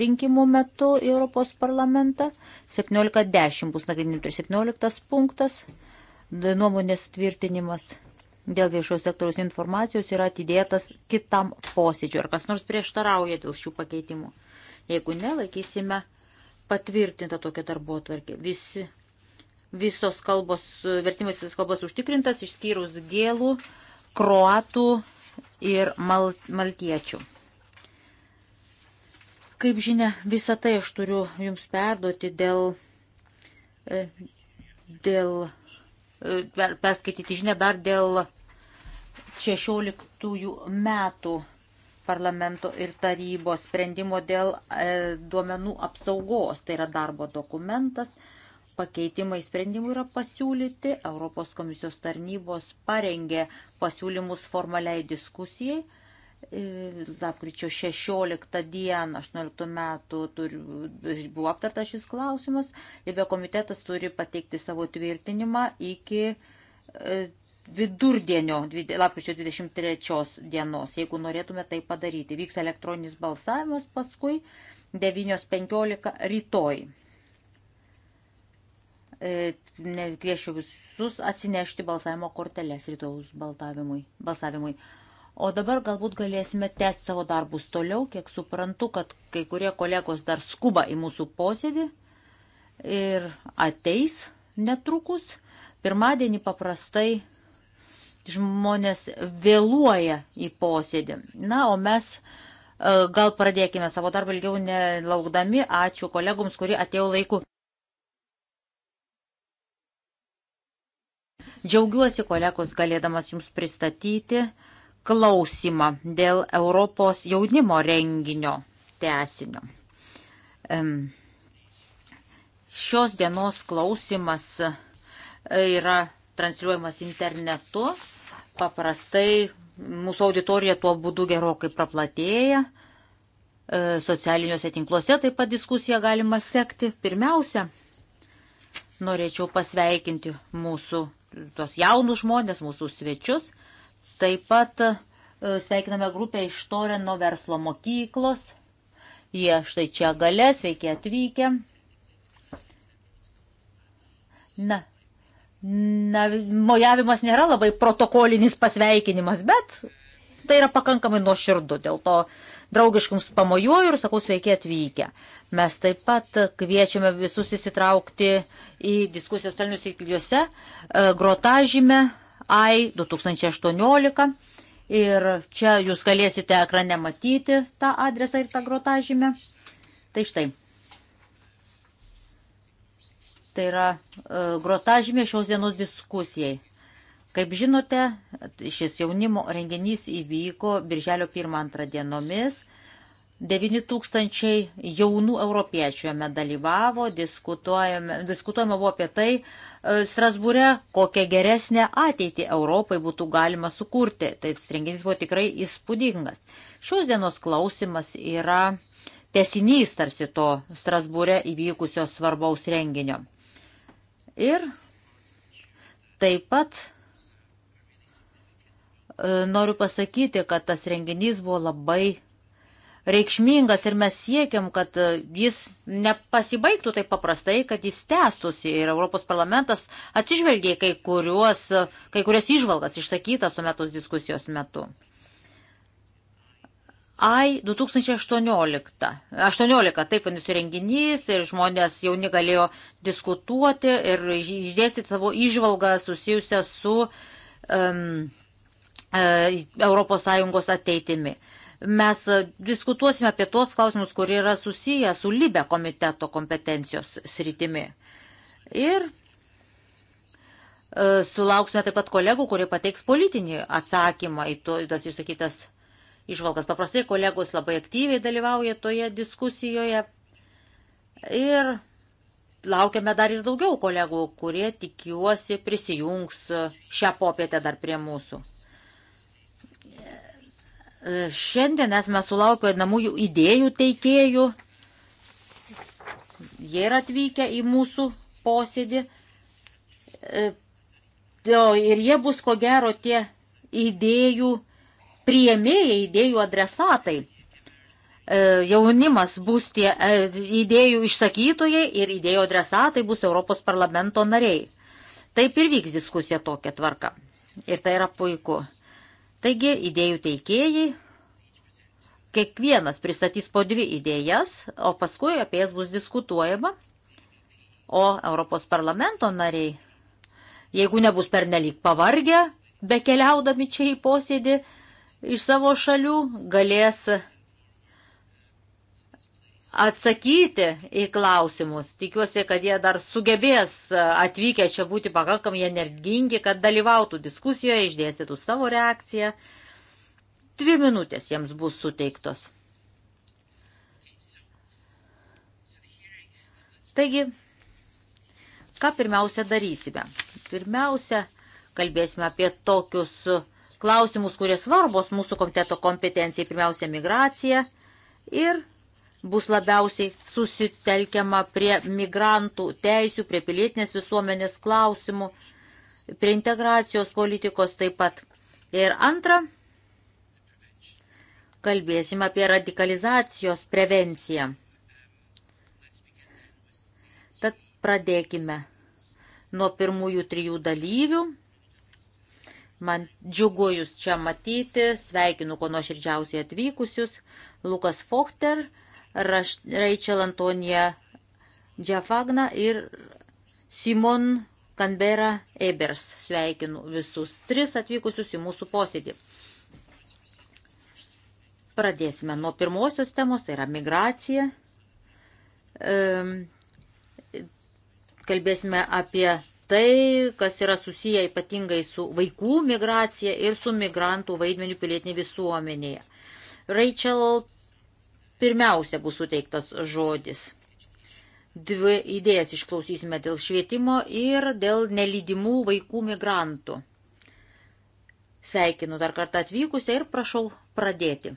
rinkimų metu į Europos parlamentą. 17.10 bus nagrinėjimas ir 17 punktas nuomonės tvirtinimas dėl viešojo sektoriaus informacijos yra atidėtas kitam posėdžiu. Ar kas nors prieštarauja dėl šių pakeitimų? Jeigu nelaikysime patvirtintą tokią darbo tvarkę. Visi, visos kalbos, vertimas visas kalbos užtikrintas, išskyrus gėlų, kroatų ir mal, maltiečių. Kaip žinia, visą tai aš turiu jums perduoti dėl, e, dėl e, perskaityti žinę dar dėl 16 metų parlamento ir tarybos sprendimo dėl e, duomenų apsaugos. Tai yra darbo dokumentas. Pakeitimai sprendimų yra pasiūlyti. Europos komisijos tarnybos parengė pasiūlymus formaliai diskusijai lapkričio 16 dieną 18 metų turi, buvo aptartas šis klausimas, Libė komitetas turi pateikti savo tvirtinimą iki e, vidurdienio, lapkričio 23 dienos, jeigu norėtume tai padaryti. Vyks elektroninis balsavimas paskui 9.15 rytoj. E, Kviešiu visus atsinešti balsavimo korteles rytojus balsavimui. balsavimui. O dabar galbūt galėsime tęsti savo darbus toliau, kiek suprantu, kad kai kurie kolegos dar skuba į mūsų posėdį ir ateis netrukus. Pirmadienį paprastai žmonės vėluoja į posėdį. Na, o mes e, gal pradėkime savo darbą ilgiau nelaukdami. Ačiū kolegoms, kurie atėjo laiku. Džiaugiuosi kolegos galėdamas jums pristatyti uh, klausimą dėl Europos jaunimo renginio tesinio. Šios dienos klausimas e, yra transliuojamas internetu. Paprastai mūsų auditorija tuo būdu gerokai praplatėja. E, socialiniuose tinkluose taip pat diskusiją galima sekti. Pirmiausia, norėčiau pasveikinti mūsų tos jaunus žmonės, mūsų svečius. Taip pat e, sveikiname grupę iš Toreno verslo mokyklos. Jie štai čia gale, sveiki atvykę. Na, na, mojavimas nėra labai protokolinis pasveikinimas, bet tai yra pakankamai nuoširdu, dėl to draugiškams pamojuoju ir sakau sveiki atvykę. Mes taip pat kviečiame visus įsitraukti į diskusijos salinius įkliuose, grotažyme AI 2018. Ir čia jūs galėsite ekrane matyti tą adresą ir tą grotažymę. Tai štai. Tai yra e, grotažymė šios dienos diskusijai. Kaip žinote, šis jaunimo renginys įvyko birželio 1-2 dienomis. 9 tūkstančiai jaunų europiečių jame dalyvavo, diskutuojama buvo apie tai, E, Strasbūre, kokią geresnę ateitį Europai būtų galima sukurti. Tai renginys buvo tikrai įspūdingas. Šios dienos klausimas yra tesinys tarsi to Strasbūre įvykusio svarbaus renginio. Ir taip pat e, noriu pasakyti, kad tas renginys buvo labai reikšmingas ir mes siekiam, kad e, jis nepasibaigtų taip paprastai, kad jis tęstųsi ir Europos parlamentas atsižvelgia į kai, kuriuos, e, kai kurias išvalgas išsakytas tuo metus diskusijos metu. AI 2018. 18, taip vadinasi renginys ir žmonės jauni galėjo diskutuoti ir išdėstyti savo išvalgą susijusią su um, e, ES ateitimi. Uh, Mes e, diskutuosime apie tos klausimus, kurie yra susiję su Libe komiteto kompetencijos sritimi. Ir e, sulauksime taip pat kolegų, kurie pateiks politinį atsakymą į to, tas išsakytas išvalgas. Paprastai kolegos labai aktyviai dalyvauja toje diskusijoje. Ir laukiame dar ir daugiau kolegų, kurie tikiuosi prisijungs šią popietę dar prie mūsų. E, šiandien esame sulaukę namųjų idėjų teikėjų. Jie yra atvykę į mūsų posėdį. E, ir jie bus ko gero tie idėjų priemėjai, idėjų adresatai. E, jaunimas bus tie idėjų išsakytojai ir idėjų adresatai bus Europos parlamento nariai. Taip ir vyks diskusija tokia tvarka. Ir tai yra puiku. Taigi idėjų teikėjai, kiekvienas pristatys po dvi idėjas, o paskui apie jas bus diskutuojama, o Europos parlamento nariai, jeigu nebus pernelyg pavargę, be keliaudami čia į posėdį iš savo šalių, galės atsakyti į klausimus. Tikiuosi, kad jie dar sugebės e, atvykę čia būti pakankamai energingi, kad dalyvautų diskusijoje, išdėstytų savo reakciją. Dvi minutės jiems bus suteiktos. Taigi, ką pirmiausia darysime? Pirmiausia, kalbėsime apie tokius klausimus, kurie svarbos mūsų komiteto kompetencijai. Pirmiausia, migracija ir bus labiausiai susitelkiama prie migrantų teisių, prie pilietinės visuomenės klausimų, prie integracijos politikos taip pat. Ir antra, kalbėsime apie radikalizacijos prevenciją. Tad pradėkime nuo pirmųjų trijų dalyvių. Man džiugu jūs čia matyti, sveikinu ko nuoširdžiausiai atvykusius. Lukas Fochter Rachel Antonija Džafagna ir Simon Canberra Ebers. Sveikinu visus tris atvykusius į mūsų posėdį. Pradėsime nuo pirmosios temos, tai yra migracija. Kalbėsime apie tai, kas yra susiję ypatingai su vaikų migracija ir su migrantų vaidmeniu pilietinėje visuomenėje. Rachel pirmiausia bus suteiktas žodis. Dvi idėjas išklausysime dėl švietimo ir dėl nelydimų vaikų migrantų. Sveikinu dar kartą atvykusią ir prašau pradėti.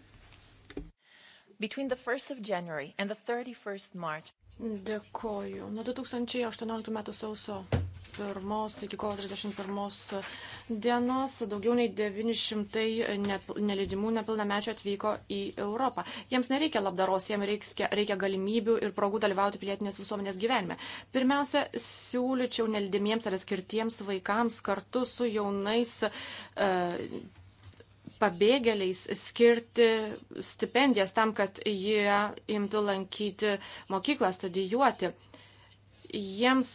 March... Dėkoju. Nuo 2018 m. sausio 31 iki kovo 31 dienos daugiau nei 900 nelidimų nepilnamečių atvyko į Europą. Jiems nereikia labdaros, jiems reikia, reikia galimybių ir progų dalyvauti pilietinės visuomenės gyvenime. Pirmiausia, siūlyčiau nelidimiems ar skirtiems vaikams kartu su jaunais. E, pabėgėliais skirti stipendijas tam, kad jie imtų lankyti mokyklą, studijuoti jiems,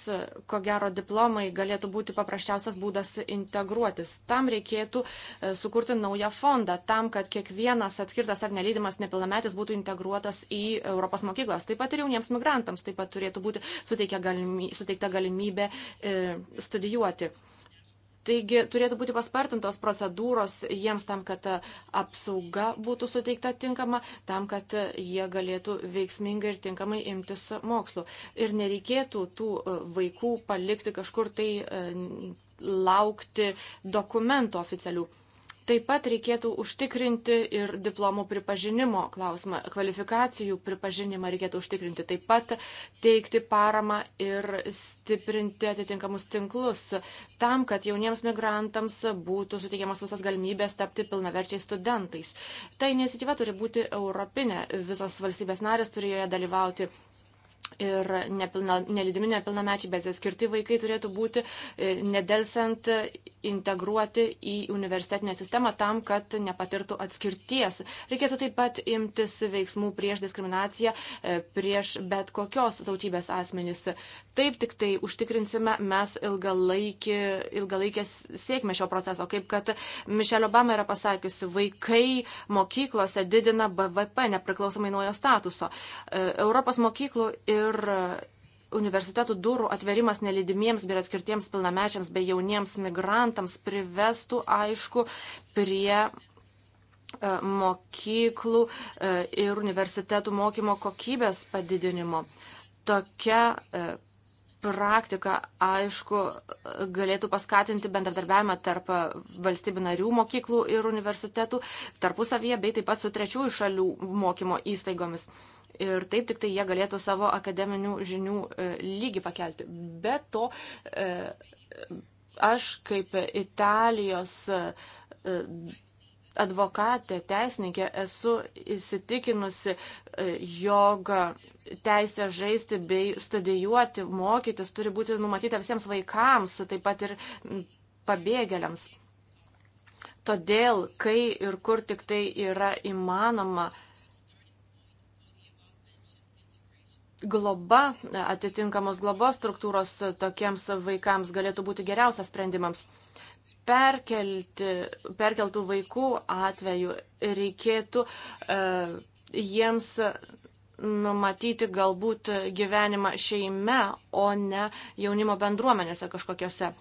ko gero, diplomai galėtų būti paprasčiausias būdas integruotis. Tam reikėtų e, sukurti naują fondą, tam, kad kiekvienas atskirtas ar nelydimas nepilnametis būtų integruotas į Europos mokyklas. Taip pat ir jauniems migrantams taip pat turėtų būti suteikta galimybė e, studijuoti. Taigi turėtų būti paspartintos procedūros jiems tam, kad e, apsauga būtų suteikta tinkama, tam, kad e, jie galėtų veiksmingai ir tinkamai imtis mokslų. Ir nereikėtų tų e, vaikų palikti kažkur tai laukti dokumentų oficialių. Taip pat reikėtų užtikrinti ir diplomų pripažinimo klausimą, kvalifikacijų pripažinimą reikėtų užtikrinti, taip pat teikti paramą ir stiprinti atitinkamus tinklus, tam, kad jauniems migrantams būtų suteikiamas visas galimybės tapti pilnaverčiais studentais. Ta iniciatyva turi būti europinė, visos valstybės narės turėjo dalyvauti ir nepilna, nelydimi nepilnamečiai, bet atskirti vaikai turėtų būti e, nedelsiant integruoti į universitetinę sistemą tam, kad nepatirtų atskirties. Reikėtų taip pat imtis veiksmų prieš diskriminaciją, e, prieš bet kokios tautybės asmenys. Taip tik tai užtikrinsime mes ilgalaikį, ilgalaikės sėkmę šio proceso. Kaip kad Mišelė Obama yra pasakiusi, vaikai mokyklose didina BVP nepriklausomai nuo jo statuso. E, Europos mokyklų ir ir universitetų durų atverimas nelidimiems ir atskirtiems pilnamečiams bei jauniems migrantams privestų, aišku, prie e, mokyklų e, ir universitetų mokymo kokybės padidinimo. Tokia e, praktika, aišku, galėtų paskatinti bendradarbiavimą tarp valstybių narių mokyklų ir universitetų, tarpusavyje, bei taip pat su trečiųjų šalių mokymo įstaigomis ir taip tik tai jie galėtų savo akademinių žinių e, lygį pakelti. Be to, e, aš kaip Italijos e, advokatė, teisininkė esu įsitikinusi, jog teisė žaisti bei studijuoti, mokytis turi būti numatyta visiems vaikams, taip pat ir pabėgėliams. Todėl, kai ir kur tik tai yra įmanoma, globa, atitinkamos globos struktūros tokiems vaikams galėtų būti geriausias sprendimams. Perkelti, perkeltų vaikų atveju reikėtų uh, jiems numatyti galbūt gyvenimą šeime, o ne jaunimo bendruomenėse kažkokiose.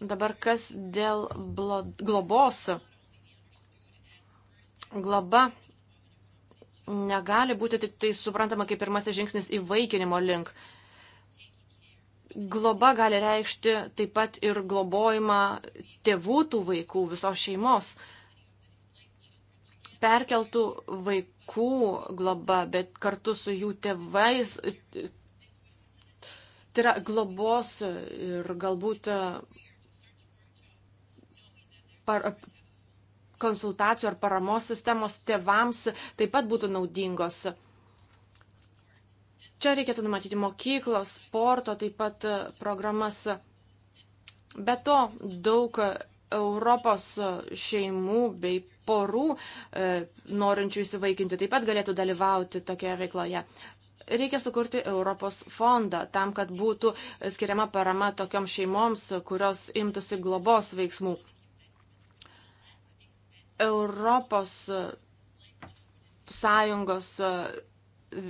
Dabar kas dėl blod, globos? Globa negali būti tik tai suprantama kaip pirmasis žingsnis įvaikinimo link. Globa gali reikšti taip pat ir globojimą tėvų tų vaikų, visos šeimos. Perkeltų vaikų globa, bet kartu su jų tėvais, tai yra globos ir galbūt par, konsultacijų ar paramos sistemos tėvams taip pat būtų naudingos. Čia reikėtų numatyti mokyklos, sporto, taip pat e, programas. Be to, daug Europos šeimų bei porų e, norinčių įsivaikinti taip pat galėtų dalyvauti tokioje veikloje. Reikia sukurti Europos fondą tam, kad būtų skiriama parama tokioms šeimoms, kurios imtųsi globos veiksmų. Europos e, Sąjungos e,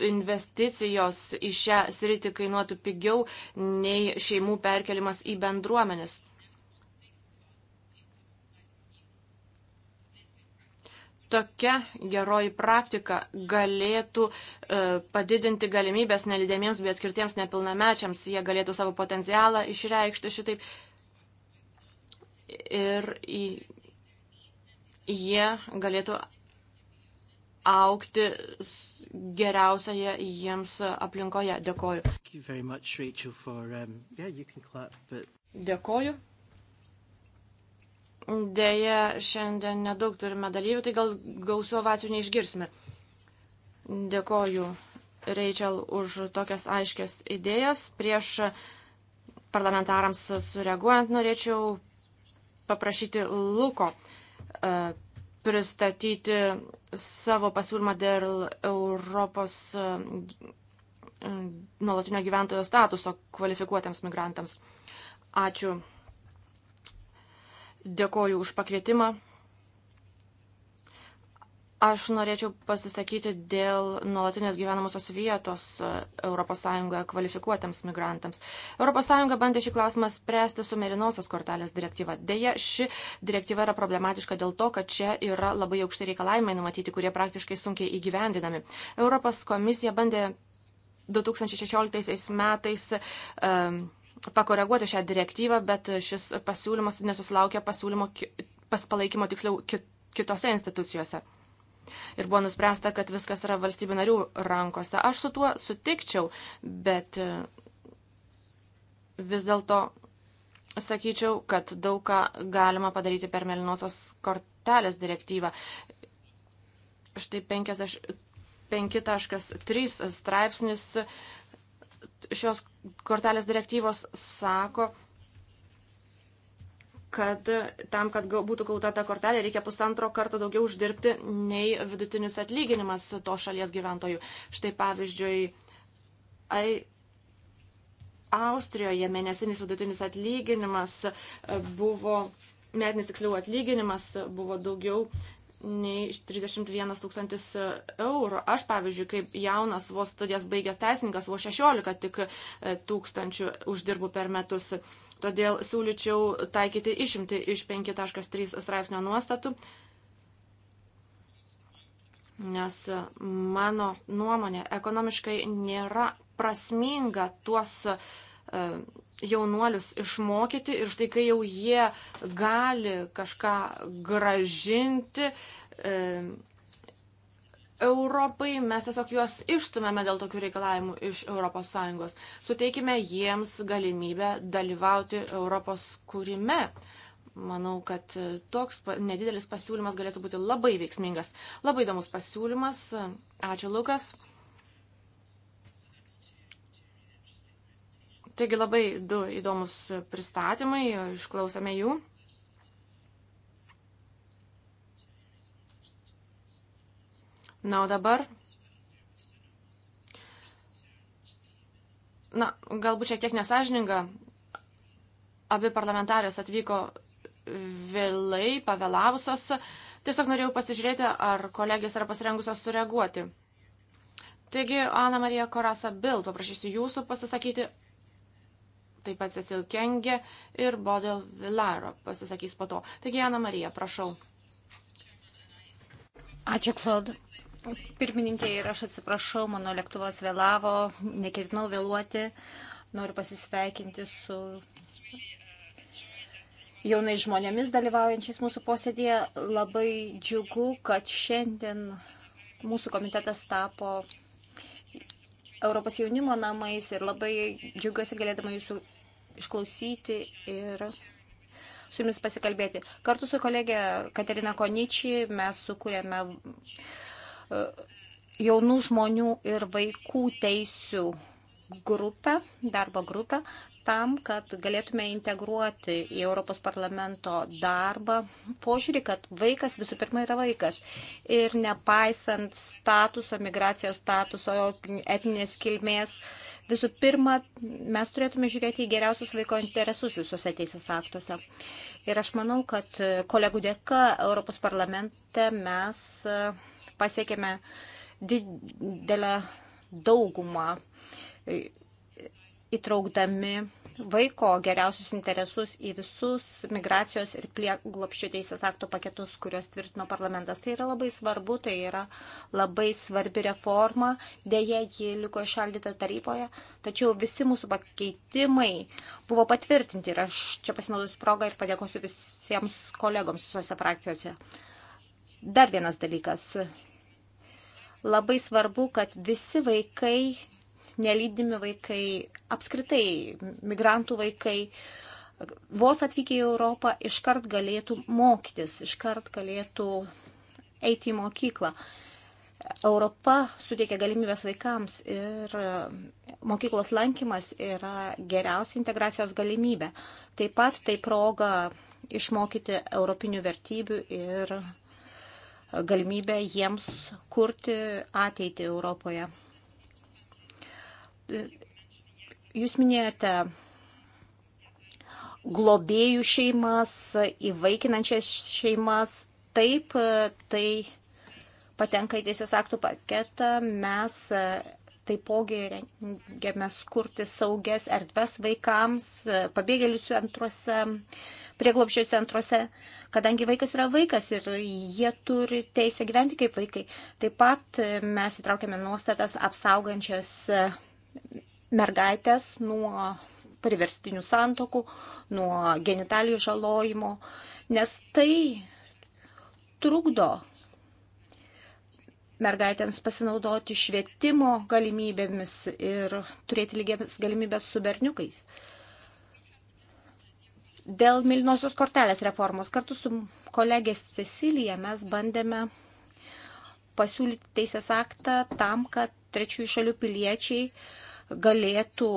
investicijos į šią sritį kainuotų pigiau nei šeimų perkelimas į bendruomenės. Tokia geroji praktika galėtų e, padidinti galimybės nelidėmiems bei atskirtiems nepilnamečiams. Jie galėtų savo potencialą išreikšti šitaip ir į jie galėtų aukti geriausioje jiems aplinkoje. Dėkoju. Much, Rachel, for, um, yeah, clap, but... Dėkoju. Deja, šiandien nedaug turime dalyvių, tai gal gausių ovacijų neišgirsime. Dėkoju, Rachel, už tokias aiškias idėjas. Prieš parlamentarams sureaguojant norėčiau paprašyti Luko E, pristatyti savo pasiūlymą dėl Europos e, e, nuolatinio gyventojo statuso kvalifikuotiems migrantams. Ačiū. Dėkoju už pakvietimą. Aš norėčiau pasisakyti dėl nuolatinės gyvenamosios vietos ES kvalifikuotams migrantams. ES bandė šį klausimą spręsti su mėlynosios kortelės direktyva. Deja, ši direktyva yra problematiška dėl to, kad čia yra labai aukšti reikalavimai numatyti, kurie praktiškai sunkiai įgyvendinami. Europos komisija bandė 2016 metais. Um, pakoreguoti šią direktyvą, bet šis pasiūlymas nesusilaukė pasiūlymo, pas palaikymo tiksliau kitose institucijose ir buvo nuspręsta, kad viskas yra valstybių narių rankose. Aš su tuo sutikčiau, bet e, vis dėlto sakyčiau, kad daug ką galima padaryti per melinosios kortelės direktyvą. Štai 5.3 straipsnis šios kortelės direktyvos sako, kad tam, kad būtų gauta ta kortelė, reikia pusantro karto daugiau uždirbti nei vidutinis atlyginimas to šalies gyventojų. Štai pavyzdžiui, ai, Austrijoje mėnesinis vidutinis atlyginimas e, buvo, metinis tiksliau atlyginimas buvo daugiau nei 31 tūkstantis eurų. Aš, pavyzdžiui, kaip jaunas vos studijas baigęs teisininkas, vos 16 tik e, tūkstančių uždirbu per metus. Todėl siūlyčiau taikyti išimti iš 5.3 straipsnio nuostatų, nes mano nuomonė ekonomiškai nėra prasminga tuos e, jaunuolius išmokyti ir štai kai jau jie gali kažką gražinti e, Europai, mes tiesiog juos išstumėme dėl tokių reikalavimų iš ES. Suteikime jiems galimybę dalyvauti Europos kūrime. Manau, kad toks nedidelis pasiūlymas galėtų būti labai veiksmingas. Labai įdomus pasiūlymas. Ačiū, Lukas. Taigi labai du įdomus pristatymai, išklausome jų. Na, o dabar. Na, galbūt šiek tiek nesažininga. Abi parlamentarės atvyko vėlai, pavėlavusios. Tiesiog norėjau pasižiūrėti, ar kolegės yra pasirengusios sureaguoti. Taigi, Ana Marija Korasa Bild, paprašysiu jūsų pasisakyti, taip pat Cecil Kengė ir Bodil Villaro pasisakys po to. Taigi, Ana Marija, prašau. Ačiū, Klod. Pirmininkė ir aš atsiprašau, mano lėktuvas vėlavo, neketinau vėluoti, noriu pasisveikinti su jaunai žmonėmis dalyvaujančiais mūsų posėdėje. Labai džiugu, kad šiandien mūsų komitetas tapo Europos jaunimo namais ir labai džiaugiuosi galėdama jūsų išklausyti ir su jumis pasikalbėti. Kartu su kolegė Katerina Koničiai mes sukūrėme e, jaunų žmonių ir vaikų teisių grupę, darbo grupę tam, kad galėtume integruoti į Europos parlamento darbą požiūrį, kad vaikas visų pirma yra vaikas. Ir nepaisant statuso, migracijos statuso, etinės kilmės, visų pirma, mes turėtume žiūrėti į geriausius vaiko interesus visose teisės aktuose. Ir aš manau, kad kolegų dėka Europos parlamente mes pasiekėme didelę daugumą įtraukdami vaiko geriausius interesus į visus migracijos ir glopščio teisės akto paketus, kuriuos tvirtino parlamentas. Tai yra labai svarbu, tai yra labai svarbi reforma, dėje ji liko šaldyta taryboje, tačiau visi mūsų pakeitimai buvo patvirtinti ir aš čia pasinaudosiu progą ir padėkosiu visiems kolegoms visose frakcijose. Dar vienas dalykas. Labai svarbu, kad visi vaikai nelydimi vaikai, apskritai migrantų vaikai, vos atvykę į Europą, iškart galėtų mokytis, iškart galėtų eiti į mokyklą. Europa suteikia galimybės vaikams ir mokyklos lankymas yra geriausia integracijos galimybė. Taip pat tai proga išmokyti europinių vertybių ir galimybę jiems kurti ateitį Europoje. Jūs minėjote globėjų šeimas, įvaikinančias šeimas. Taip, tai patenka į teisės aktų paketą. Mes e, taipogi rengiamės kurti saugias erdves vaikams, e, pabėgėlių centruose, prieglobščio centruose, kadangi vaikas yra vaikas ir jie turi teisę gyventi kaip vaikai. Taip pat e, mes įtraukėme nuostatas apsaugančias mergaitės nuo priverstinių santokų, nuo genitalijų žalojimo, nes tai trukdo mergaitėms pasinaudoti švietimo galimybėmis ir turėti lygias galimybės su berniukais. Dėl Milinosios kortelės reformos kartu su kolegė Cecilija mes bandėme pasiūlyti teisės aktą tam, kad trečiųjų šalių piliečiai galėtų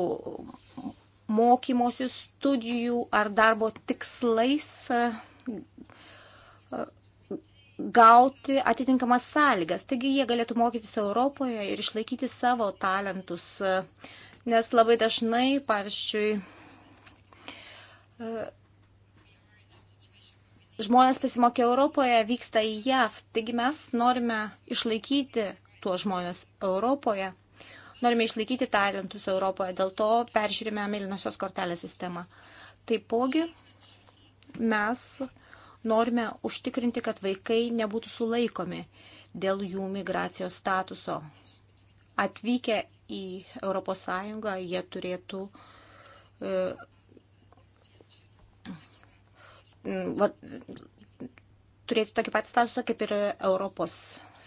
mokymosi studijų ar darbo tikslais e, gauti atitinkamas sąlygas. Taigi jie galėtų mokytis Europoje ir išlaikyti savo talentus, e, nes labai dažnai, pavyzdžiui, e, žmonės pasimokę Europoje vyksta į JAV. Taigi mes norime išlaikyti tuos žmonės Europoje. Norime išlaikyti talentus Europoje, dėl to peržiūrime mėlynosios kortelės sistemą. Taipogi mes norime užtikrinti, kad vaikai nebūtų sulaikomi dėl jų migracijos statuso. Atvykę į ES jie turėtų e, va, turėti tokį patį statusą kaip ir Europos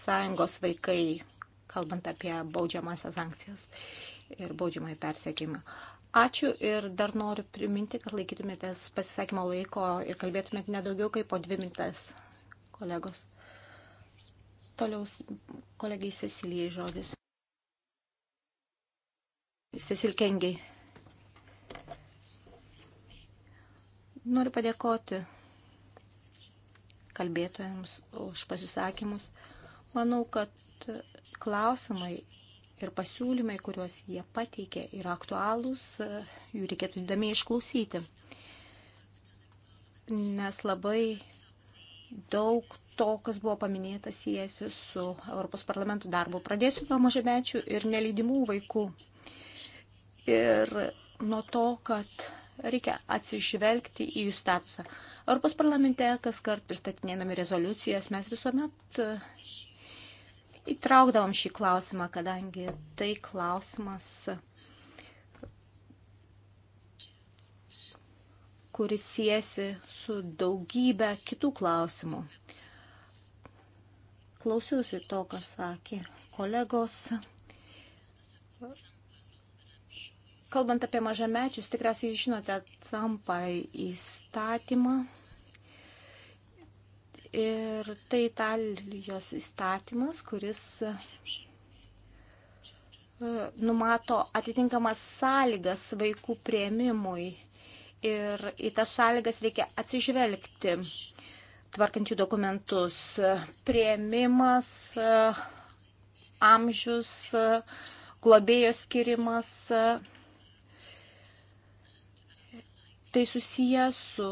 ES vaikai, kalbant apie baudžiamąsias sankcijas ir baudžiamąjį persiekimą. Ačiū ir dar noriu priminti, kad laikytumėtės pasisakymo laiko ir kalbėtumėt nedaugiau kaip po dvi minutės, kolegos. Toliau kolegiai Cecilijai žodis. Cecil Kengiai. Noriu padėkoti kalbėtojams už pasisakymus. Uh, Manau, kad klausimai ir pasiūlymai, kuriuos jie pateikė, yra aktualūs, jų reikėtų įdomiai išklausyti. Nes labai daug to, kas buvo paminėta, siejasi su Europos parlamentų darbu. Pradėsiu nuo mažamečių ir nelydimų vaikų. Ir nuo to, kad reikia atsižvelgti į jų statusą. Europos parlamente kas kart pristatinėdami rezoliucijas mes visuomet įtraukdavom šį klausimą, kadangi tai klausimas, kuris siesi su daugybė kitų klausimų. Klausiausi to, ką sakė kolegos. Kalbant apie mažamečius, tikriausiai žinote atsampai įstatymą Ir tai Italijos įstatymas, kuris e, numato atitinkamas sąlygas vaikų prieimimui. Ir į tas sąlygas reikia atsižvelgti, tvarkant jų dokumentus. Prieimimas, e, amžius, e, globėjo skirimas. Tai susijęs su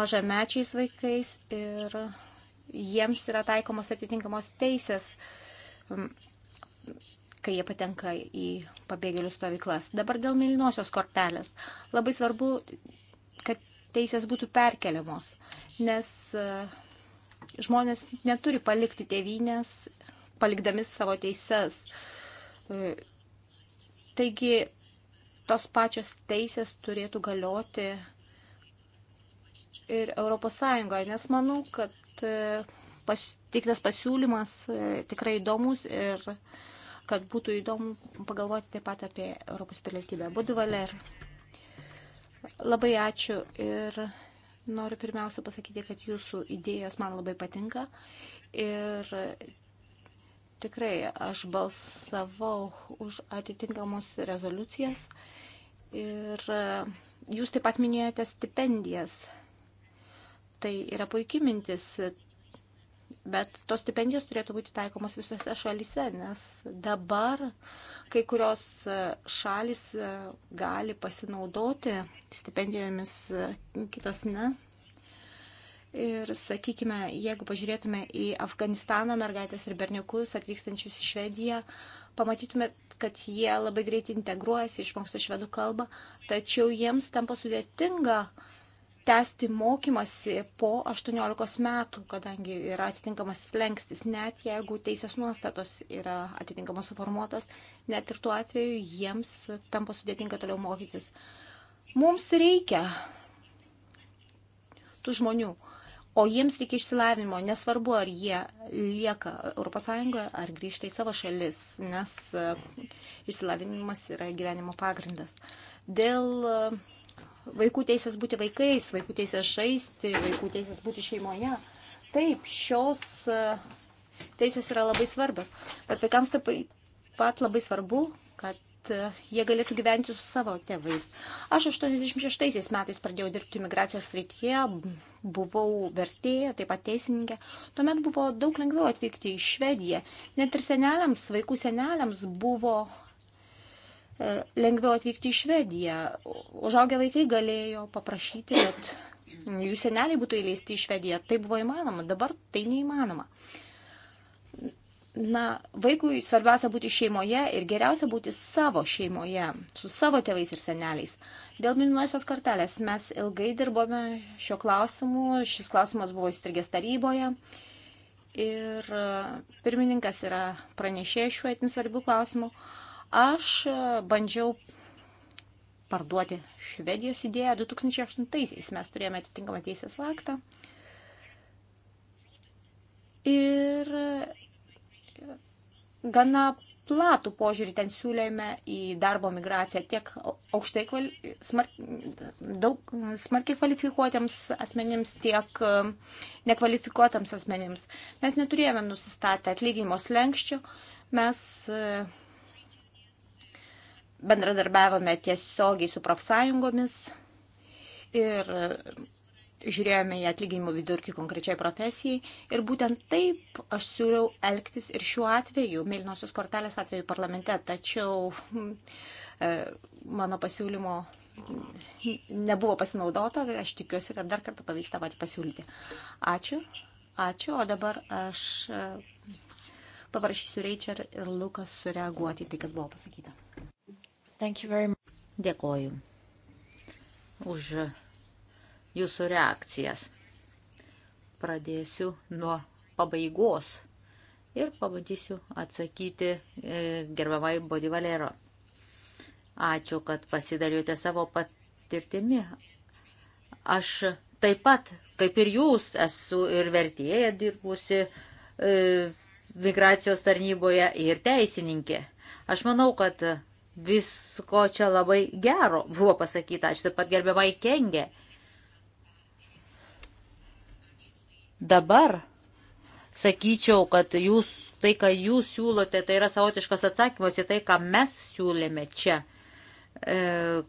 mažamečiais vaikais ir jiems yra taikomos atitinkamos teisės, kai jie patenka į pabėgėlių stovyklas. Dabar dėl mėlynosios kortelės. Labai svarbu, kad teisės būtų perkeliamos, nes e, žmonės neturi palikti tėvynės, palikdami savo teises. E, taigi tos pačios teisės turėtų galioti ir Europos Sąjungoje, nes manau, kad E, pas, teiktas pasiūlymas e, tikrai įdomus ir kad būtų įdomu pagalvoti taip pat apie Europos pilietybę. Būdu Valer, labai ačiū ir noriu pirmiausia pasakyti, kad jūsų idėjos man labai patinka ir tikrai aš balsavau už atitinkamus rezoliucijas ir e, jūs taip pat minėjote stipendijas Tai yra puikiai mintis, bet tos stipendijos turėtų būti taikomos visose šalise, nes dabar kai kurios šalis gali pasinaudoti stipendijomis, kitos ne. Ir sakykime, jeigu pažiūrėtume į Afganistano mergaitės ir berniukus atvykstančius į Švediją, pamatytume, kad jie labai greitai integruojasi, išmoksta švedų kalbą, tačiau jiems tampa sudėtinga uh, tęsti mokymasi po 18 metų, kadangi yra atitinkamas slengstis, net jeigu teisės nuostatos yra atitinkamas suformuotas, net ir tuo atveju jiems tampa sudėtinga toliau mokytis. Mums reikia tų žmonių, o jiems reikia išsilavinimo, nesvarbu, ar jie lieka ES ar grįžta į savo šalis, nes išsilavinimas yra gyvenimo pagrindas. Dėl uh, vaikų teisės būti vaikais, vaikų teisės žaisti, vaikų teisės būti šeimoje. Taip, šios e, teisės yra labai svarbios, bet vaikams taip pat labai svarbu, kad e, jie galėtų gyventi su savo tėvais. Aš 86 metais pradėjau dirbti migracijos srityje, buvau vertėja, taip pat teisininkė. Tuomet buvo daug lengviau atvykti į Švediją. Net ir seneliams, vaikų seneliams buvo E, lengviau atvykti į Švediją. Užaugę vaikai galėjo paprašyti, kad jų seneliai būtų įleisti į Švediją. Tai buvo įmanoma, dabar tai neįmanoma. Na, vaikui svarbiausia būti šeimoje ir geriausia būti savo šeimoje, su savo tėvais ir seneliais. Dėl minuosios kartelės mes ilgai dirbome šio klausimu, šis klausimas buvo įstrigęs taryboje ir e, pirmininkas yra pranešėjęs šiuo etin svarbių klausimų. Uh, Aš e, bandžiau parduoti Švedijos idėją 2008-aisiais. Mes turėjome atitinkamą teisės aktą. Ir e, gana platų požiūrį ten siūlėme į darbo migraciją tiek aukštai kvali, smar, daug, smarkiai kvalifikuotiems asmenims, tiek e, nekvalifikuotams asmenims. Mes neturėjome nusistatę atlyginimo slengščio, mes uh, bendradarbiavome tiesiogiai su profsąjungomis ir žiūrėjome į atlyginimų vidurkį konkrečiai profesijai. Ir būtent taip aš siūliau elgtis ir šiuo atveju, mėlynosios kortelės atveju parlamente. Tačiau hmm, e, mano pasiūlymo nebuvo pasinaudota, tai aš tikiuosi, kad dar kartą pavyks tą patį pasiūlyti. Ačiū. Ačiū. O dabar aš e, paprašysiu Reičer ir Lukas sureaguoti į tai, kas buvo pasakyta. Dėkoju už jūsų reakcijas. Pradėsiu nuo pabaigos ir pabandysiu atsakyti e, gerbiamai Bodivalero. Ačiū, kad pasidalijote savo patirtimi. Aš taip pat, kaip ir jūs, esu ir vertėja dirbusi e, migracijos tarnyboje ir teisininkė. Aš manau, kad visko čia labai gero buvo pasakyta. Ačiū taip pat gerbiamai Kengė. Dabar sakyčiau, kad jūs, tai, ką jūs siūlote, tai yra savotiškas atsakymas į tai, ką mes siūlėme čia, e,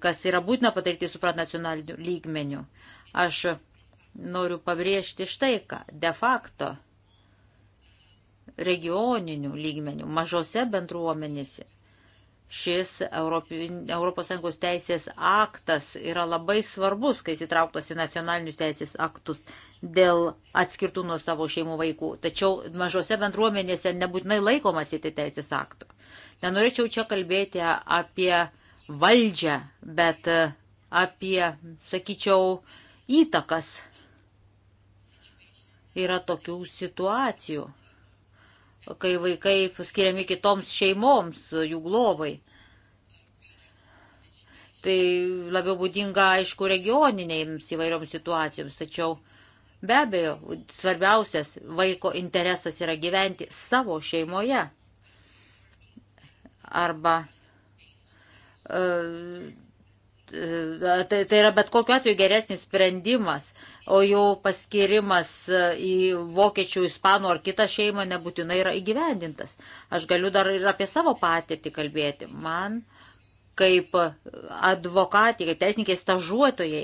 kas yra būtina padaryti supranacionaliniu lygmeniu. Aš noriu pabrėžti štai ką. De facto regioninių lygmenių, mažose bendruomenėse, šis ES teisės aktas yra labai svarbus, kai įsitrauktas į nacionalinius teisės aktus dėl atskirtų nuo savo šeimų vaikų. Tačiau mažose bendruomenėse nebūtinai laikomasi tai teisės aktų. Nenorėčiau čia kalbėti apie valdžią, bet apie, sakyčiau, įtakas. Yra tokių situacijų kai vaikai skiriami kitoms šeimoms, jų globai. Tai labiau būdinga, aišku, regioninėms įvairioms situacijoms, tačiau be abejo, svarbiausias vaiko interesas yra gyventi savo šeimoje arba e, e tai, tai yra bet kokiu atveju geresnis sprendimas o jų paskirimas e, į vokiečių, ispanų ar kitą šeimą nebūtinai yra įgyvendintas. Aš galiu dar ir apie savo patirtį kalbėti. Man kaip advokatė, kaip teisininkė stažuotojai,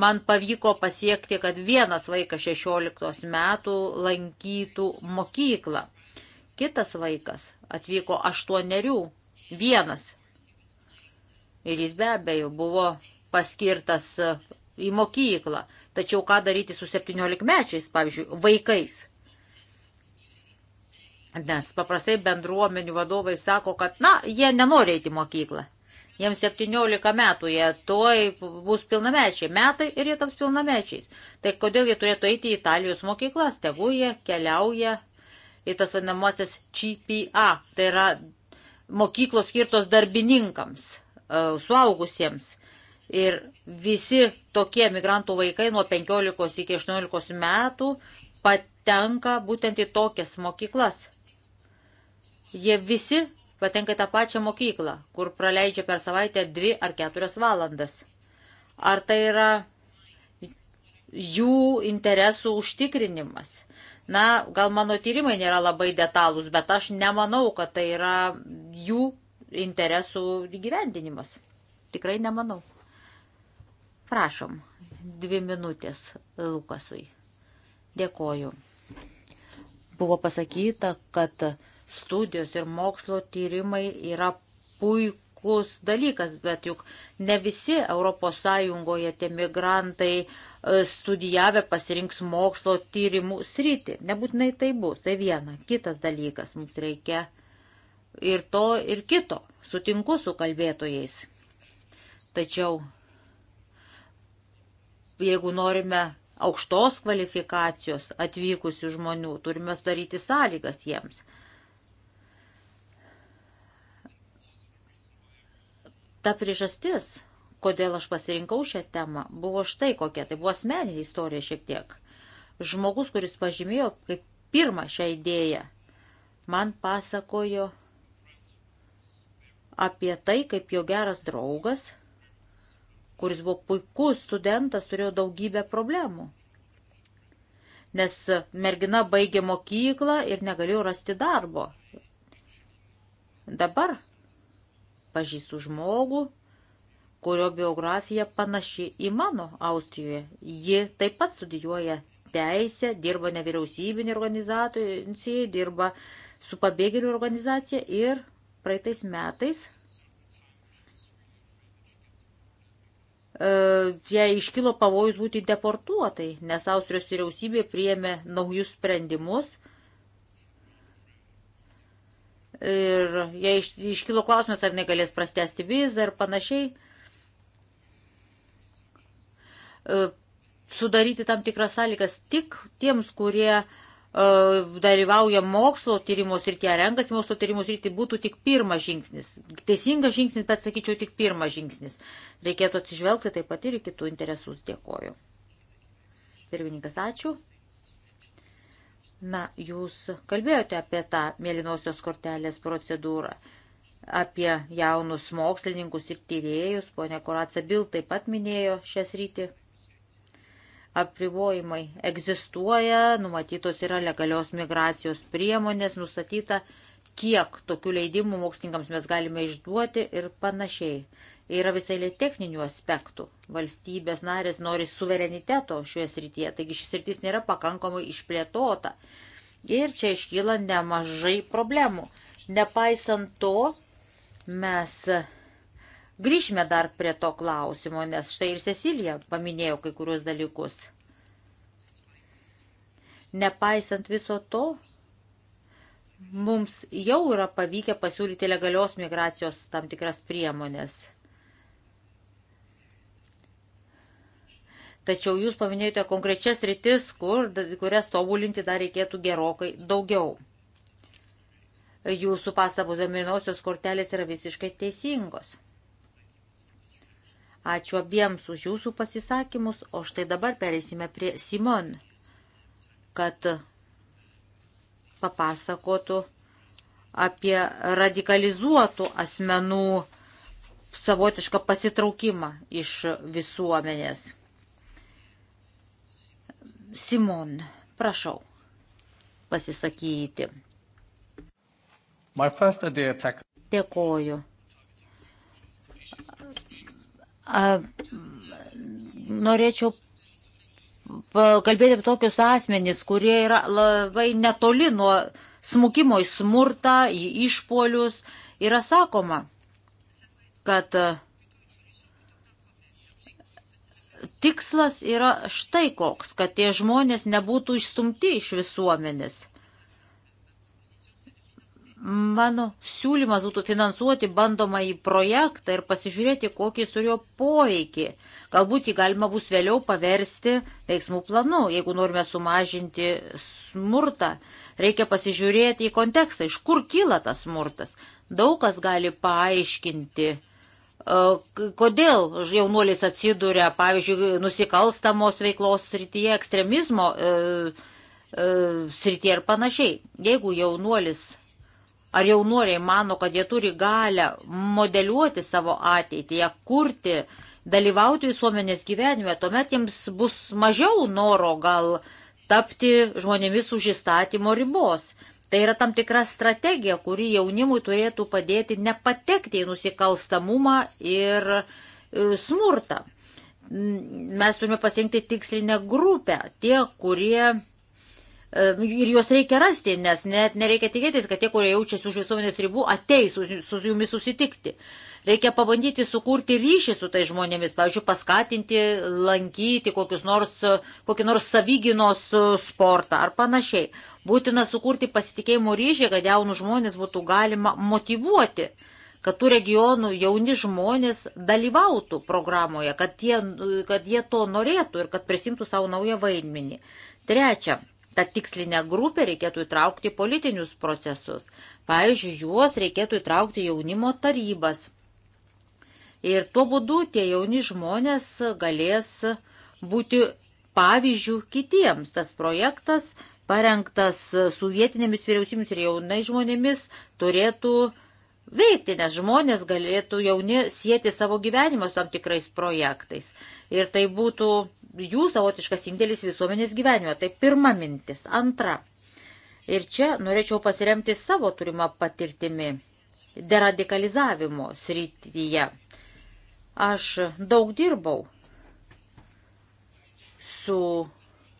man pavyko pasiekti, kad vienas vaikas 16 metų lankytų mokyklą. Kitas vaikas atvyko aštuonerių, vienas ir jis be abejo buvo paskirtas e, į mokyklą. Tačiau ką daryti su 17-mečiais, pavyzdžiui, vaikais? Nes paprastai bendruomenių vadovai sako, kad, na, jie nenori eiti į mokyklą. Jiems 17 metų, jie tuoj bus pilnamečiai, metai ir jie taps pilnamečiais. Tai kodėl jie turėtų eiti į Italijos mokyklas, tegu jie keliauja į tas vadinamosias CPA, tai yra mokyklos skirtos darbininkams, E, suaugusiems. Ir visi tokie migrantų vaikai nuo 15 iki 18 metų patenka būtent į tokias mokyklas. Jie visi patenka į tą pačią mokyklą, kur praleidžia per savaitę 2 ar 4 valandas. Ar tai yra jų interesų užtikrinimas? Na, gal mano tyrimai nėra labai detalūs, bet aš nemanau, kad tai yra jų interesų gyvendinimas. Tikrai nemanau. Prašom, dvi minutės Lukasui. Dėkoju. Buvo pasakyta, kad studijos ir mokslo tyrimai yra puikus dalykas, bet juk ne visi ES tie migrantai e, studijavę pasirinks mokslo tyrimų sritį. Nebūtinai tai bus. Tai viena. Kitas dalykas mums reikia ir to, ir kito. Sutinku su kalbėtojais. Tačiau, jeigu norime aukštos kvalifikacijos atvykusių žmonių, turime sudaryti sąlygas jiems. Ta priežastis, kodėl aš pasirinkau šią temą, buvo štai kokia. Tai buvo asmeninė istorija šiek tiek. Žmogus, kuris pažymėjo kaip pirmą šią idėją, man pasakojo apie tai, kaip jo geras draugas, kuris buvo puikus studentas, turėjo daugybę problemų. Nes mergina baigė mokyklą ir negalėjo rasti darbo. Dabar pažįstu žmogų, kurio biografija panaši į mano Austrijoje. Ji taip pat studijuoja teisę, dirba nevyriausybinė organizacija, dirba su pabėgėlių organizacija ir praeitais metais e, jai iškilo pavojus būti deportuotai, nes Austrijos vyriausybė priėmė naujus sprendimus. Ir jai iškilo klausimas, ar negalės prastesti vizą ir panašiai. E, sudaryti tam tikras sąlygas tik tiems, kurie uh, E, dalyvauja mokslo tyrimos ir tie renkasi mokslo tyrimos ir tai būtų tik pirmas žingsnis. Teisingas žingsnis, bet sakyčiau tik pirmas žingsnis. Reikėtų atsižvelgti taip pat ir kitų interesus. Dėkoju. Pirmininkas, ačiū. Na, jūs kalbėjote apie tą mėlynosios kortelės procedūrą, apie jaunus mokslininkus ir tyrėjus. Pone Koraca Bil taip pat minėjo šią sritį apribojimai egzistuoja, numatytos yra legalios migracijos priemonės, nustatyta, kiek tokių leidimų mokslininkams mes galime išduoti ir panašiai. Yra visai techninių aspektų. Valstybės narės nori suvereniteto šioje srityje, taigi šis sritis nėra pakankamai išplėtota. Ir čia iškyla nemažai problemų. Nepaisant to, mes Grįžime dar prie to klausimo, nes štai ir Cecilija paminėjo kai kurios dalykus. Nepaisant viso to, mums jau yra pavykę pasiūlyti legalios migracijos tam tikras priemonės. Tačiau jūs paminėjote konkrečias rytis, kur, kurias tobulinti dar reikėtų gerokai daugiau. Jūsų pastabos dominosios kortelės yra visiškai teisingos. Ačiū abiems už jūsų pasisakymus, o štai dabar pereisime prie Simon, kad papasakotų apie radikalizuotų asmenų savotišką pasitraukimą iš visuomenės. Simon, prašau pasisakyti. Dėkoju norėčiau kalbėti apie tokius asmenys, kurie yra labai netoli nuo smukimo į smurtą, į išpolius. Yra sakoma, kad tikslas yra štai koks, kad tie žmonės nebūtų išstumti iš visuomenės. Mano siūlymas būtų finansuoti bandomą į projektą ir pasižiūrėti, kokį jis turėjo poveikį. Galbūt jį galima bus vėliau paversti veiksmų planu. Jeigu norime sumažinti smurtą, reikia pasižiūrėti į kontekstą, iš kur kyla tas smurtas. Daug kas gali paaiškinti, e, kodėl jaunuolis atsiduria, pavyzdžiui, nusikalstamos veiklos srityje, ekstremizmo e, e, srityje ir panašiai. Jeigu jaunuolis Ar jaunuoliai mano, kad jie turi galę modeliuoti savo ateitį, ją kurti, dalyvauti visuomenės gyvenime, tuomet jiems bus mažiau noro gal tapti žmonėmis už įstatymo ribos. Tai yra tam tikra strategija, kuri jaunimui turėtų padėti nepatekti į nusikalstamumą ir e, smurtą. Mes turime pasirinkti tikslinę grupę, tie, kurie Ehm, ir juos reikia rasti, nes net nereikia tikėtis, kad tie, kurie jaučiasi už visuomenės ribų, ateis su, su jumis susitikti. Reikia pabandyti sukurti ryšį su tai žmonėmis, pavyzdžiui, paskatinti lankyti nors, kokį nors savyginos e, sportą ar panašiai. Būtina sukurti pasitikėjimo ryšį, kad jaunų žmonės būtų galima motivuoti kad tų regionų jauni žmonės dalyvautų programoje, kad jie, kad jie to norėtų ir kad prisimtų savo naują vaidmenį. Trečia, tą tikslinę grupę reikėtų įtraukti politinius procesus. Pavyzdžiui, juos reikėtų įtraukti jaunimo tarybas. Ir tuo būdu tie jauni žmonės galės būti pavyzdžių kitiems. Tas projektas, parengtas su vietinėmis vyriausybėmis ir jaunais žmonėmis, turėtų veikti, nes žmonės galėtų jauni sieti savo gyvenimą su tam tikrais projektais. Ir tai būtų jų savotiškas indėlis visuomenės gyvenime. Tai pirma mintis. Antra. Ir čia norėčiau pasiremti savo turimą patirtimi deradikalizavimo srityje. Aš daug dirbau su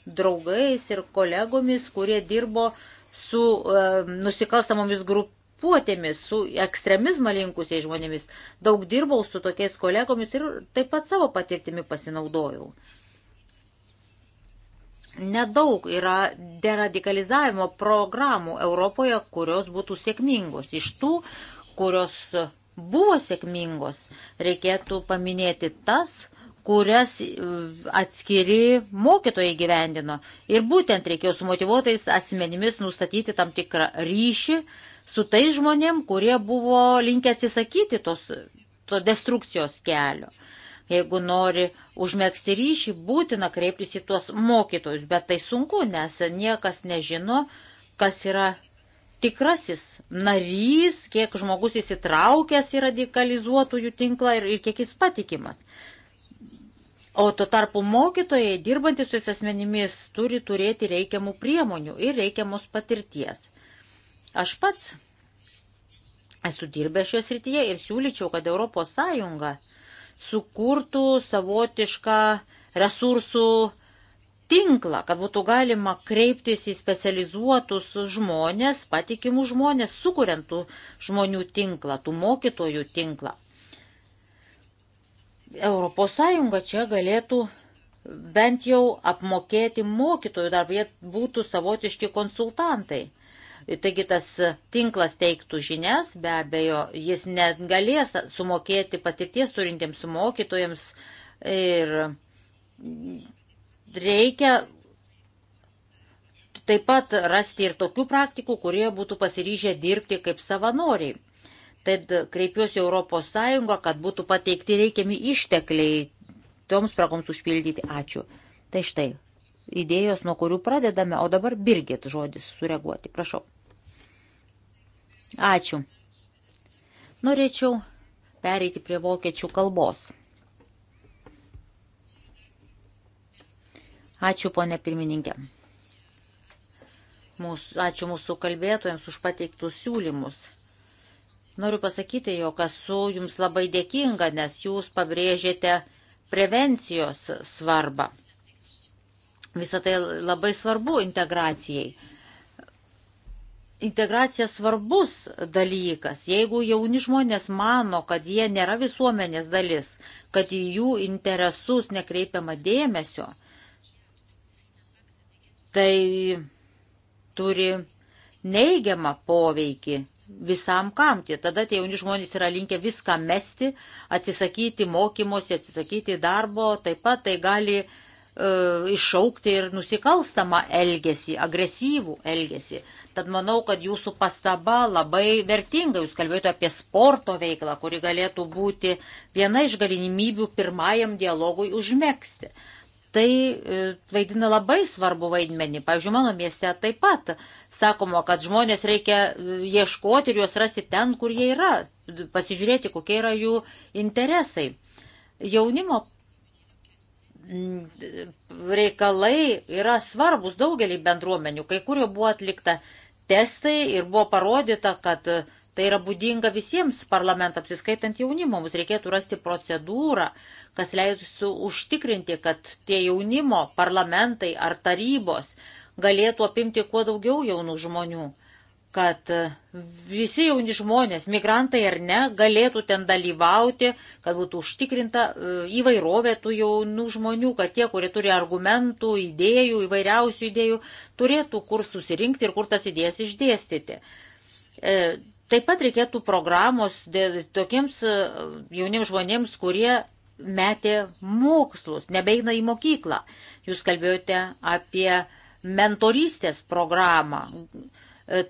draugais ir kolegomis, kurie dirbo su e, nusikalstamomis grupėmis grupuotėmis, su ekstremizmą linkusiais žmonėmis. Daug dirbau su tokiais kolegomis ir taip pat savo patirtimi pasinaudojau. Nedaug yra deradikalizavimo programų Europoje, kurios būtų sėkmingos. Iš tų, kurios buvo sėkmingos, reikėtų paminėti tas, kurias e, atskiri mokytojai gyvendino. Ir būtent reikėjo su motivuotais asmenimis nustatyti tam tikrą ryšį su tai žmonėm, kurie buvo linkę atsisakyti tos, to destrukcijos kelio. Jeigu nori užmėgsti ryšį, būtina kreiptis į tuos mokytojus, bet tai sunku, nes niekas nežino, kas yra tikrasis narys, kiek žmogus įsitraukęs į radikalizuotųjų tinklą ir, ir kiek jis patikimas. O tuo tarpu mokytojai, dirbantys su jais asmenimis, turi turėti reikiamų priemonių ir reikiamos patirties. Aš pats esu dirbęs šios rytyje ir siūlyčiau, kad ES sukurtų savotišką resursų tinklą, kad būtų galima kreiptis į specializuotus žmonės, patikimus žmonės, sukuriantų žmonių tinklą, tų mokytojų tinklą. ES čia galėtų bent jau apmokėti mokytojų darbą, jie būtų savotiški konsultantai. Taigi tas tinklas teiktų žinias, be abejo, jis net galės sumokėti patirties turintiems mokytojams ir reikia taip pat rasti ir tokių praktikų, kurie būtų pasiryžę dirbti kaip savanoriai. Tad kreipiuosi Europos Sąjungą, kad būtų pateikti reikiami ištekliai toms spragoms užpildyti. Ačiū. Tai štai, idėjos, nuo kurių pradedame, o dabar birgit žodis sureaguoti. Prašau. Ačiū. Norėčiau pereiti prie vokiečių kalbos. Ačiū, ponė pirmininkė. Mūsų, ačiū mūsų kalbėtojams už pateiktus siūlymus. Noriu pasakyti, jog esu jums labai dėkinga, nes jūs pabrėžėte prevencijos svarbą. Visą tai labai svarbu integracijai. Integracija svarbus dalykas. Jeigu jauni žmonės mano, kad jie nėra visuomenės dalis, kad į jų interesus nekreipiama dėmesio, tai turi neigiamą poveikį visam kam. Tie tada tie jauni žmonės yra linkę viską mesti, atsisakyti mokymosi, atsisakyti darbo, taip pat tai gali uh, E, iššaukti ir nusikalstamą elgesį, agresyvų elgesį. Tad manau, kad jūsų pastaba labai vertinga. Jūs kalbėjote apie sporto veiklą, kuri galėtų būti viena iš galimybių pirmajam dialogui užmėgsti. Tai e, vaidina labai svarbu vaidmenį. Pavyzdžiui, mano mieste taip pat sakoma, kad žmonės reikia e, ieškoti ir juos rasti ten, kur jie yra, pasižiūrėti, kokie yra jų interesai. Jaunimo reikalai yra svarbus daugelį bendruomenių, kai kurio buvo atlikta testai ir buvo parodyta, kad tai yra būdinga visiems parlamentams, įskaitant jaunimo, mums reikėtų rasti procedūrą, kas leisų užtikrinti, kad tie jaunimo parlamentai ar tarybos galėtų apimti kuo daugiau jaunų žmonių kad visi jauni žmonės, migrantai ar ne, galėtų ten dalyvauti, kad būtų užtikrinta e, įvairovė tų jaunų žmonių, kad tie, kurie turi argumentų, idėjų, įvairiausių idėjų, turėtų kur susirinkti ir kur tas idėjas išdėstyti. E, taip pat reikėtų programos tokiems e, jauniems žmonėms, kurie metė mokslus, nebeina į mokyklą. Jūs kalbėjote apie mentorystės programą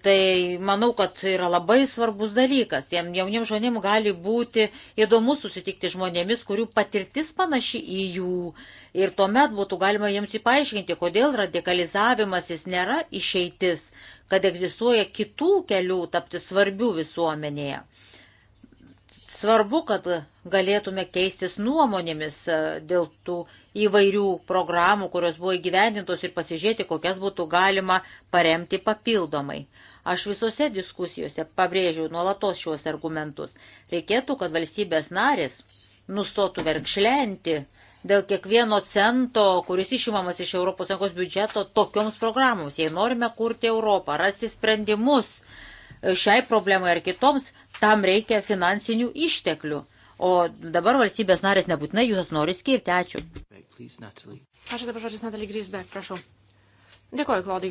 tai manau, kad tai yra labai svarbus dalykas. Tiem jauniem žmonėm gali būti įdomu susitikti žmonėmis, kurių patirtis panaši į jų. Ir tuomet būtų galima jiems įpaaiškinti, kodėl radikalizavimas jis nėra išeitis, kad egzistuoja kitų kelių tapti svarbių visuomenėje. Svarbu, kad galėtume keistis nuomonėmis e, dėl tų įvairių programų, kurios buvo įgyvendintos ir pasižiūrėti, kokias būtų galima paremti papildomai. Aš visose diskusijose pabrėžiau nuolatos šiuos argumentus. Reikėtų, kad valstybės narės nustotų verkšlenti dėl kiekvieno cento, kuris išimamas iš ES biudžeto tokioms programoms. Jei norime kurti Europą, rasti sprendimus šiai problemai ar kitoms, tam reikia finansinių išteklių. O dabar valstybės narės nebūtinai jūs nori skirti. Ačiū. Ačiū dabar žodis Natalį Grisbek, prašau. Dėkuoju, Klaudai.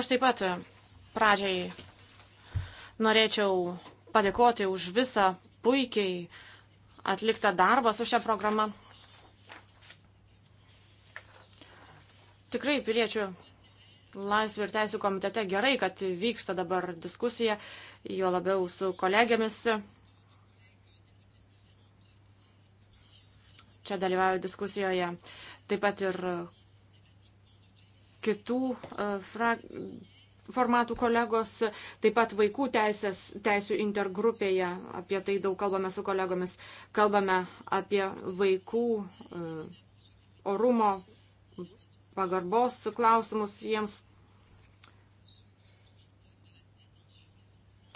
Aš taip pat e, pradžiai norėčiau padėkoti už visą puikiai atliktą darbą su šią programą. Tikrai piliečių Laisvių ir teisų komitete gerai, kad vyksta dabar diskusija, jo labiau su kolegėmis. Čia dalyvauju diskusijoje taip pat ir kitų e, frak formatų kolegos, taip pat vaikų teisės, teisų intergrupėje, apie tai daug kalbame su kolegomis, kalbame apie vaikų e, orumo pagarbos klausimus jiems.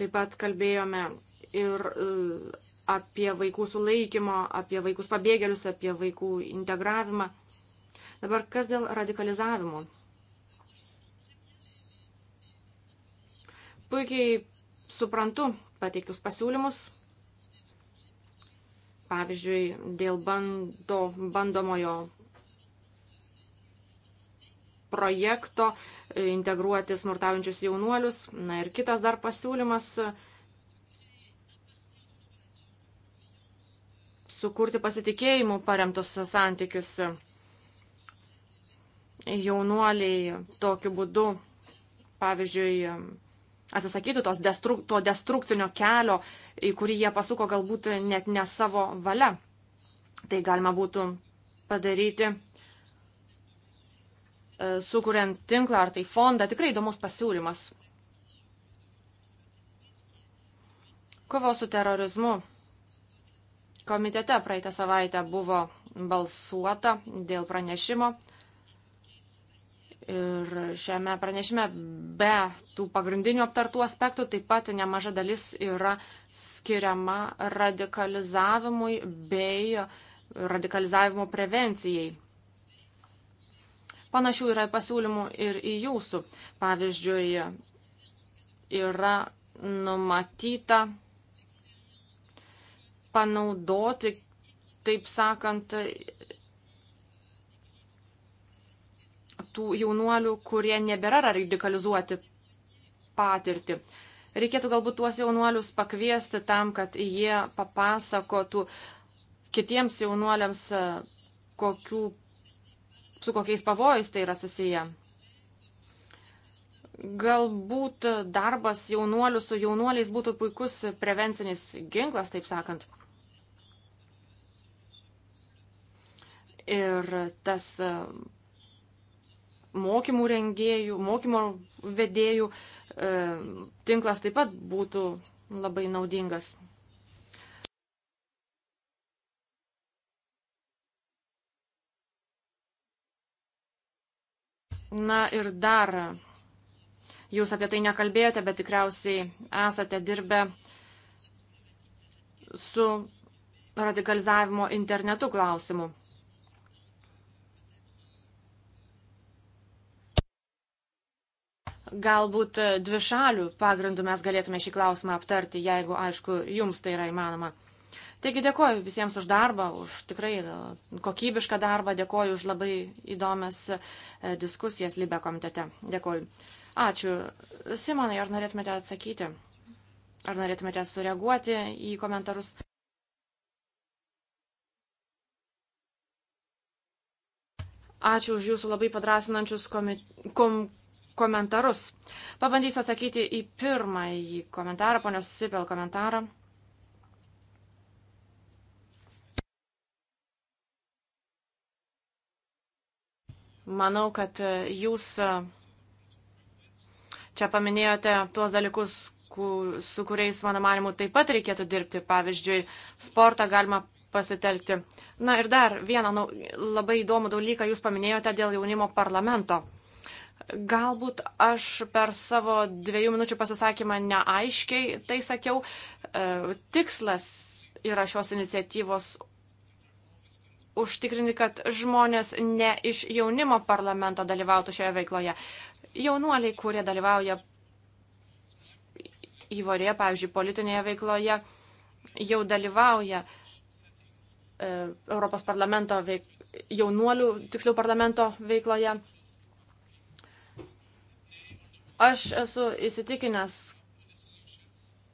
Taip pat kalbėjome ir e, apie vaikų sulaikymo, apie vaikus pabėgėlius, apie vaikų integravimą. Dabar kas dėl radikalizavimo? Puikiai suprantu pateiktus pasiūlymus. Pavyzdžiui, dėl bando, bandomojo projekto e, integruoti smurtaujančius jaunuolius. Na ir kitas dar pasiūlymas e, sukurti pasitikėjimų paremtus santykius. Jaunuoliai tokiu būdu, pavyzdžiui, atsisakytų tos destru, to destrukcinio kelio, į kurį jie pasuko galbūt net ne savo valia. Tai galima būtų padaryti E, sukuriant tinklą ar tai fondą. Tikrai įdomus pasiūlymas. Kovo su terorizmu komitete praeitą savaitę buvo balsuota dėl pranešimo. Ir šiame pranešime be tų pagrindinių aptartų aspektų taip pat nemaža dalis yra skiriama radikalizavimui bei radikalizavimo prevencijai. Panašių yra pasiūlymų ir į jūsų. Pavyzdžiui, yra numatyta panaudoti, taip sakant, tų jaunuolių, kurie nebėra radikalizuoti patirtį. Reikėtų galbūt tuos jaunuolius pakviesti tam, kad jie papasakotų kitiems jaunuoliams, kokių su kokiais pavojais tai yra susiję. Galbūt darbas jaunuolių su jaunuoliais būtų puikus prevencinis ginklas, taip sakant. Ir tas e, mokymų rengėjų, mokymo vedėjų e, tinklas taip pat būtų labai naudingas. Na ir dar, jūs apie tai nekalbėjote, bet tikriausiai esate dirbę su radikalizavimo internetu klausimu. Galbūt dvi šalių pagrindų mes galėtume šį klausimą aptarti, jeigu, aišku, jums tai yra įmanoma. Taigi dėkoju visiems už darbą, už tikrai e, kokybišką darbą, dėkoju už labai įdomias e, diskusijas Libe komitete. Dėkoju. Ačiū. Simonai, ar norėtumėte atsakyti? Ar norėtumėte sureaguoti į komentarus? Ačiū už jūsų labai padrasinančius komi... kom... komentarus. Pabandysiu atsakyti į pirmąjį komentarą, ponios Sipel komentarą. Manau, kad e, jūs e, čia paminėjote tuos dalykus, su kuriais, mano manimu, taip pat reikėtų dirbti. Pavyzdžiui, sportą galima pasitelkti. Na ir dar vieną na, labai įdomų dalyką jūs paminėjote dėl jaunimo parlamento. Galbūt aš per savo dviejų minučių pasisakymą neaiškiai tai sakiau. E, tikslas yra šios iniciatyvos užtikrinti, kad žmonės ne iš jaunimo parlamento dalyvautų šioje veikloje. Jaunuoliai, kurie dalyvauja įvorėje, pavyzdžiui, politinėje veikloje, jau dalyvauja e, Europos parlamento veik, jaunuolių, tiksliau parlamento veikloje. Aš esu įsitikinęs,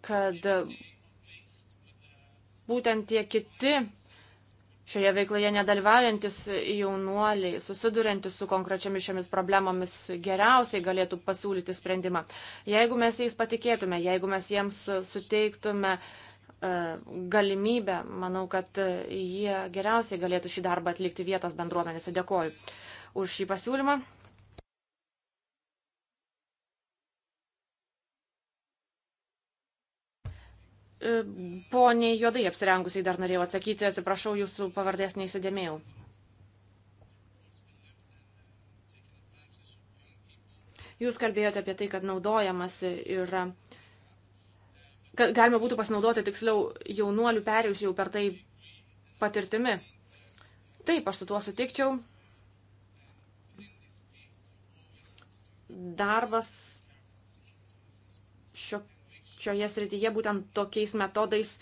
kad būtent tie kiti šioje veikloje nedalyvaujantis jaunuoliai, susiduriantis su konkrečiamis šiomis problemomis, geriausiai galėtų pasiūlyti sprendimą. Jeigu mes jais patikėtume, jeigu mes jiems suteiktume e, galimybę, manau, kad jie geriausiai galėtų šį darbą atlikti vietos bendruomenėse. Dėkoju už šį pasiūlymą. E, poniai juodai apsirengusiai dar norėjau atsakyti, atsiprašau, jūsų pavardės neįsidėmėjau. Jūs kalbėjote apie tai, kad naudojamasi yra, kad galima būtų pasinaudoti tiksliau jaunuolių perėjus jau per tai patirtimi. Taip, aš su tuo sutikčiau. Darbas šio šioje srityje būtent tokiais metodais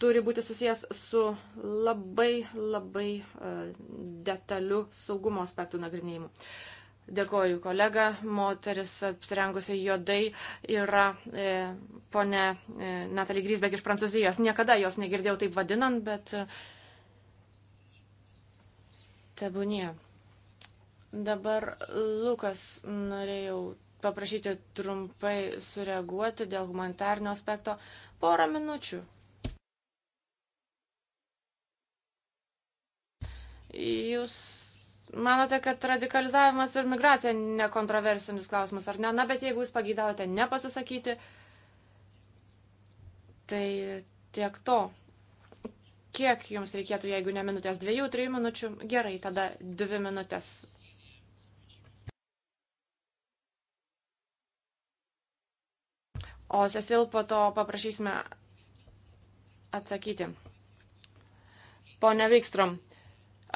turi būti susijęs su labai labai e, detaliu saugumo aspektų nagrinėjimu. Dėkoju, kolega. Moteris apsirengusi juodai yra e, ponė e, Natalie Grisbek iš Prancūzijos. Niekada jos negirdėjau taip vadinant, bet e, tebūnie. Dabar Lukas norėjau paprašyti trumpai sureaguoti dėl humanitarnio aspekto. Porą minučių. Jūs manote, kad radikalizavimas ir migracija nekontroversinis klausimas, ar ne? Na, bet jeigu jūs pageidavote nepasisakyti, tai tiek to. Kiek jums reikėtų, jeigu ne minutės, dviejų, trijų minučių? Gerai, tada dvi minutės O Cecil po to paprašysime atsakyti. Pone Vikstrom,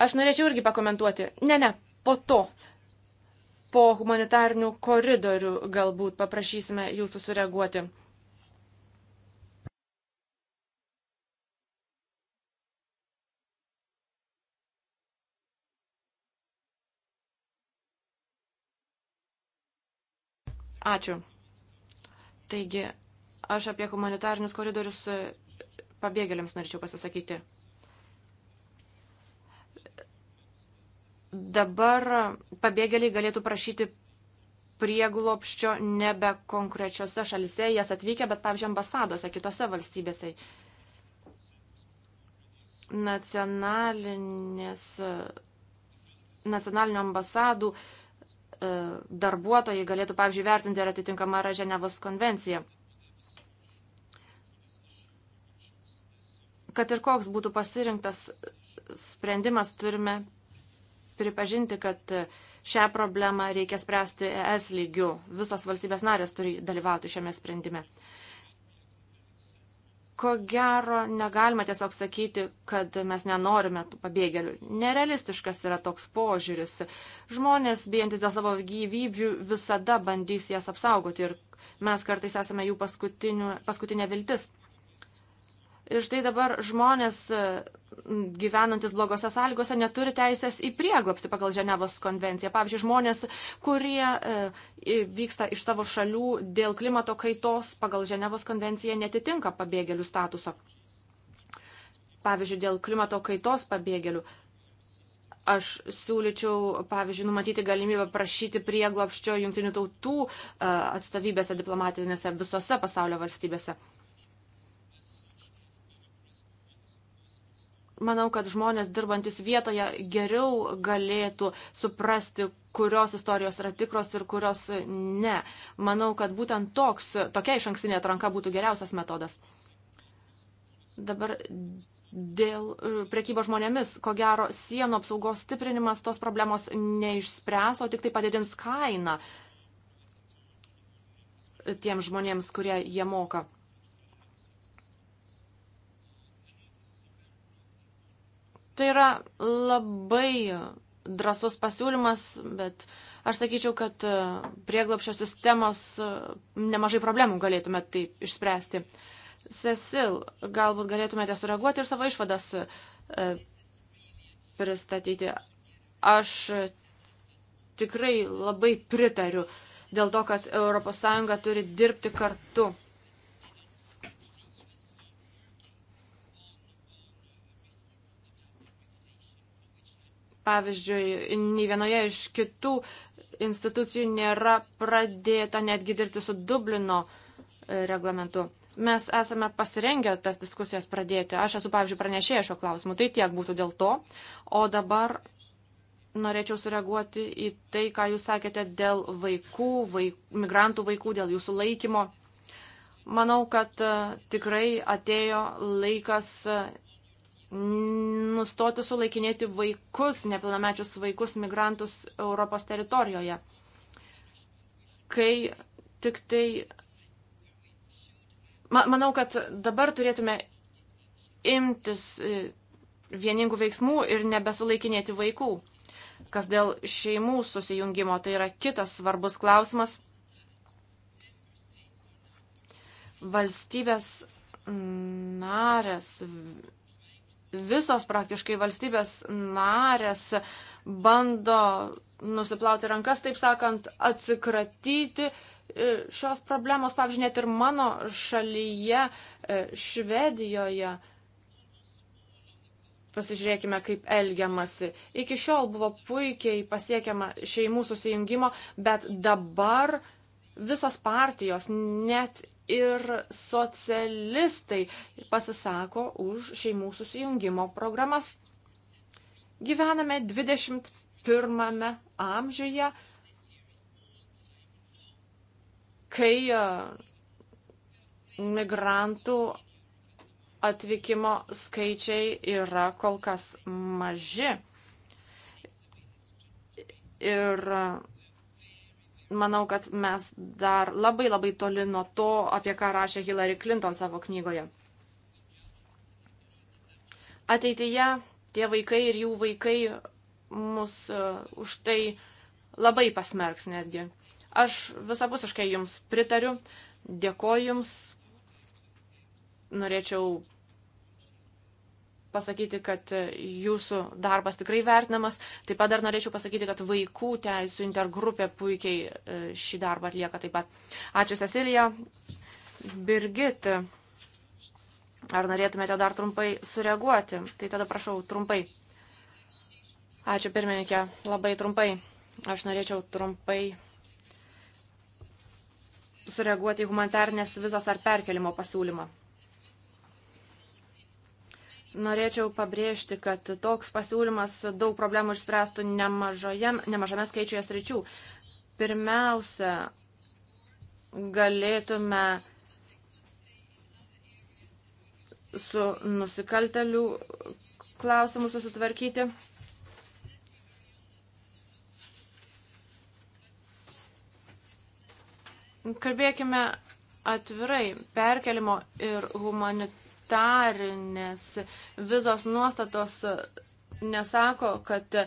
aš norėčiau irgi pakomentuoti. Ne, ne, po to. Po humanitarnių koridorių galbūt paprašysime jūsų sureaguoti. Ačiū. Taigi, aš apie humanitarinius koridorius e, pabėgėliams norėčiau pasisakyti. Dabar pabėgėliai galėtų prašyti prieglopščio nebe konkrečiose šalise, jas atvykę, bet, pavyzdžiui, ambasadose, kitose valstybėse. Nacionalinės, nacionalinių ambasadų uh, E, darbuotojai galėtų, pavyzdžiui, vertinti, ar atitinkama yra Ženevos konvencija. Kad ir koks būtų pasirinktas sprendimas, turime pripažinti, kad šią problemą reikia spręsti ES lygių. Visos valstybės narės turi dalyvauti šiame sprendime. Uh, ko gero negalima tiesiog sakyti, kad mes nenorime tų pabėgėlių. Nerealistiškas yra toks požiūris. Žmonės, bijantis dėl savo gyvybių, visada bandys jas apsaugoti ir mes kartais esame jų paskutinė viltis. Ir štai dabar žmonės e, gyvenantis blogose sąlygose neturi teisės į prieglopstį pagal Ženevos konvenciją. Pavyzdžiui, žmonės, kurie e, vyksta iš savo šalių dėl klimato kaitos pagal Ženevos konvenciją netitinka pabėgėlių statuso. Pavyzdžiui, dėl klimato kaitos pabėgėlių. Aš siūlyčiau, pavyzdžiui, numatyti galimybę prašyti prieglopščio jungtinių tautų e, atstovybėse diplomatinėse visose pasaulio valstybėse. Manau, kad žmonės dirbantis vietoje geriau galėtų suprasti, kurios istorijos yra tikros ir kurios ne. Manau, kad būtent toks, tokia iš ankstinė atranka būtų geriausias metodas. Dabar dėl e, priekybos žmonėmis, ko gero, sienų apsaugos stiprinimas tos problemos neišspręs, o tik tai padidins kainą tiems žmonėms, kurie jie moka. Tai yra labai drasus pasiūlymas, bet aš sakyčiau, kad e, prieglapšio sistemos e, nemažai problemų galėtume taip išspręsti. Cecil, galbūt galėtumėte sureaguoti ir savo išvadas e, pristatyti. Aš tikrai labai pritariu dėl to, kad ES turi dirbti kartu Pavyzdžiui, nei vienoje iš kitų institucijų nėra pradėta netgi dirbti su Dublino e, reglamentu. Mes esame pasirengę tas diskusijas pradėti. Aš esu, pavyzdžiui, pranešėjęs šio klausimu. Tai tiek būtų dėl to. O dabar norėčiau sureaguoti į tai, ką jūs sakėte dėl vaikų, vaik, migrantų vaikų, dėl jūsų laikymo. Manau, kad e, tikrai atėjo laikas e, nustoti sulaikinėti vaikus, nepilnamečius vaikus, migrantus Europos teritorijoje. Kai tik tai. Manau, kad dabar turėtume imtis e, vieningų veiksmų ir nebesulaikinėti vaikų. Kas dėl šeimų susijungimo, tai yra kitas svarbus klausimas. Valstybės narės visos praktiškai valstybės narės bando nusiplauti rankas, taip sakant, atsikratyti e, šios problemos. Pavyzdžiui, net ir mano šalyje, e, Švedijoje, pasižiūrėkime, kaip elgiamasi. Iki šiol buvo puikiai pasiekiama šeimų susijungimo, bet dabar visos partijos, net ir socialistai pasisako už šeimų susijungimo programas. Gyvename 21 amžiuje, kai e, migrantų atvykimo skaičiai yra kol kas maži. Ir e, manau, kad mes dar labai labai toli nuo to, apie ką rašė Hillary Clinton savo knygoje. Ateityje tie vaikai ir jų vaikai mus e, už tai labai pasmerks netgi. Aš visapusiškai jums pritariu, dėkoju jums, norėčiau pasakyti, kad jūsų darbas tikrai vertinamas. Taip pat dar norėčiau pasakyti, kad vaikų teisų intergrupė puikiai e, šį darbą atlieka taip pat. Ačiū Cecilija. Birgit, ar norėtumėte dar trumpai sureaguoti? Tai tada prašau trumpai. Ačiū pirmininkė, labai trumpai. Aš norėčiau trumpai sureaguoti į humanitarnės vizos ar perkelimo pasiūlymą. Norėčiau pabrėžti, kad toks pasiūlymas daug problemų išspręstų nemažoje, nemažame skaičiuje sričių. Pirmiausia, galėtume su nusikaltelių klausimu susitvarkyti. Kalbėkime atvirai, perkelimo ir humanitarinio humanitarinės vizos nuostatos nesako, kad e,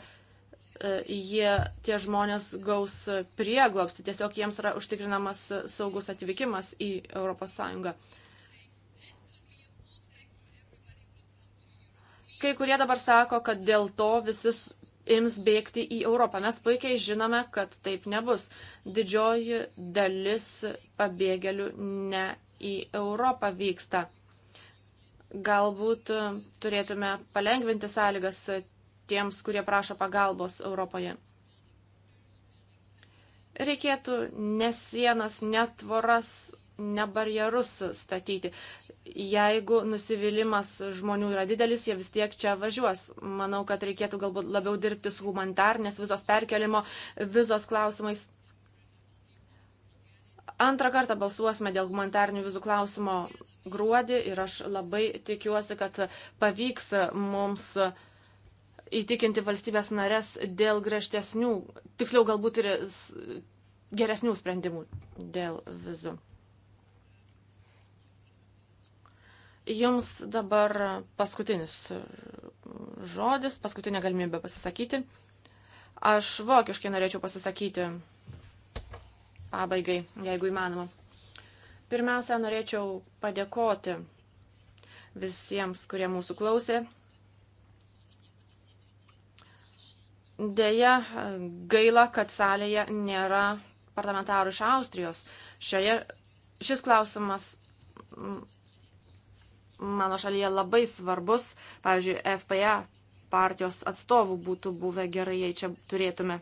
jie, tie žmonės gaus prieglobstį, tiesiog jiems yra užtikrinamas saugus atvykimas į ES. Kai kurie dabar sako, kad dėl to visi ims bėgti į Europą. Mes puikiai žinome, kad taip nebus. Didžioji dalis pabėgėlių ne į Europą vyksta. Galbūt e, turėtume palengvinti sąlygas e, tiems, kurie prašo pagalbos Europoje. Reikėtų ne sienas, ne tvoras, ne barjerus statyti. Jeigu nusivylimas žmonių yra didelis, jie vis tiek čia važiuos. Manau, kad reikėtų galbūt labiau dirbti su humanitarnės vizos perkelimo, vizos klausimais. Antrą kartą balsuosime dėl humanitarnių vizų klausimo gruodį ir aš labai tikiuosi, kad pavyks mums įtikinti valstybės narės dėl griežtesnių, tiksliau galbūt ir geresnių sprendimų dėl vizų. Jums dabar paskutinis žodis, paskutinė galimybė pasisakyti. Aš vokiškai norėčiau pasisakyti pabaigai, jeigu įmanoma. Pirmiausia, norėčiau padėkoti visiems, kurie mūsų klausė. Deja, gaila, kad salėje nėra parlamentarų iš Austrijos. Šioje, šis klausimas mano šalyje labai svarbus. Pavyzdžiui, FPA partijos atstovų būtų buvę gerai, jei čia turėtume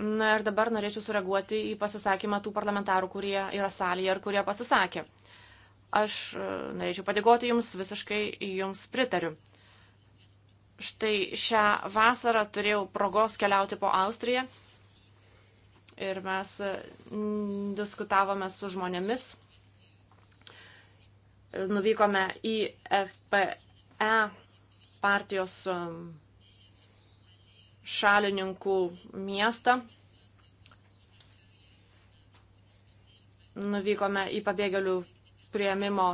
Na ir dabar norėčiau sureaguoti į pasisakymą tų parlamentarų, kurie yra salėje ir kurie pasisakė. Aš e, norėčiau padėkoti Jums, visiškai Jums pritariu. Štai šią vasarą turėjau progos keliauti po Austriją ir mes e, diskutavome su žmonėmis. Nuvykome į FPE partijos šalininkų miestą. Nuvykome į pabėgėlių prieimimo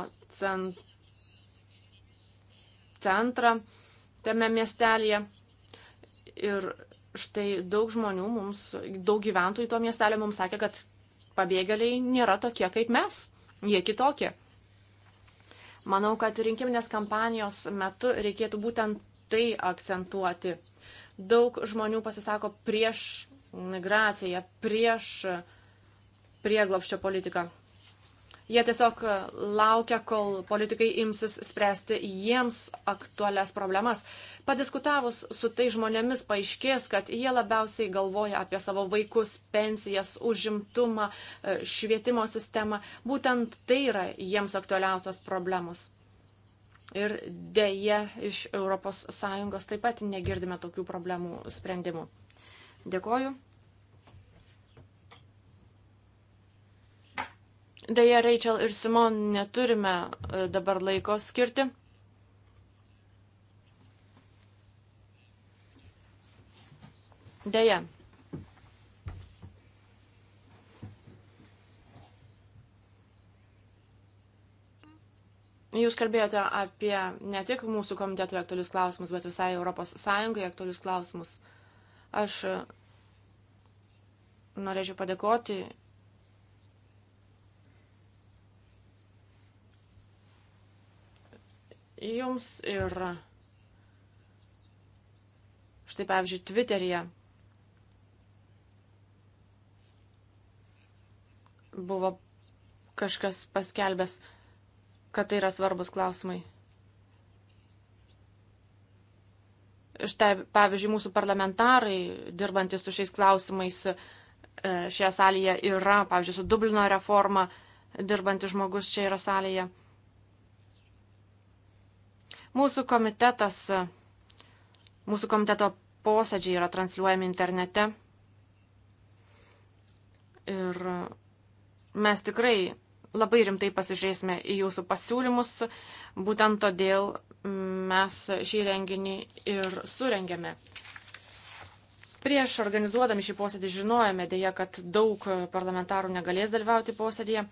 centrą tame miestelėje. Ir štai daug žmonių mums, daug gyventojų to miestelio mums sakė, kad pabėgėliai nėra tokie kaip mes, jie kitokie. Manau, kad rinkiminės kampanijos metu reikėtų būtent tai akcentuoti Daug žmonių pasisako prieš migraciją, prieš prieglopščio politiką. Jie tiesiog laukia, kol politikai imsis spręsti jiems aktualias problemas. Padiskutavus su tai žmonėmis paaiškės, kad jie labiausiai galvoja apie savo vaikus, pensijas, užimtumą, e, švietimo sistemą. Būtent tai yra jiems aktualiausios problemos. Ir dėje iš ES taip pat negirdime tokių problemų sprendimų. Dėkoju. Deja, Rachel ir Simon neturime e, dabar laiko skirti. Deja, Jūs kalbėjote apie ne tik mūsų komitetui aktualius klausimus, bet visai ES aktualius klausimus. Aš norėčiau padėkoti Jums ir štai pavyzdžiui Twitteryje buvo kažkas paskelbęs kad tai yra svarbus klausimai. Štai, pavyzdžiui, mūsų parlamentarai, dirbantis su šiais klausimais, e, šioje salėje yra, pavyzdžiui, su Dublino reforma, dirbantis žmogus čia yra salėje. Mūsų komitetas, e, mūsų komiteto posėdžiai yra transliuojami internete. Ir mes tikrai labai rimtai pasižiūrėsime į jūsų pasiūlymus. Būtent todėl mes šį renginį ir surengėme. Prieš organizuodami šį posėdį žinojame dėja, kad daug parlamentarų negalės dalyvauti posėdėje,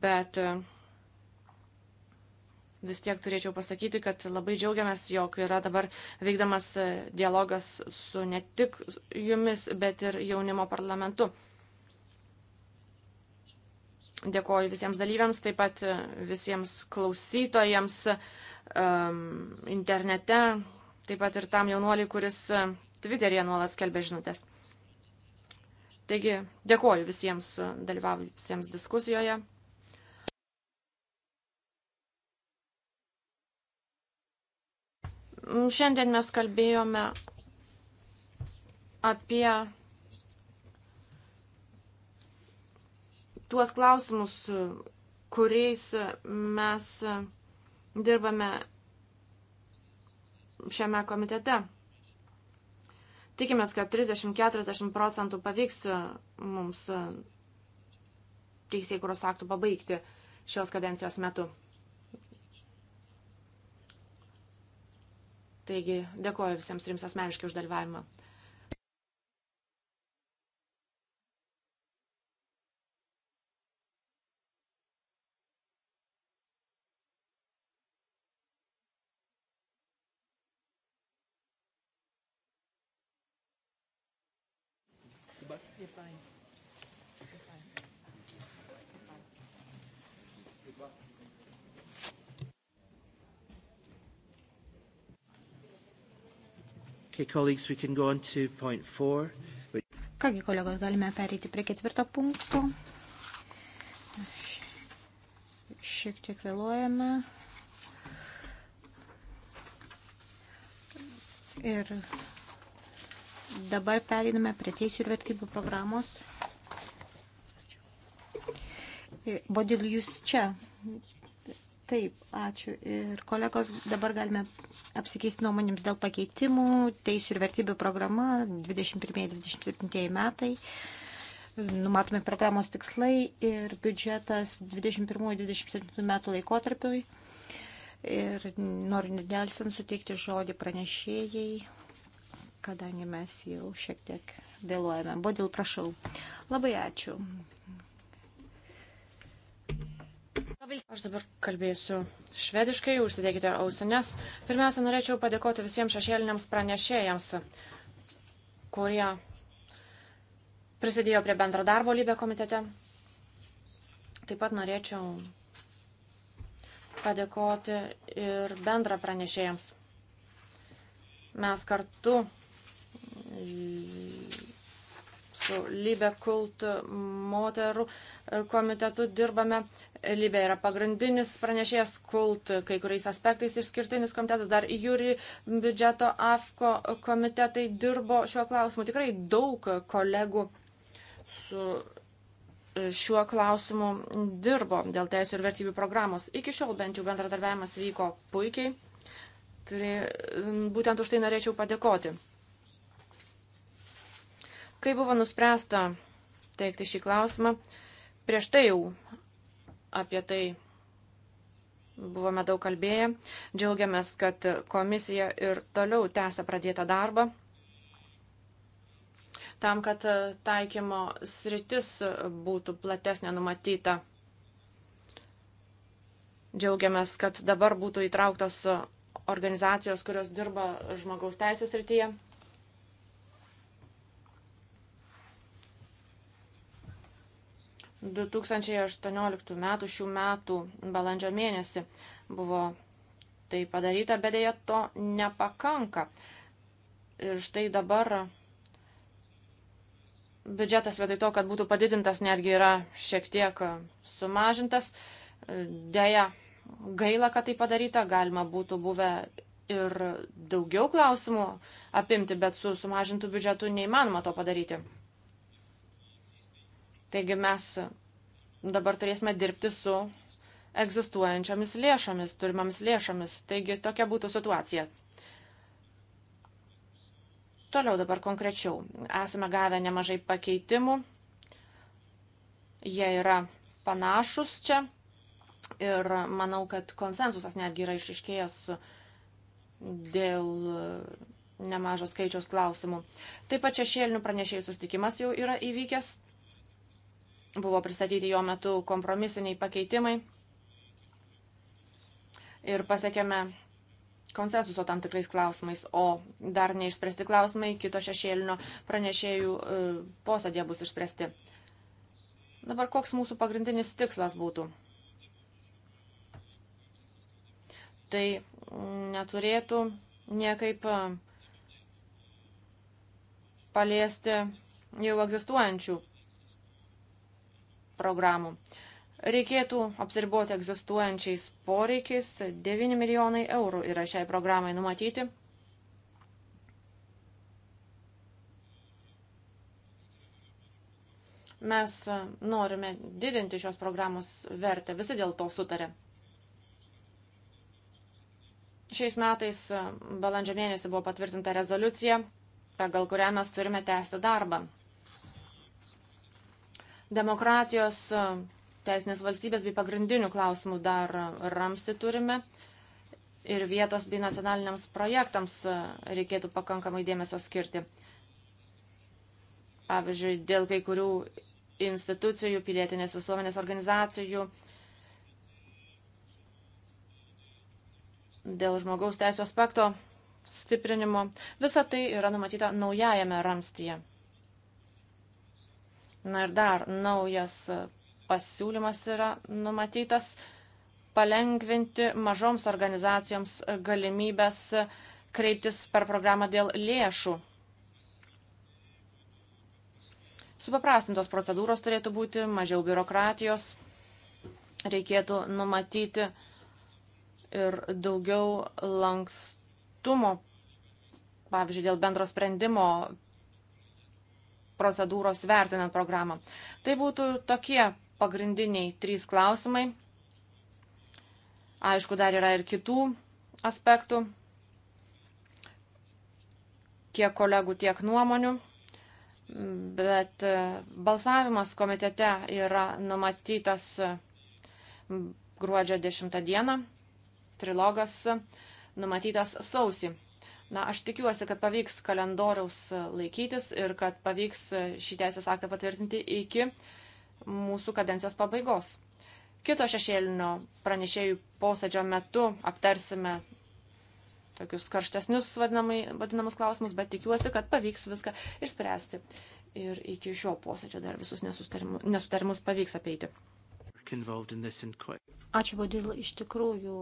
bet e, vis tiek turėčiau pasakyti, kad labai džiaugiamės, jog yra dabar veikdamas dialogas su ne tik jumis, bet ir jaunimo parlamentu. Dėkoju visiems dalyviams, taip pat e, visiems klausytojams um, internete, taip pat ir tam jaunuoliui, kuris e, Twitter'yje nuolat skelbė žinutės. Taigi, dėkoju visiems e, dalyvavusiems diskusijoje. Šiandien mes kalbėjome apie tuos klausimus, kuriais mes dirbame šiame komitete. Tikimės, kad 30-40 procentų pavyks mums teisėjų kuros aktų pabaigti šios kadencijos metu. Taigi, dėkoju visiems trims asmeniškai už dalyvavimą. colleagues, we can go on to point four. Kągi kolegos, galime pereiti prie ketvirto punkto. Šiek tiek vėluojame. Ir dabar pereiname prie teisų ir vertybių programos. Bodil, jūs čia Taip, ačiū. Ir kolegos, dabar galime apsikeisti nuomonėms dėl pakeitimų. Teisų ir vertybių programa 21-27 metai. Numatome programos tikslai ir biudžetas 21-27 metų laikotarpiui. Ir noriu nedelsant suteikti žodį pranešėjai, kadangi mes jau šiek tiek vėluojame. Bodil, prašau. Labai ačiū. Aš dabar kalbėsiu švediškai, užsidėkite ausinės. Pirmiausia, norėčiau padėkoti visiems šešėliniams pranešėjams, kurie prisidėjo prie bendro darbo lybė komitete. Taip pat norėčiau padėkoti ir bendra pranešėjams. Mes kartu su Libe Kult moterų e, komitetu dirbame. Libe yra pagrindinis pranešėjas Kult, kai kuriais aspektais išskirtinis komitetas, dar Jūri biudžeto AFKO komitetai dirbo šiuo klausimu. Tikrai daug kolegų su e, šiuo klausimu dirbo dėl teisų ir vertybių programos. Iki šiol bent jau bendradarbiavimas vyko puikiai. Turė, būtent už tai norėčiau padėkoti. Kai buvo nuspręsta teikti šį klausimą, prieš tai jau apie tai buvome daug kalbėję. Džiaugiamės, kad komisija ir toliau tęsia pradėtą darbą tam, kad taikymo sritis būtų platesnė numatyta. Džiaugiamės, kad dabar būtų įtrauktos organizacijos, kurios dirba žmogaus teisės srityje. 2018 metų šių metų balandžio mėnesį buvo tai padaryta, bet dėja to nepakanka. Ir štai dabar biudžetas vietoj to, kad būtų padidintas, netgi yra šiek tiek sumažintas. Dėja, gaila, kad tai padaryta, galima būtų buvę ir daugiau klausimų apimti, bet su sumažintu biudžetu neįmanoma to padaryti. Taigi mes dabar turėsime dirbti su egzistuojančiomis lėšomis, turimams lėšomis. Taigi tokia būtų situacija. Toliau dabar konkrečiau. Esame gavę nemažai pakeitimų. Jie yra panašus čia. Ir manau, kad konsensusas netgi yra išiškėjęs dėl nemažo skaičiaus klausimų. Taip pat šešėlinių pranešėjų sustikimas jau yra įvykęs. Buvo pristatyti jo metu kompromisiniai pakeitimai ir pasiekėme konsensuso tam tikrais klausimais, o dar neišspręsti klausimai kito šešėlinio pranešėjų e, posėdė bus išspręsti. Dabar koks mūsų pagrindinis tikslas būtų? Tai neturėtų niekaip e, paliesti jau egzistuojančių programų. Reikėtų apsiriboti egzistuojančiais poreikiais. 9 milijonai eurų yra šiai programai numatyti. Mes e, norime didinti šios programos vertę. Visi dėl to sutarė. Šiais metais e, balandžio mėnesį buvo patvirtinta rezoliucija, pagal kurią mes turime tęsti darbą demokratijos, e, teisinės valstybės bei pagrindinių klausimų dar ramsti turime. Ir vietos bei nacionaliniams projektams e, reikėtų pakankamai dėmesio skirti. Pavyzdžiui, dėl kai kurių institucijų, pilietinės visuomenės organizacijų, dėl žmogaus teisų aspekto stiprinimo. Visa tai yra numatyta naujajame ramstyje. Na ir dar naujas pasiūlymas yra numatytas palengvinti mažoms organizacijoms galimybės kreiptis per programą dėl lėšų. Supaprastintos procedūros turėtų būti, mažiau biurokratijos, reikėtų numatyti ir daugiau lankstumo, pavyzdžiui, dėl bendro sprendimo procedūros vertinant programą. Tai būtų tokie pagrindiniai trys klausimai. Aišku, dar yra ir kitų aspektų. Kiek kolegų, tiek nuomonių. Bet e, balsavimas komitete yra numatytas e, gruodžio 10 dieną. Trilogas e, numatytas sausį. Na, aš tikiuosi, kad pavyks kalendoriaus e, laikytis ir kad pavyks e, šį teisės aktą patvirtinti iki mūsų kadencijos pabaigos. Kito šešėlinio pranešėjų posėdžio metu aptarsime tokius karštesnius vadinamus klausimus, bet tikiuosi, kad pavyks viską išspręsti. Ir iki šio posėdžio dar visus nesutarimus pavyks apeiti. Ačiū, Bodil, iš tikrųjų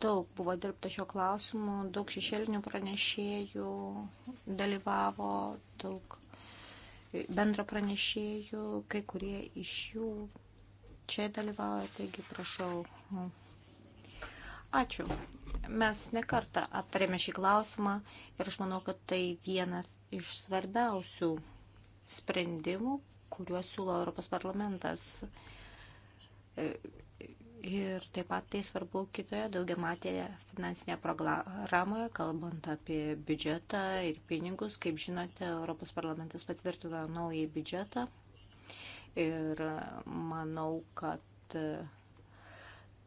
daug buvo dirbta šio klausimu, daug šešėlinių pranešėjų dalyvavo, daug bendra pranešėjų, kai kurie iš jų čia dalyvauja, taigi prašau. Ačiū. Mes nekartą aptarėme šį klausimą ir aš manau, kad tai vienas iš svarbiausių sprendimų, kuriuos siūlo Europos parlamentas Ir taip pat tai svarbu kitoje daugiamatėje finansinėje programoje, kalbant apie biudžetą ir pinigus. Kaip žinote, Europos parlamentas patvirtino naują biudžetą. Ir manau, kad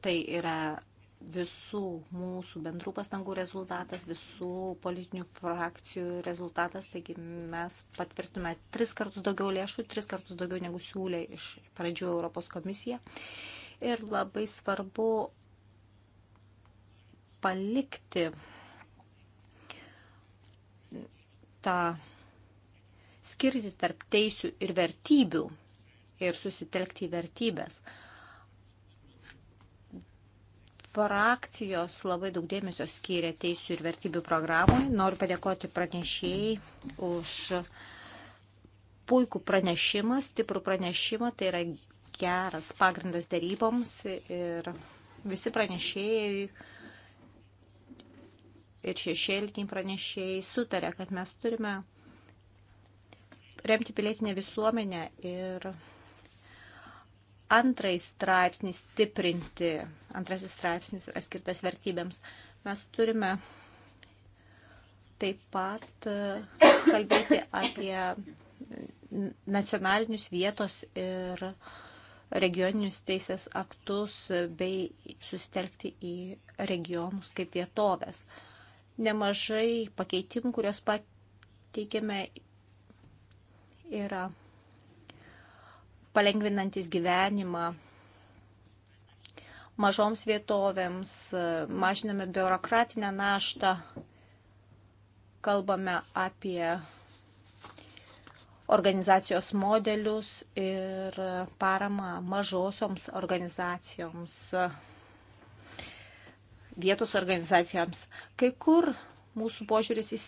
tai yra visų mūsų bendrų pastangų rezultatas, visų politinių frakcijų rezultatas. Taigi mes patvirtume tris kartus daugiau lėšų, tris kartus daugiau negu siūlė iš pradžių Europos komisija ir labai svarbu palikti tą skirti tarp teisių ir vertybių ir susitelkti į vertybės. Frakcijos labai daug dėmesio skyrė teisų ir vertybių programui. Noriu padėkoti pranešėjai už puikų pranešimą, stiprų pranešimą. Tai yra geras pagrindas daryboms ir visi pranešėjai ir šešėliniai pranešėjai sutarė, kad mes turime remti pilietinę visuomenę ir antrai straipsnį stiprinti. Antrasis straipsnis yra skirtas vertybėms. Mes turime taip pat e, kalbėti apie nacionalinius vietos ir uh, regioninius teisės aktus bei susitelkti į regionus kaip vietovės. Nemažai pakeitimų, kuriuos pateikėme, yra palengvinantis gyvenimą mažoms vietovėms, mažiname biurokratinę naštą, kalbame apie organizacijos modelius ir paramą mažosioms organizacijoms, vietos organizacijoms. Kai kur mūsų požiūris į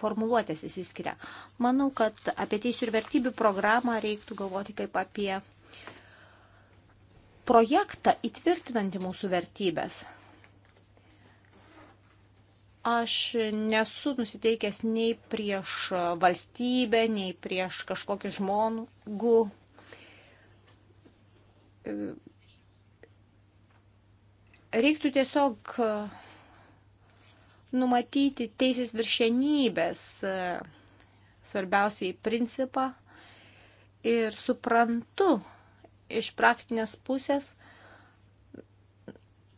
formuluotės įsiskiria. Manau, kad apie teisų ir vertybių programą reiktų galvoti kaip apie projektą įtvirtinantį mūsų vertybės. Aš nesu nusiteikęs nei prieš valstybę, nei prieš kažkokį žmogų. Reiktų tiesiog numatyti teisės viršenybės svarbiausiai principą ir suprantu iš praktinės pusės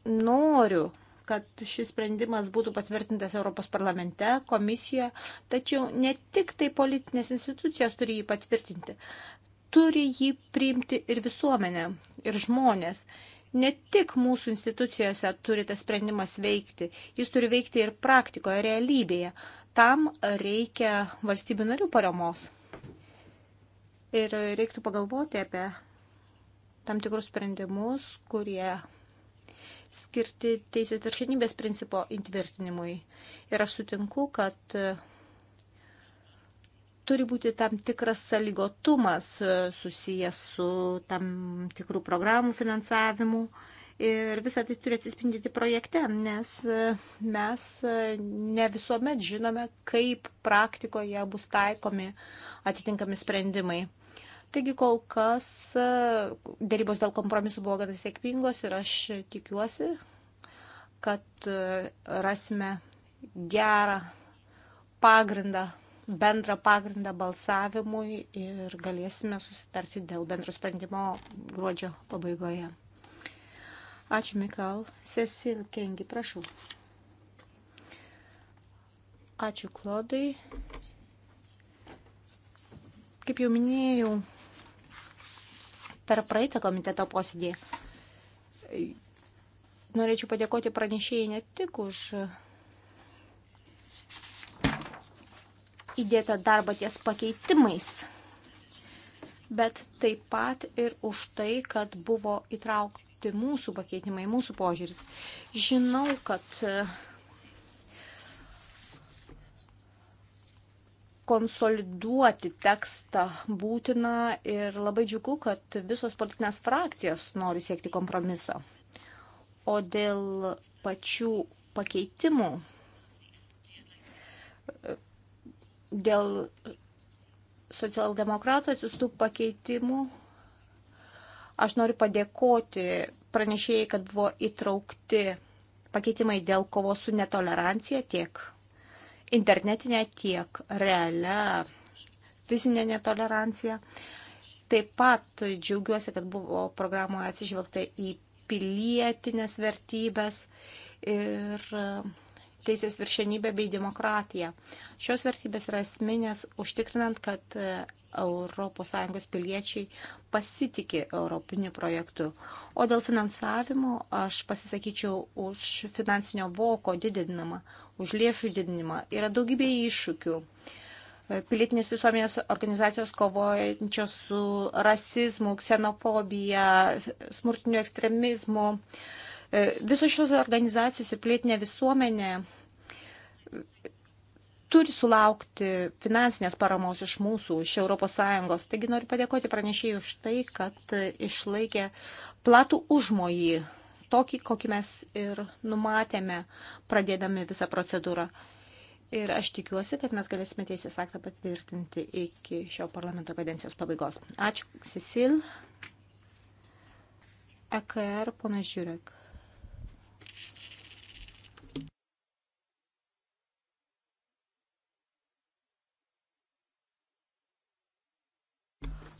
noriu kad šis sprendimas būtų patvirtintas Europos parlamente, komisijoje, tačiau ne tik tai politinės institucijos turi jį patvirtinti, turi jį priimti ir visuomenė, ir žmonės. Ne tik mūsų institucijose turi tas sprendimas veikti, jis turi veikti ir praktikoje, realybėje. Tam reikia valstybių narių paramos. Ir reiktų pagalvoti apie tam tikrus sprendimus, kurie skirti teisės viršenybės principo įtvirtinimui. Ir aš sutinku, kad e, turi būti tam tikras saligotumas e, susijęs su tam tikrų programų finansavimu. Ir visą tai turi atsispindyti projekte, nes e, mes ne visuomet žinome, kaip praktikoje bus taikomi atitinkami sprendimai. Taigi kol kas e, dėrybos dėl kompromisų buvo gana sėkmingos ir aš tikiuosi, kad e, rasime gerą pagrindą, bendrą pagrindą balsavimui ir galėsime susitarti dėl bendro sprendimo gruodžio pabaigoje. Ačiū, Mikal. Cecil Kengi, prašau. Ačiū, Klodai. Kaip jau minėjau, per praeitą komiteto posėdį. Norėčiau padėkoti pranešėjai ne tik už įdėtą darbą ties pakeitimais, bet taip pat ir už tai, kad buvo įtraukti mūsų pakeitimai, mūsų požiūris. Žinau, kad konsoliduoti tekstą būtina ir labai džiugu, kad visos politinės frakcijos nori siekti kompromiso. O dėl pačių pakeitimų, dėl socialdemokratų atsistų pakeitimų, aš noriu padėkoti pranešėjai, kad buvo įtraukti pakeitimai dėl kovos su netolerancija tiek internetinę, tiek realią fizinę netoleranciją. Taip pat džiaugiuosi, kad buvo programoje atsižvelgta į pilietinės vertybės ir uh, teisės viršenybę bei demokratiją. Šios vertybės yra esminės užtikrinant, kad ES piliečiai pasitikė europiniu projektu. O dėl finansavimo aš pasisakyčiau už finansinio voko didinimą, už lėšų didinimą. Yra daugybė iššūkių. E, pilietinės visuomenės organizacijos kovojančios su rasizmu, ksenofobija, smurtiniu ekstremizmu. Uh, E, visos šios organizacijos ir plėtinė visuomenė turi sulaukti finansinės paramos iš mūsų, iš ES. Taigi noriu padėkoti pranešėjai už tai, kad išlaikė platų užmojį, tokį, kokį mes ir numatėme, pradėdami visą procedūrą. Ir aš tikiuosi, kad mes galėsime teisės aktą patvirtinti iki šio parlamento kadencijos pabaigos. Ačiū, Cecil. EKR, er, ponas Žiūrėk.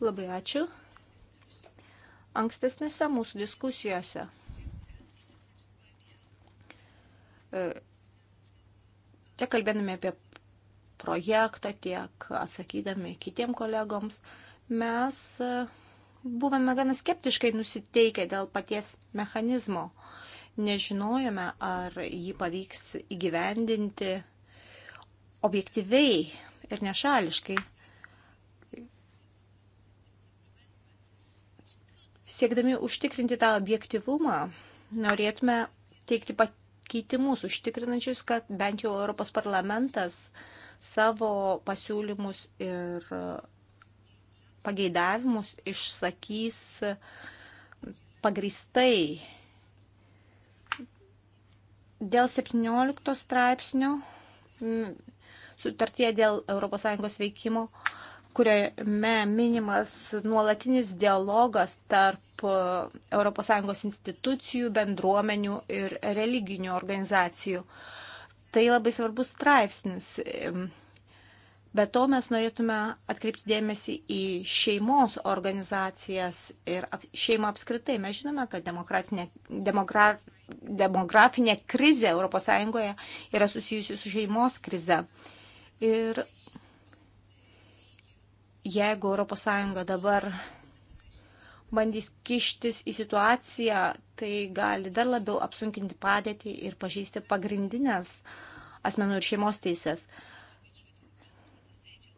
Labai ačiū. Ankstesnėse mūsų diskusijose e, tiek kalbėdami apie projektą, tiek atsakydami kitiem kolegoms, mes e, buvome gana skeptiškai nusiteikę dėl paties mechanizmo. Nežinojome, ar jį pavyks įgyvendinti objektyviai ir nešališkai. Siekdami užtikrinti tą objektivumą, norėtume teikti pakeitimus užtikrinančius, kad bent jau Europos parlamentas savo pasiūlymus ir pageidavimus išsakys pagristai. Dėl 17 straipsnio mm, sutartie dėl ES veikimo kuriame minimas nuolatinis dialogas tarp ES institucijų, bendruomenių ir religinių organizacijų. Tai labai svarbus straipsnis. Be to mes norėtume atkreipti dėmesį į šeimos organizacijas ir šeimą apskritai. Mes žinome, kad demogra, demografinė krizė ES yra susijusi su šeimos krize. Ir jeigu ES dabar bandys kištis į situaciją, tai gali dar labiau apsunkinti padėtį ir pažeisti pagrindinės asmenų ir šeimos teisės.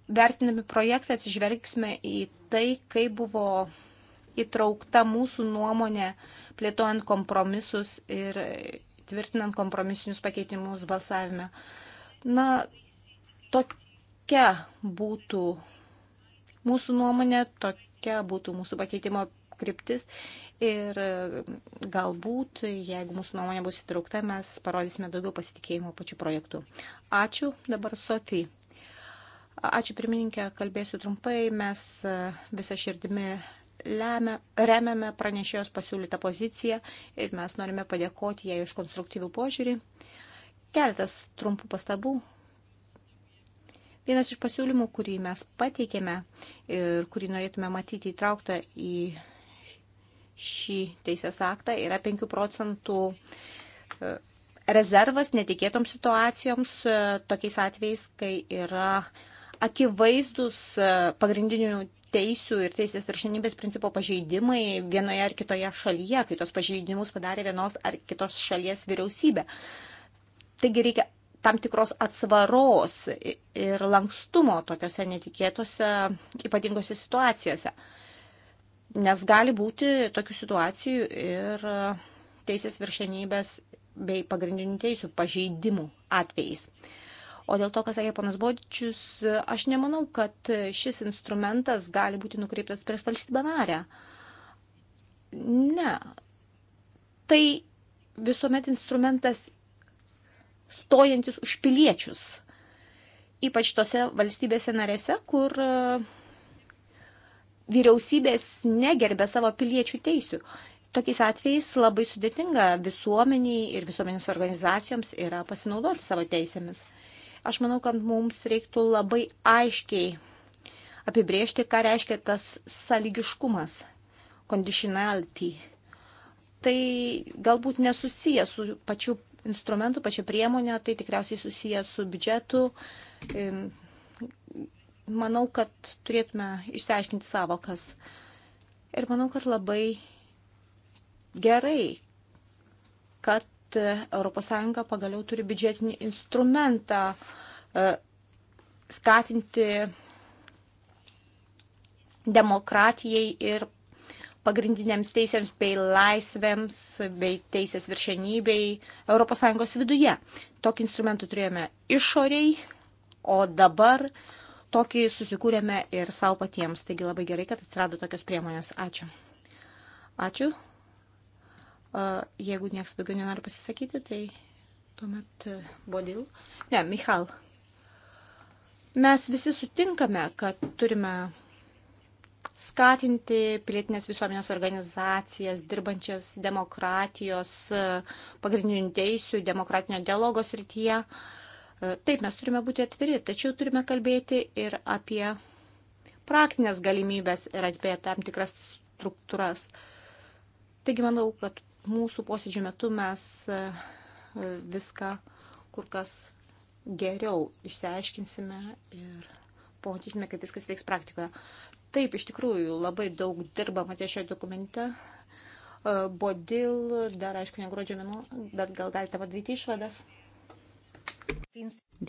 Vertinami projektą atsižvelgsime į tai, kaip buvo įtraukta mūsų nuomonė, plėtojant kompromisus ir tvirtinant kompromisinius pakeitimus balsavime. Na, tokia būtų Mūsų nuomonė tokia būtų mūsų pakeitimo kryptis ir galbūt, jeigu mūsų nuomonė bus įtraukta, mes parodysime daugiau pasitikėjimo pačiu projektu. Ačiū dabar Sofijai. Ačiū pirmininkė, kalbėsiu trumpai, mes e, visą širdimi lemia, remiame pranešėjos pasiūlytą poziciją ir mes norime padėkoti jai už konstruktyvių požiūrį. Keletas trumpų pastabų, Vienas iš pasiūlymų, kurį mes pateikėme ir kurį norėtume matyti įtrauktą į šį teisės aktą, yra 5 procentų e, rezervas netikėtoms situacijoms, e, tokiais atvejais, kai yra akivaizdus e, pagrindinių teisų ir teisės viršenybės principo pažeidimai vienoje ar kitoje šalyje, kai tos pažeidimus padarė vienos ar kitos šalies vyriausybė. Taigi reikia tam tikros atsvaros ir lankstumo tokiuose netikėtose ypatingose situacijose. Nes gali būti tokių situacijų ir teisės viršenybės bei pagrindinių teisų pažeidimų atvejais. O dėl to, kas sakė ponas Bodčius, aš nemanau, kad šis instrumentas gali būti nukreiptas prieš valstybę narę. Ne. Tai visuomet instrumentas stojantis už piliečius, ypač tose valstybėse narėse, kur e, vyriausybės negerbė savo piliečių teisių. Tokiais atvejais labai sudėtinga visuomeniai ir visuomenės organizacijoms yra pasinaudoti savo teisėmis. Aš manau, kad mums reiktų labai aiškiai apibriežti, ką reiškia tas sąlygiškumas, conditionality. Tai galbūt nesusiję su pačiu instrumentų, pačia priemonė, tai tikriausiai susijęs su biudžetu. Manau, kad turėtume išsiaiškinti savokas. Ir manau, kad labai gerai, kad ES pagaliau turi biudžetinį instrumentą e, skatinti demokratijai ir pagrindiniams teisėms bei laisvėms bei teisės viršenybei ES viduje. Tokį instrumentą turėjome išoriai, o dabar tokį susikūrėme ir savo patiems. Taigi labai gerai, kad atsirado tokios priemonės. Ačiū. Ačiū. Jeigu niekas daugiau nenori pasisakyti, tai tuomet e, bodil. Ne, Michal. Mes visi sutinkame, kad turime skatinti pilietinės visuomenės organizacijas, dirbančias demokratijos, e, pagrindinių teisių, demokratinio dialogo srityje. E, taip, mes turime būti atviri, tačiau turime kalbėti ir apie praktinės galimybės ir apie tam tikras struktūras. Taigi manau, kad mūsų posėdžio metu mes e, viską kur kas geriau išsiaiškinsime ir pamatysime, kaip viskas veiks praktikoje. Taip, iš tikrųjų, labai daug dirbama ties šio dokumente. E, Buvo dėl, dar aišku, ne gruodžio mėnų, bet gal galite padaryti išvadas.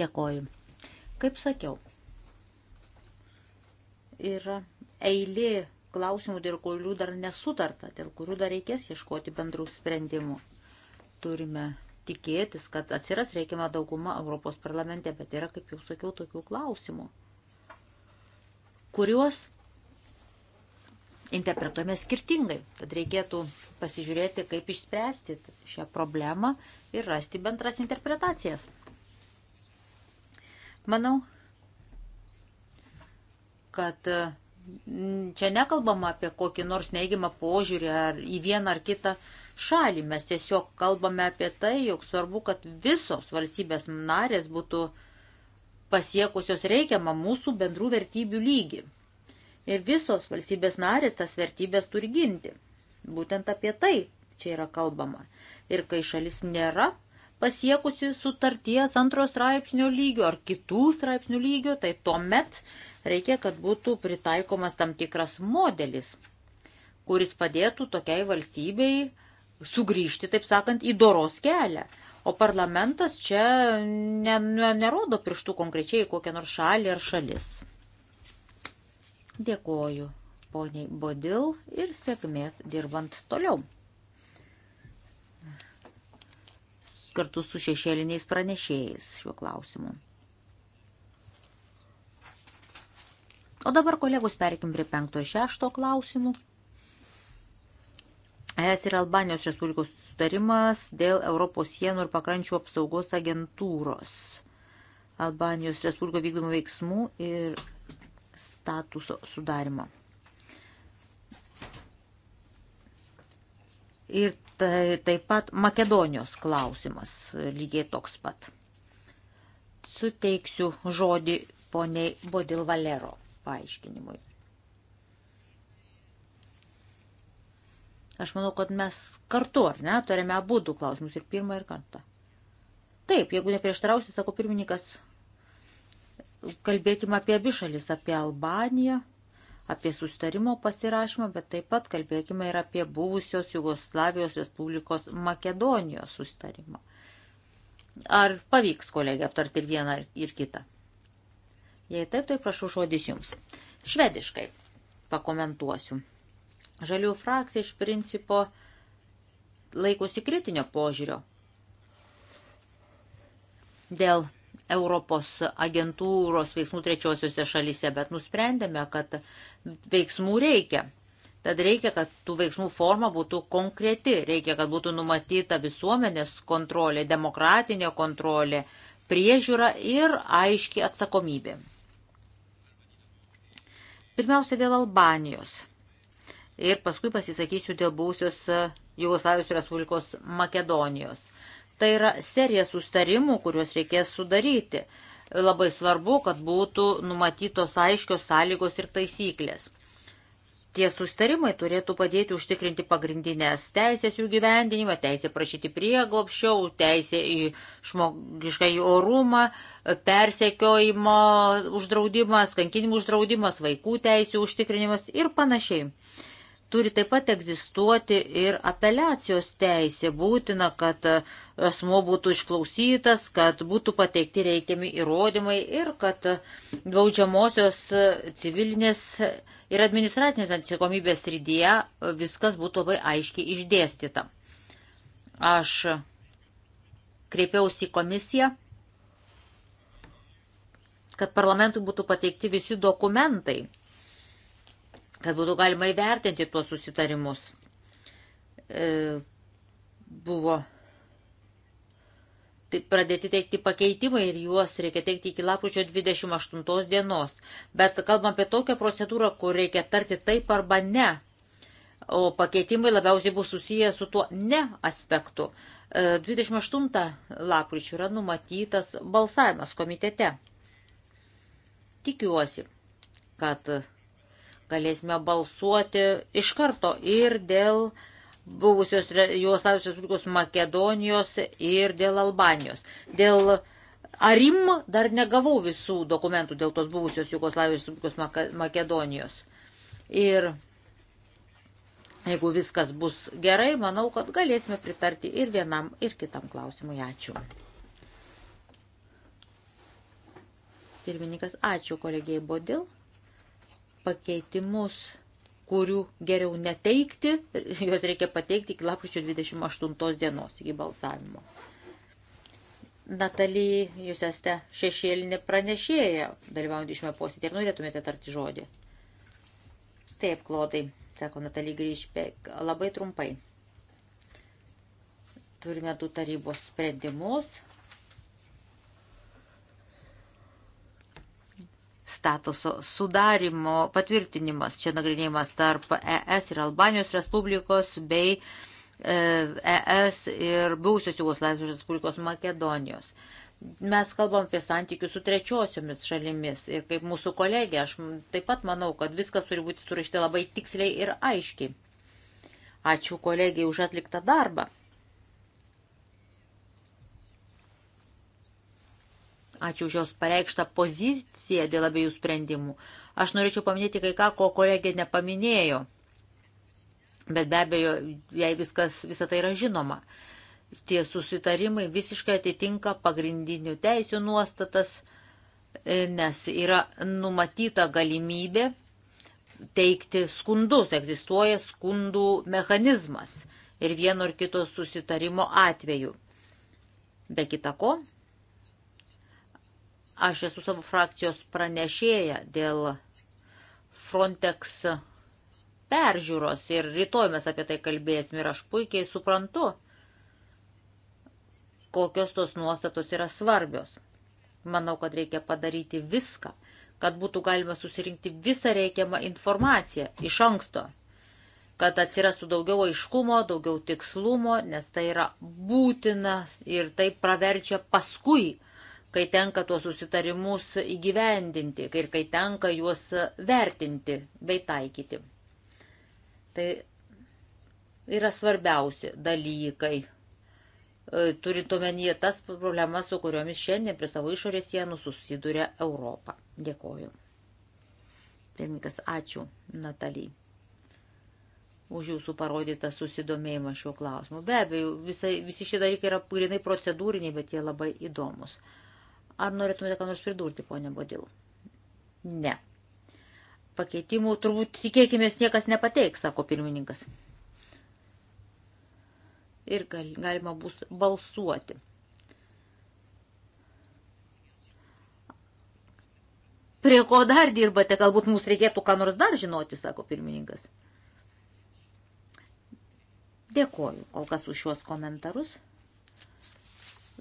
Dėkoju. Kaip sakiau, yra eilė klausimų, dėl kurių dar nesutarta, dėl kurių dar reikės ieškoti bendrų sprendimų. Turime tikėtis, kad atsiras reikiama dauguma Europos parlamente, bet yra, kaip jau sakiau, tokių klausimų, kuriuos interpretuojame skirtingai. Tad reikėtų pasižiūrėti, kaip išspręsti šią problemą ir rasti bendras interpretacijas. Manau, kad mm, čia nekalbama apie kokį nors neįgimą požiūrį ar į vieną ar kitą šalį. Mes tiesiog kalbame apie tai, jog svarbu, kad visos valstybės narės būtų pasiekusios reikiamą mūsų bendrų vertybių lygį. Ir visos valstybės narės tas vertybės turi ginti. Būtent apie tai čia yra kalbama. Ir kai šalis nėra pasiekusi sutarties antros straipsnio lygio ar kitų straipsnių lygio, tai tuomet reikia, kad būtų pritaikomas tam tikras modelis, kuris padėtų tokiai valstybei sugrįžti, taip sakant, į doros kelią. O parlamentas čia ne, ne, nerodo pirštų konkrečiai kokią nors šalį ar šalis. Dėkoju poniai Bodil ir sėkmės dirbant toliau. Kartu su šešėliniais pranešėjais šiuo klausimu. O dabar, kolegos, perkim prie penkto ir šešto klausimų. ES ir Albanijos Respublikos sustarimas dėl Europos sienų ir pakrančių apsaugos agentūros. Albanijos Respublikos vykdomų veiksmų ir statuso sudarimo. Ir tai, taip pat Makedonijos klausimas lygiai toks pat. Suteiksiu žodį poniai Bodil Valero paaiškinimui. Aš manau, kad mes kartu, ar ne, turime abu du klausimus ir pirmą ir kartą. Taip, jeigu neprieštarausi, sako pirmininkas, kalbėkime apie abi šalis, apie Albaniją, apie sustarimo pasirašymą, bet taip pat kalbėkime ir apie buvusios Jugoslavijos Respublikos Makedonijos sustarimą. Ar pavyks, kolegė, aptarti ir vieną ir kitą? Jei taip, tai prašau žodis jums. Švediškai pakomentuosiu. Žalių frakcija iš principo laikosi kritinio požiūrio dėl Europos agentūros veiksmų trečiosiuose šalyse, bet nusprendėme, kad veiksmų reikia. Tad reikia, kad tų veiksmų forma būtų konkreti, reikia, kad būtų numatyta visuomenės kontrolė, demokratinė kontrolė, priežiūra ir aiški atsakomybė. Pirmiausia, dėl Albanijos. Ir paskui pasisakysiu dėl būsios Jugoslavijos Respublikos Makedonijos. Tai yra serija sustarimų, kuriuos reikės sudaryti. Labai svarbu, kad būtų numatytos aiškios sąlygos ir taisyklės. Tie sustarimai turėtų padėti užtikrinti pagrindinės teisės jų gyvendinimą, teisė prašyti prieglopščiau, teisė į žmogišką į orumą, persekiojimo uždraudimas, kankinimų uždraudimas, vaikų teisų užtikrinimas ir panašiai turi taip pat egzistuoti ir apeliacijos teisė. Būtina, kad asmo būtų išklausytas, kad būtų pateikti reikiami įrodymai ir kad baudžiamosios civilinės ir administracinės atsakomybės rydyje viskas būtų labai aiškiai išdėstyta. Aš kreipiausi į komisiją, kad parlamentui būtų pateikti visi dokumentai kad būtų galima įvertinti tuos susitarimus. E, buvo pradėti teikti pakeitimai ir juos reikia teikti iki lapkričio 28 dienos. Bet kalbam apie tokią procedūrą, kur reikia tarti taip arba ne. O pakeitimai labiausiai bus susiję su tuo ne aspektu. 28 e, lapkričio yra numatytas balsavimas komitete. Tikiuosi, kad Galėsime balsuoti iš karto ir dėl buvusios Jugoslavijos Respublikos Makedonijos ir dėl Albanijos. Dėl Arim dar negavau visų dokumentų dėl tos buvusios Jugoslavijos Respublikos Makedonijos. Ir jeigu viskas bus gerai, manau, kad galėsime pritarti ir vienam, ir kitam klausimui. Ačiū. Pirmininkas, ačiū kolegijai Bodil pakeitimus, kurių geriau neteikti, juos reikia pateikti iki lapkričio 28 dienos, iki balsavimo. Natalijai, jūs esate šešėlinė pranešėja, dalyvaujant išme posėdį ir norėtumėte tarti žodį. Taip, klodai, sako Natalijai Grįžpek, labai trumpai. Turime du tarybos sprendimus, statuso sudarimo patvirtinimas. Čia nagrinėjimas tarp ES ir Albanijos Respublikos bei ES e ir buvusios Jugoslavijos Respublikos Makedonijos. Mes kalbam apie santykius su trečiosiomis šalimis ir kaip mūsų kolegė, aš taip pat manau, kad viskas turi būti surašyta labai tiksliai ir aiškiai. Ačiū kolegijai už atliktą darbą. Ačiū už jos pareikštą poziciją dėl abiejų sprendimų. Aš norėčiau paminėti kai ką, ko kolegė nepaminėjo. Bet be abejo, jai viskas, visa tai yra žinoma. Tie susitarimai visiškai atitinka pagrindinių teisių nuostatas, e, nes yra numatyta galimybė teikti skundus, egzistuoja skundų mechanizmas ir vieno ar kito susitarimo atveju. Be kita ko, Aš esu savo frakcijos pranešėja dėl Frontex peržiūros ir rytoj mes apie tai kalbėsim ir aš puikiai suprantu, kokios tos nuostatos yra svarbios. Manau, kad reikia padaryti viską, kad būtų galima susirinkti visą reikiamą informaciją iš anksto, kad atsirastų daugiau aiškumo, daugiau tikslumo, nes tai yra būtina ir tai praverčia paskui kai tenka tuos susitarimus įgyvendinti ir kai tenka juos vertinti bei taikyti. Tai yra svarbiausi dalykai, e, turint omenyje tas problemas, su kuriomis šiandien prie savo išorės sienų susiduria Europą. Dėkoju. Pirmininkas, ačiū Natalijai už jūsų parodytą susidomėjimą šiuo klausimu. Be abejo, visai, visi šie dalykai yra grinai procedūriniai, bet jie labai įdomus. Ar norėtumėte ką nors pridurti, ponė Bodil? Ne. Pakeitimų turbūt tikėkime niekas nepateiks, sako pirmininkas. Ir gal, galima bus balsuoti. Prie ko dar dirbate, galbūt mums reikėtų ką nors dar žinoti, sako pirmininkas. Dėkoju kol kas už šiuos komentarus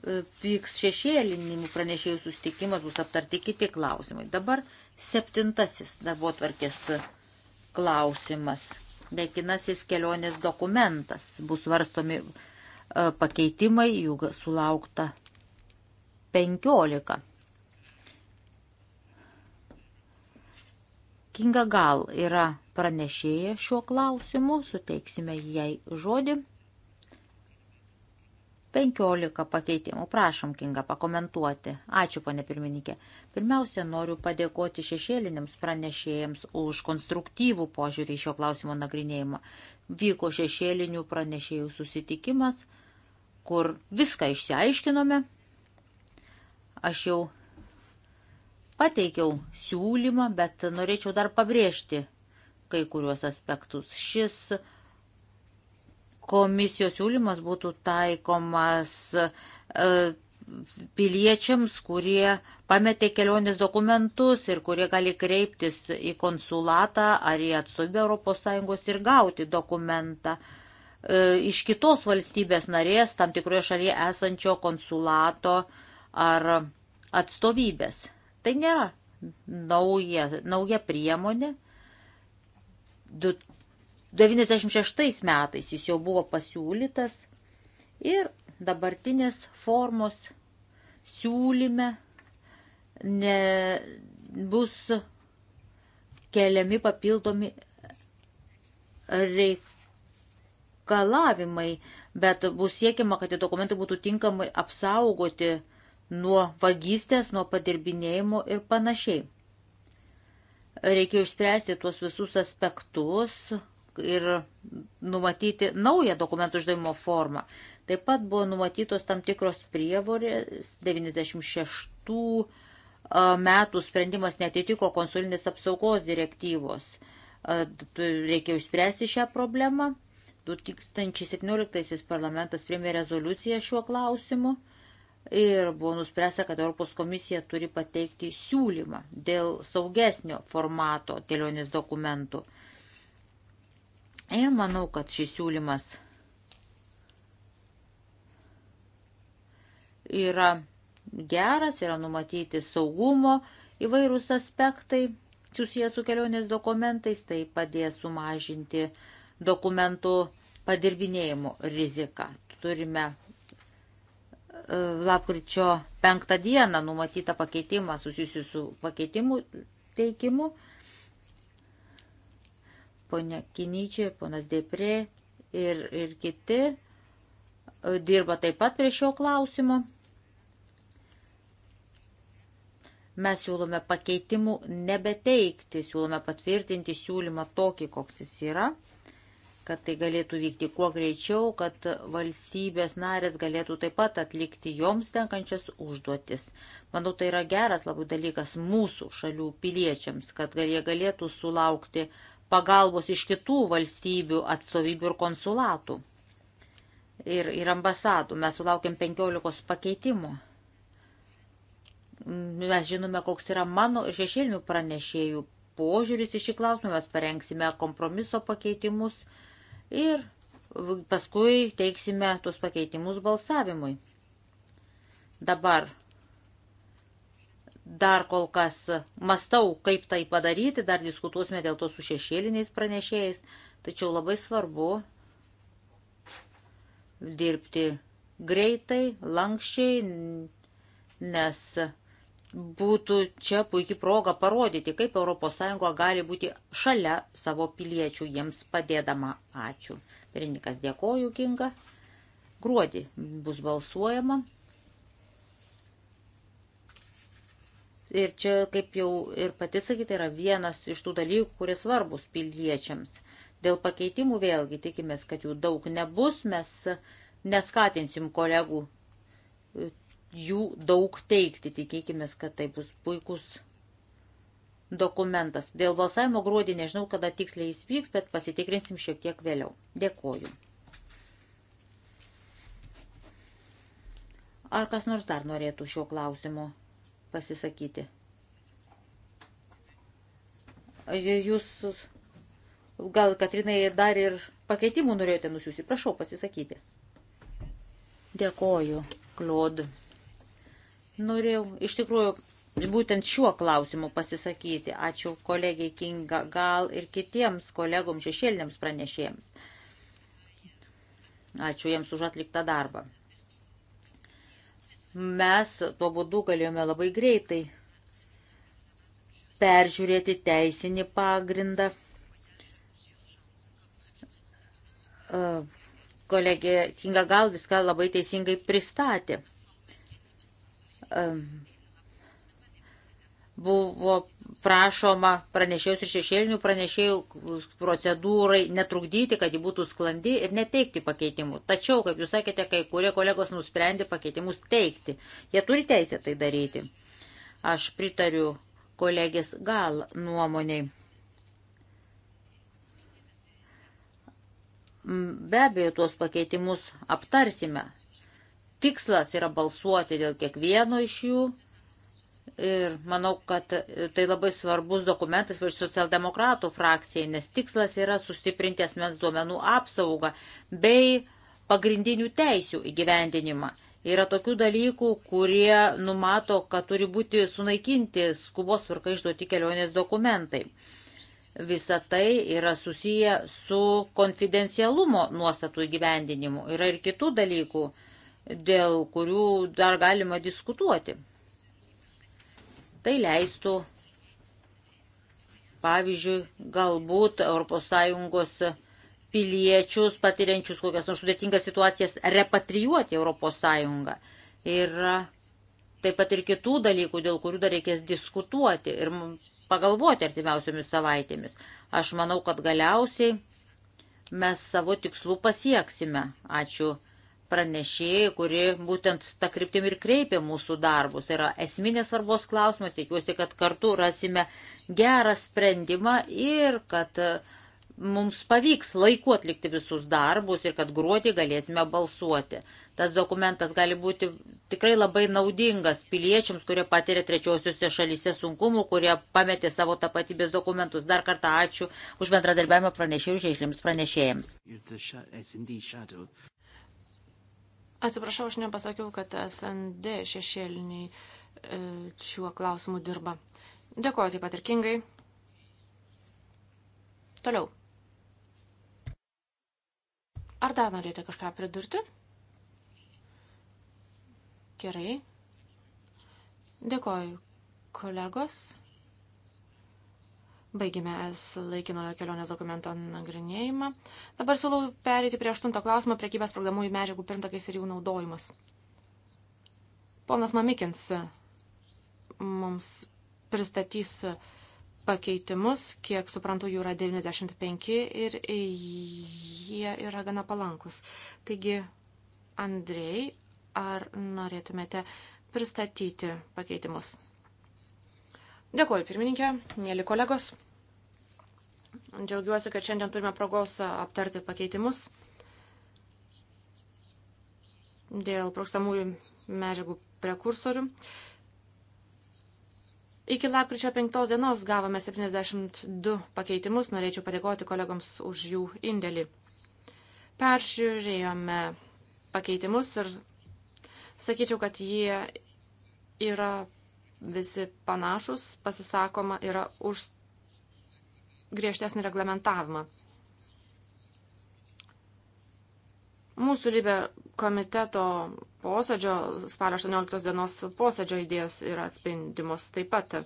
vyks šešėlinimų pranešėjų sustikimas, bus aptarti kiti klausimai. Dabar septintasis darbo tvarkės klausimas. Nekinasis kelionės dokumentas. Bus varstomi e, pakeitimai, jų sulaukta 15. Kinga gal yra pranešėja šiuo klausimu, suteiksime jai žodį. 15 pakeitimų. Prašom, Kinga, pakomentuoti. Ačiū, ponė pirmininkė. Pirmiausia, noriu padėkoti šešėlinėms pranešėjams už konstruktyvų požiūrį šio klausimo nagrinėjimą. Vyko šešėlinių pranešėjų susitikimas, kur viską išsiaiškinome. Aš jau pateikiau siūlymą, bet norėčiau dar pabrėžti kai kuriuos aspektus. Šis Komisijos siūlymas būtų taikomas e, piliečiams, kurie pametė kelionės dokumentus ir kurie gali kreiptis į konsulatą ar į atstovybę ES ir gauti dokumentą e, iš kitos valstybės narės, tam tikroje šalyje esančio konsulato ar atstovybės. Tai nėra nauja, nauja priemonė. 96 metais jis jau buvo pasiūlytas ir dabartinės formos siūlyme ne, bus keliami papildomi reikalavimai, bet bus siekiama, kad tie dokumentai būtų tinkamai apsaugoti nuo vagystės, nuo padirbinėjimo ir panašiai. Reikėjo išspręsti tuos visus aspektus, ir numatyti naują dokumentų išdavimo formą. Taip pat buvo numatytos tam tikros prievorės 96 metų sprendimas netitiko konsulinės apsaugos direktyvos. Reikėjo išspręsti šią problemą. 2017 parlamentas priėmė rezoliuciją šiuo klausimu ir buvo nuspręsta, kad Europos komisija turi pateikti siūlymą dėl saugesnio formato kelionės dokumentų. Ir e manau, kad šis siūlymas yra geras, yra numatyti saugumo įvairūs aspektai susijęs su kelionės dokumentais, tai padės sumažinti dokumentų padirbinėjimo riziką. Turime e, lapkričio penktą dieną numatytą pakeitimą susijusiu su pakeitimu teikimu ponia Kinyčiai, ponas Deprė ir, ir kiti e, dirba taip pat prie šio klausimo. Mes siūlome pakeitimų nebeteikti, siūlome patvirtinti siūlymą tokį, koks jis yra, kad tai galėtų vykti kuo greičiau, kad valstybės narės galėtų taip pat atlikti joms tenkančias užduotis. Manau, tai yra geras labai dalykas mūsų šalių piliečiams, kad jie galėtų sulaukti uh, pagalbos iš kitų valstybių atstovybių ir konsulatų ir, ir ambasadų. Mes sulaukėm 15 pakeitimų. Mes žinome, koks yra mano šešėlinių pranešėjų požiūris į šį klausimą. Mes parengsime kompromiso pakeitimus ir paskui teiksime tuos pakeitimus balsavimui. Dabar dar kol kas mastau, kaip tai padaryti, dar diskutuosime dėl to su šešėliniais pranešėjais, tačiau labai svarbu dirbti greitai, lankščiai, nes būtų čia puikia proga parodyti, kaip ES gali būti šalia savo piliečių, jiems padėdama. Ačiū. Pirmininkas dėkoju, Kinga. Gruodį bus balsuojama. Ir čia, kaip jau ir pati sakyti, yra vienas iš tų dalykų, kuris svarbus piliečiams. Dėl pakeitimų vėlgi tikimės, kad jų daug nebus, mes neskatinsim kolegų e, jų daug teikti. Tikėkime, kad tai bus puikus dokumentas. Dėl balsavimo gruodį nežinau, kada tiksliai jis vyks, bet pasitikrinsim šiek tiek vėliau. Dėkoju. Ar kas nors dar norėtų šio klausimo pasisakyti. Jūs gal, Katrinai, dar ir pakeitimų norėjote nusiųsti. Prašau pasisakyti. Dėkoju, Klod. Norėjau iš tikrųjų būtent šiuo klausimu pasisakyti. Ačiū kolegiai Kinga gal ir kitiems kolegom šešėliniams pranešėjams. Ačiū jiems už atliktą darbą. Mes tuo būdu galėjome labai greitai peržiūrėti teisinį pagrindą. E, kolegė Kinga gal viską labai teisingai pristatė. E, buvo prašoma pranešėjus ir šešėlinių pranešėjų procedūrai netrukdyti, kad ji būtų sklandi ir neteikti pakeitimų. Tačiau, kaip jūs sakėte, kai kurie kolegos nusprendė pakeitimus teikti. Jie turi teisę tai daryti. Aš pritariu kolegės gal nuomoniai. Be abejo, tuos pakeitimus aptarsime. Tikslas yra balsuoti dėl kiekvieno iš jų Ir manau, kad tai labai svarbus dokumentas ir socialdemokratų frakcijai, nes tikslas yra sustiprinti asmens duomenų apsaugą bei pagrindinių teisių įgyvendinimą. Yra tokių dalykų, kurie numato, kad turi būti sunaikinti skubos tvarka išduoti kelionės dokumentai. Visa tai yra susiję su konfidencialumo nuostatų įgyvendinimu. Yra ir kitų dalykų, dėl kurių dar galima diskutuoti. Tai leistų, pavyzdžiui, galbūt ES piliečius patiriančius kokias nors sudėtingas situacijas repatrijuoti ES. Ir taip pat ir kitų dalykų, dėl kurių dar reikės diskutuoti ir pagalvoti artimiausiomis savaitėmis. Aš manau, kad galiausiai mes savo tikslų pasieksime. Ačiū pranešėjai, kuri būtent tą kryptimį ir kreipia mūsų darbus. Tai yra esminės svarbos klausimas, tikiuosi, kad kartu rasime gerą sprendimą ir kad e, mums pavyks laiku atlikti visus darbus ir kad gruodį galėsime balsuoti. Tas dokumentas gali būti tikrai labai naudingas piliečiams, kurie patiria trečiosiuose šalyse sunkumų, kurie pametė savo tapatybės dokumentus. Dar kartą ačiū už bendradarbiavimą pranešėjų žaižlėms pranešėjams. Atsiprašau, aš nepasakiau, kad SND šešėliniai e, šiuo klausimu dirba. Dėkuoju taip pat ir kingai. Toliau. Ar dar norėjote kažką pridurti? Gerai. Dėkoju, kolegos. Baigėme es laikinojo kelionės dokumento nagrinėjimą. Dabar siūlau perėti prie aštunto klausimo priekybės programų į medžiagų pirmtakais ir jų naudojimas. Ponas Mamikins mums pristatys pakeitimus, kiek suprantu, jų yra 95 ir jie yra gana palankus. Taigi, Andrei, ar norėtumėte pristatyti pakeitimus? Dėkuoju, pirmininkė, mėly kolegos. Džiaugiuosi, kad šiandien turime progos aptarti pakeitimus dėl prokstamųjų medžiagų prekursorių. Iki lapkričio 5 dienos gavome 72 pakeitimus. Norėčiau padėkoti kolegoms už jų indėlį. Peržiūrėjome pakeitimus ir sakyčiau, kad jie yra visi panašus. Pasisakoma yra už griežtesnį reglamentavimą. Mūsų lybė komiteto posėdžio, spalio 18 dienos posėdžio idėjos yra atspindimos taip pat.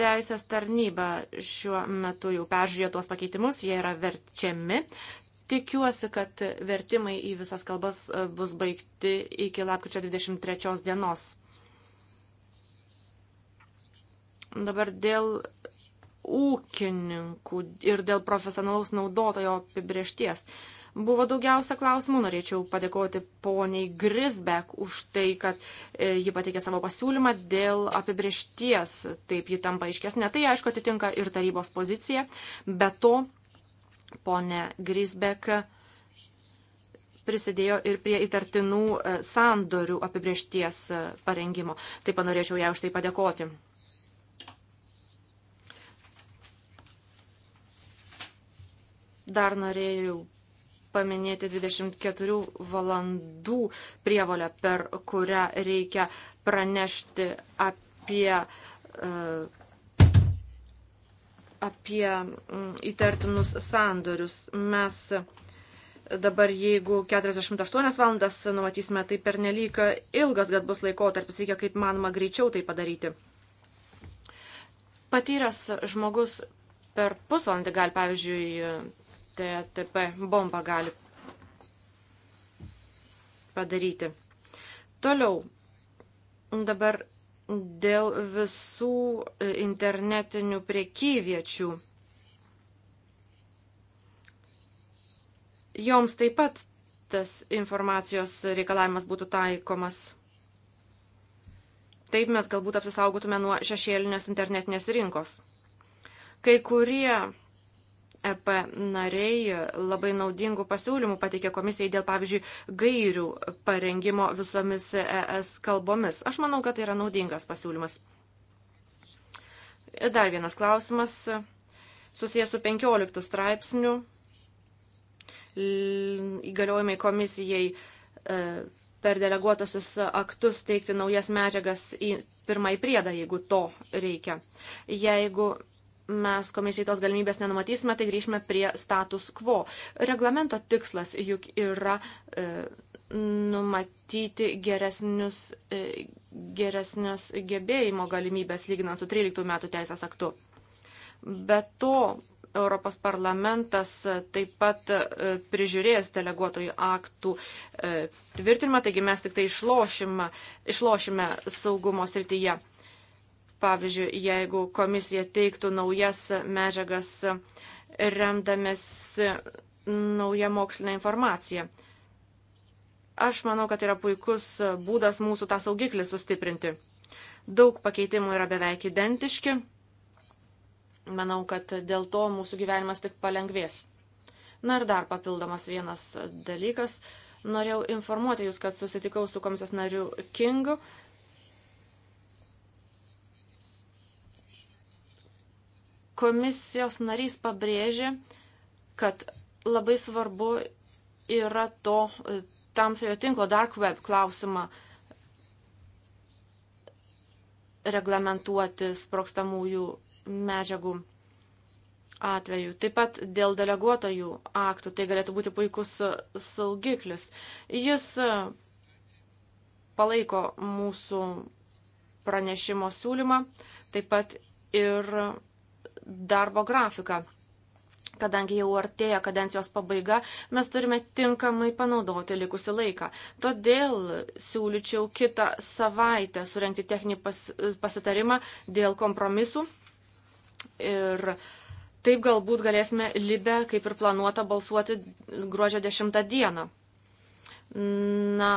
Teisės tarnyba šiuo metu jau peržiūrėjo tuos pakeitimus, jie yra verčiami. Tikiuosi, kad vertimai į visas kalbas e, bus baigti iki lapkričio 23 dienos. Dabar dėl ūkininkų ir dėl profesionalaus naudotojo apibriešties. Buvo daugiausia klausimų, norėčiau padėkoti poniai Grisbek už tai, kad e, ji pateikė savo pasiūlymą dėl apibriešties, taip ji tampa iškesnė. Tai aišku atitinka ir tarybos pozicija, bet to ponė Grisbek prisidėjo ir prie įtartinų e, sandorių apibriešties e, parengimo. Taip panorėčiau ją už tai padėkoti. Dar norėjau paminėti 24 valandų prievalę, per kurią reikia pranešti apie, e, apie įtartinus sandorius. Mes dabar jeigu 48 valandas numatysime, tai pernelyg ilgas, kad bus laikotarpis, reikia kaip manoma greičiau tai padaryti. Patyręs žmogus per pusvalandį gali, pavyzdžiui, TTP bomba gali padaryti. Toliau, dabar dėl visų e, internetinių priekyviečių. Joms taip pat tas informacijos reikalavimas būtų taikomas. Taip mes galbūt apsisaugotume nuo šešėlinės internetinės rinkos. Kai kurie EP nariai labai naudingų pasiūlymų pateikė komisijai dėl, pavyzdžiui, gairių parengimo visomis ES kalbomis. Aš manau, kad tai yra naudingas pasiūlymas. Dar vienas klausimas susijęs su 15 straipsniu. Įgaliojimai komisijai e, per deleguotasius aktus teikti naujas medžiagas į pirmąjį priedą, jeigu to reikia. Jeigu mes komisijai tos galimybės nenumatysime, tai grįžime prie status quo. Reglamento tikslas juk yra e, numatyti geresnius, e, geresnius gebėjimo galimybės lyginant su 13 metų teisės aktu. Be to, Europos parlamentas taip pat e, prižiūrės deleguotojų aktų e, tvirtinimą, taigi mes tik tai išlošime, išlošime saugumo srityje. Pavyzdžiui, jeigu komisija teiktų naujas medžiagas remdamėsi nauja mokslinė informacija. Aš manau, kad yra puikus būdas mūsų tą saugiklį sustiprinti. Daug pakeitimų yra beveik identiški. Manau, kad dėl to mūsų gyvenimas tik palengvės. Na ir dar papildomas vienas dalykas. Norėjau informuoti Jūs, kad susitikau su komisijos nariu Kingu Komisijos narys pabrėžė, kad labai svarbu yra to e, tamsiojo tinklo dark web klausimą reglamentuoti sprokstamųjų medžiagų atveju. Taip pat dėl deleguotojų aktų tai galėtų būti puikus saugiklis. Jis e, palaiko mūsų pranešimo siūlymą, taip pat ir darbo grafiką. Kadangi jau artėja kadencijos pabaiga, mes turime tinkamai panaudoti likusi laiką. Todėl siūlyčiau kitą savaitę surenkti techninį pas, pasitarimą dėl kompromisų. Ir taip galbūt galėsime Libę, kaip ir planuota, balsuoti gruodžio 10 dieną. Na,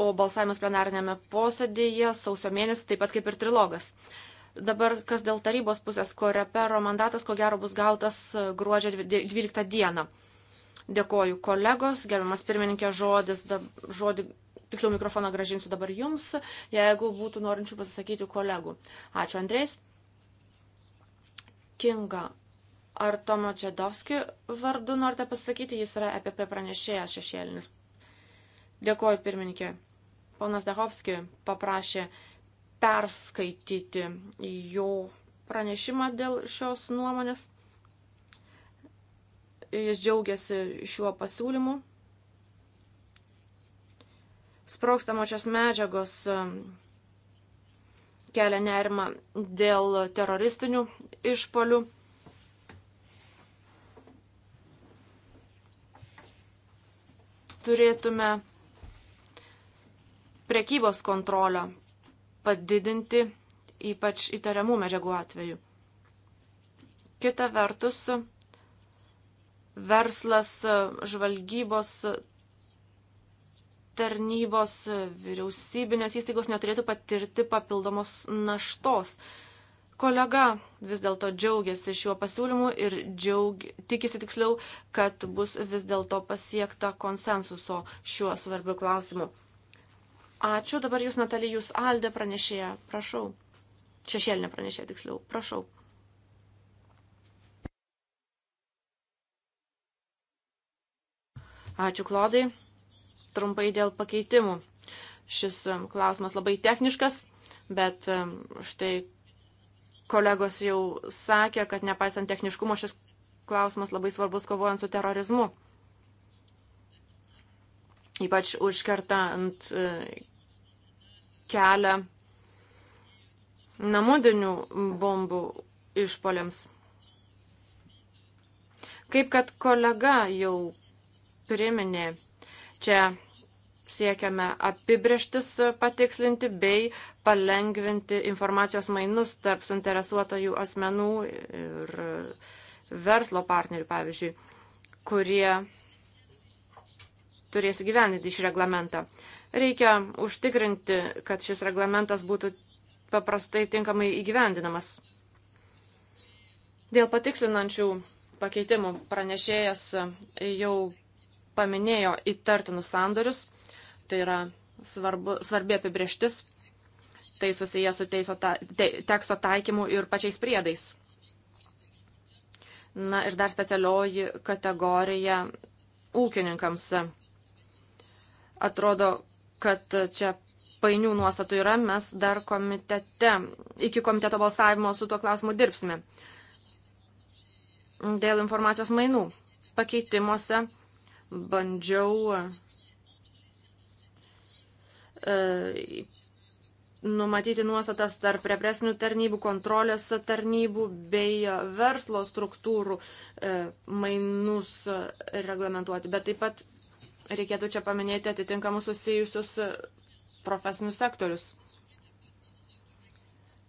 o balsavimas plenarinėme posėdėje sausio mėnesį, taip pat kaip ir trilogas. Uh, Dabar, kas dėl tarybos pusės, korepero mandatas, ko gero, bus gautas e, gruodžio 12 dieną. Dėkoju kolegos, gerbiamas pirmininkė, žodis, da, žodį, tiksliau mikrofoną gražinsiu dabar jums, jeigu būtų norinčių pasisakyti kolegų. Ačiū, Andrės. Kinga, ar Tomo Džedovski vardu norite pasisakyti, jis yra EPP pranešėjas šešėlinis. Dėkoju, pirmininkė. Ponas Dehovski paprašė perskaityti jo pranešimą dėl šios nuomonės. Jis džiaugiasi šiuo pasiūlymu. Sprokstamočios medžiagos um, kelia nerima dėl teroristinių išpolių. Turėtume prekybos kontrolę padidinti, ypač įtariamų medžiagų atveju. Kita vertus, verslas, žvalgybos tarnybos, vyriausybinės įstaigos neturėtų patirti papildomos naštos. Kolega vis dėlto džiaugiasi šiuo pasiūlymu ir džiaug, tikisi tiksliau, kad bus vis dėlto pasiekta konsensuso šiuo svarbiu klausimu. Ačiū, dabar jūs, Natalija, jūs Aldė pranešėja, prašau. Šešėlinė pranešėja, tiksliau, prašau. Ačiū, Klodai. Trumpai dėl pakeitimų. Šis klausimas labai techniškas, bet štai kolegos jau sakė, kad nepaisant techniškumo šis klausimas labai svarbus kovojant su terorizmu. Ypač užkertant e, kelią namudinių bombų išpoliams. Kaip kad kolega jau priminė, čia siekiame apibrieštis patikslinti bei palengvinti informacijos mainus tarp suinteresuotojų asmenų ir verslo partnerių, pavyzdžiui, kurie turės įgyvendinti šį reglamentą. Reikia užtikrinti, kad šis reglamentas būtų paprastai tinkamai įgyvendinamas. Dėl patikslinančių pakeitimų pranešėjas jau paminėjo įtartinus sandorius, tai yra svarbu, svarbi apibrieštis, tai susiję su teiso ta, te, teksto taikymu ir pačiais priedais. Na ir dar specialioji kategorija ūkininkams. Atrodo, kad čia painių nuostatų yra, mes dar komitete, iki komiteto balsavimo su tuo klausimu dirbsime. Dėl informacijos mainų pakeitimuose bandžiau e, numatyti nuostatas tarp represinių tarnybų, kontrolės tarnybų bei verslo struktūrų e, mainus reglamentuoti, bet taip pat Reikėtų čia paminėti atitinkamus susijusius e, profesinius sektorius.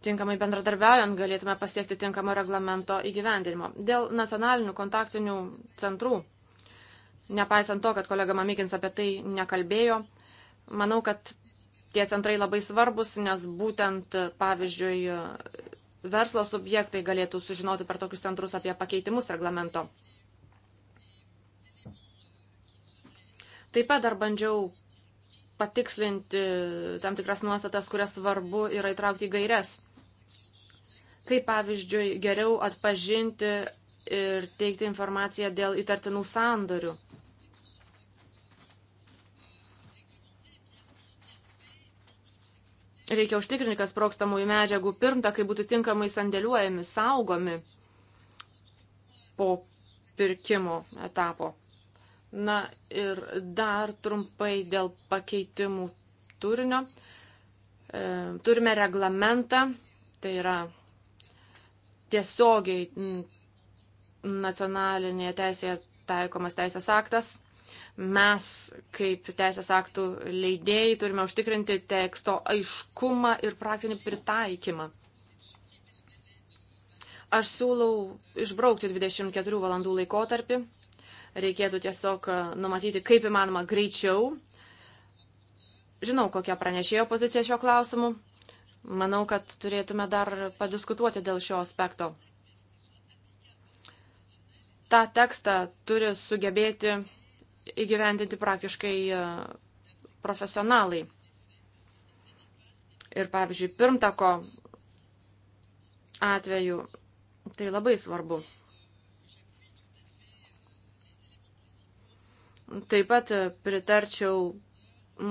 Tinkamai bendradarbiaujant galėtume pasiekti tinkamo reglamento įgyvendinimo. Dėl nacionalinių kontaktinių centrų, nepaisant to, kad kolega Mamikins apie tai nekalbėjo, manau, kad tie centrai labai svarbus, nes būtent, e, pavyzdžiui, e, verslo subjektai galėtų sužinoti per tokius centrus apie pakeitimus reglamento. Taip pat dar bandžiau patikslinti tam tikras nuostatas, kurias svarbu yra įtraukti į gairias. Kaip pavyzdžiui, geriau atpažinti ir teikti informaciją dėl įtartinų sandorių. Reikia užtikrinti, kad sprokstamųjų medžiagų pirmtakai būtų tinkamai sandėliuojami, saugomi po pirkimo etapo. Na ir dar trumpai dėl pakeitimų turinio. E, turime reglamentą, tai yra tiesiogiai nacionalinėje teisėje taikomas teisės aktas. Mes, kaip teisės aktų leidėjai, turime užtikrinti teksto aiškumą ir praktinį pritaikymą. Aš siūlau išbraukti 24 valandų laikotarpį reikėtų tiesiog e, numatyti kaip įmanoma greičiau. Žinau, kokia pranešėjo pozicija šio klausimu. Manau, kad turėtume dar padiskutuoti dėl šio aspekto. Ta tekstą turi sugebėti įgyvendinti praktiškai e, profesionalai. Ir pavyzdžiui, pirmtako atveju tai labai svarbu. Taip pat e, pritarčiau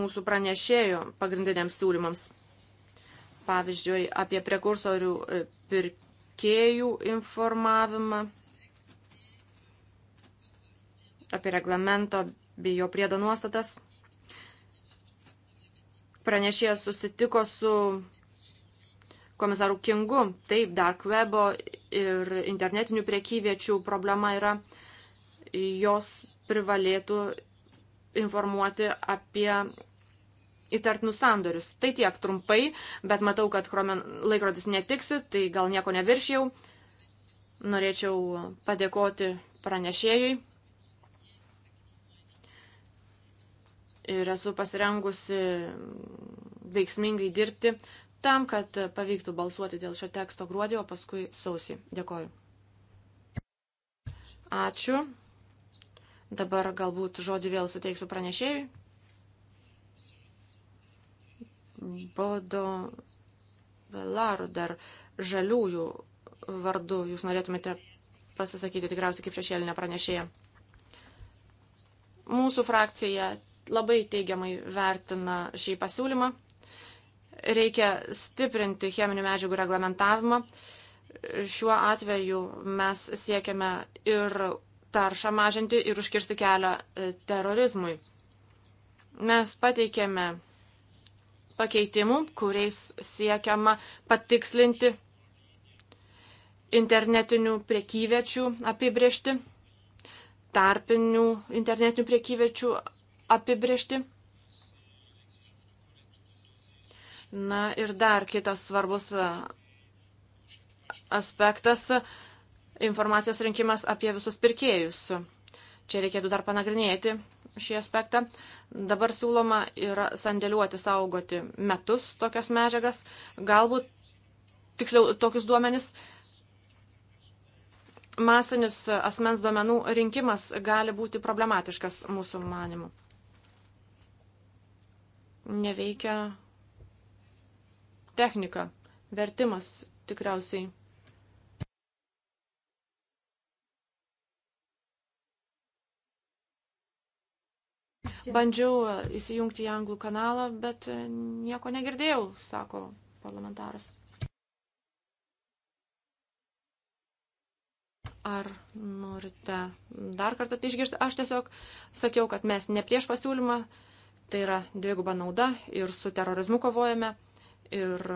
mūsų pranešėjo pagrindiniams siūlymams. Pavyzdžiui, apie prekursorių e, pirkėjų informavimą, apie reglamento bei jo priedo nuostatas. Pranešėjas susitiko su komisaru Kingu. Taip, dark webo ir internetinių priekybiečių problema yra jos privalėtų informuoti apie įtartinus sandorius. Tai tiek trumpai, bet matau, kad chromen... laikrodis netiksi, tai gal nieko neviršėjau. Norėčiau padėkoti pranešėjui. Ir esu pasirengusi veiksmingai dirbti tam, kad pavyktų balsuoti dėl šio teksto gruodį, o paskui sausį. Dėkoju. Ačiū. Dabar galbūt žodį vėl suteiksiu pranešėjui. Bodo Velaru dar žaliųjų vardu jūs norėtumėte pasisakyti tikriausiai kaip šešėlinė pranešėja. Mūsų frakcija labai teigiamai vertina šį pasiūlymą. Reikia stiprinti cheminių medžiagų reglamentavimą. Šiuo atveju mes siekiame ir taršą mažinti ir užkirsti kelią e, terorizmui. Mes pateikėme pakeitimų, kuriais siekiama patikslinti internetinių priekyvečių apibriešti, tarpinių internetinių priekyvečių apibriešti. Na ir dar kitas svarbus e, aspektas informacijos rinkimas apie visus pirkėjus. Čia reikėtų dar panagrinėti šį aspektą. Dabar siūloma yra sandėliuoti, saugoti metus tokias medžiagas, galbūt tiksliau tokius duomenis. Masinis asmens duomenų rinkimas gali būti problematiškas mūsų manimu. Neveikia technika, vertimas tikriausiai Bandžiau e, įsijungti į anglų kanalą, bet e, nieko negirdėjau, sako parlamentaras. Ar norite dar kartą tai išgirsti? Aš tiesiog sakiau, kad mes ne prieš pasiūlymą, tai yra dviguba nauda ir su terorizmu kovojame, ir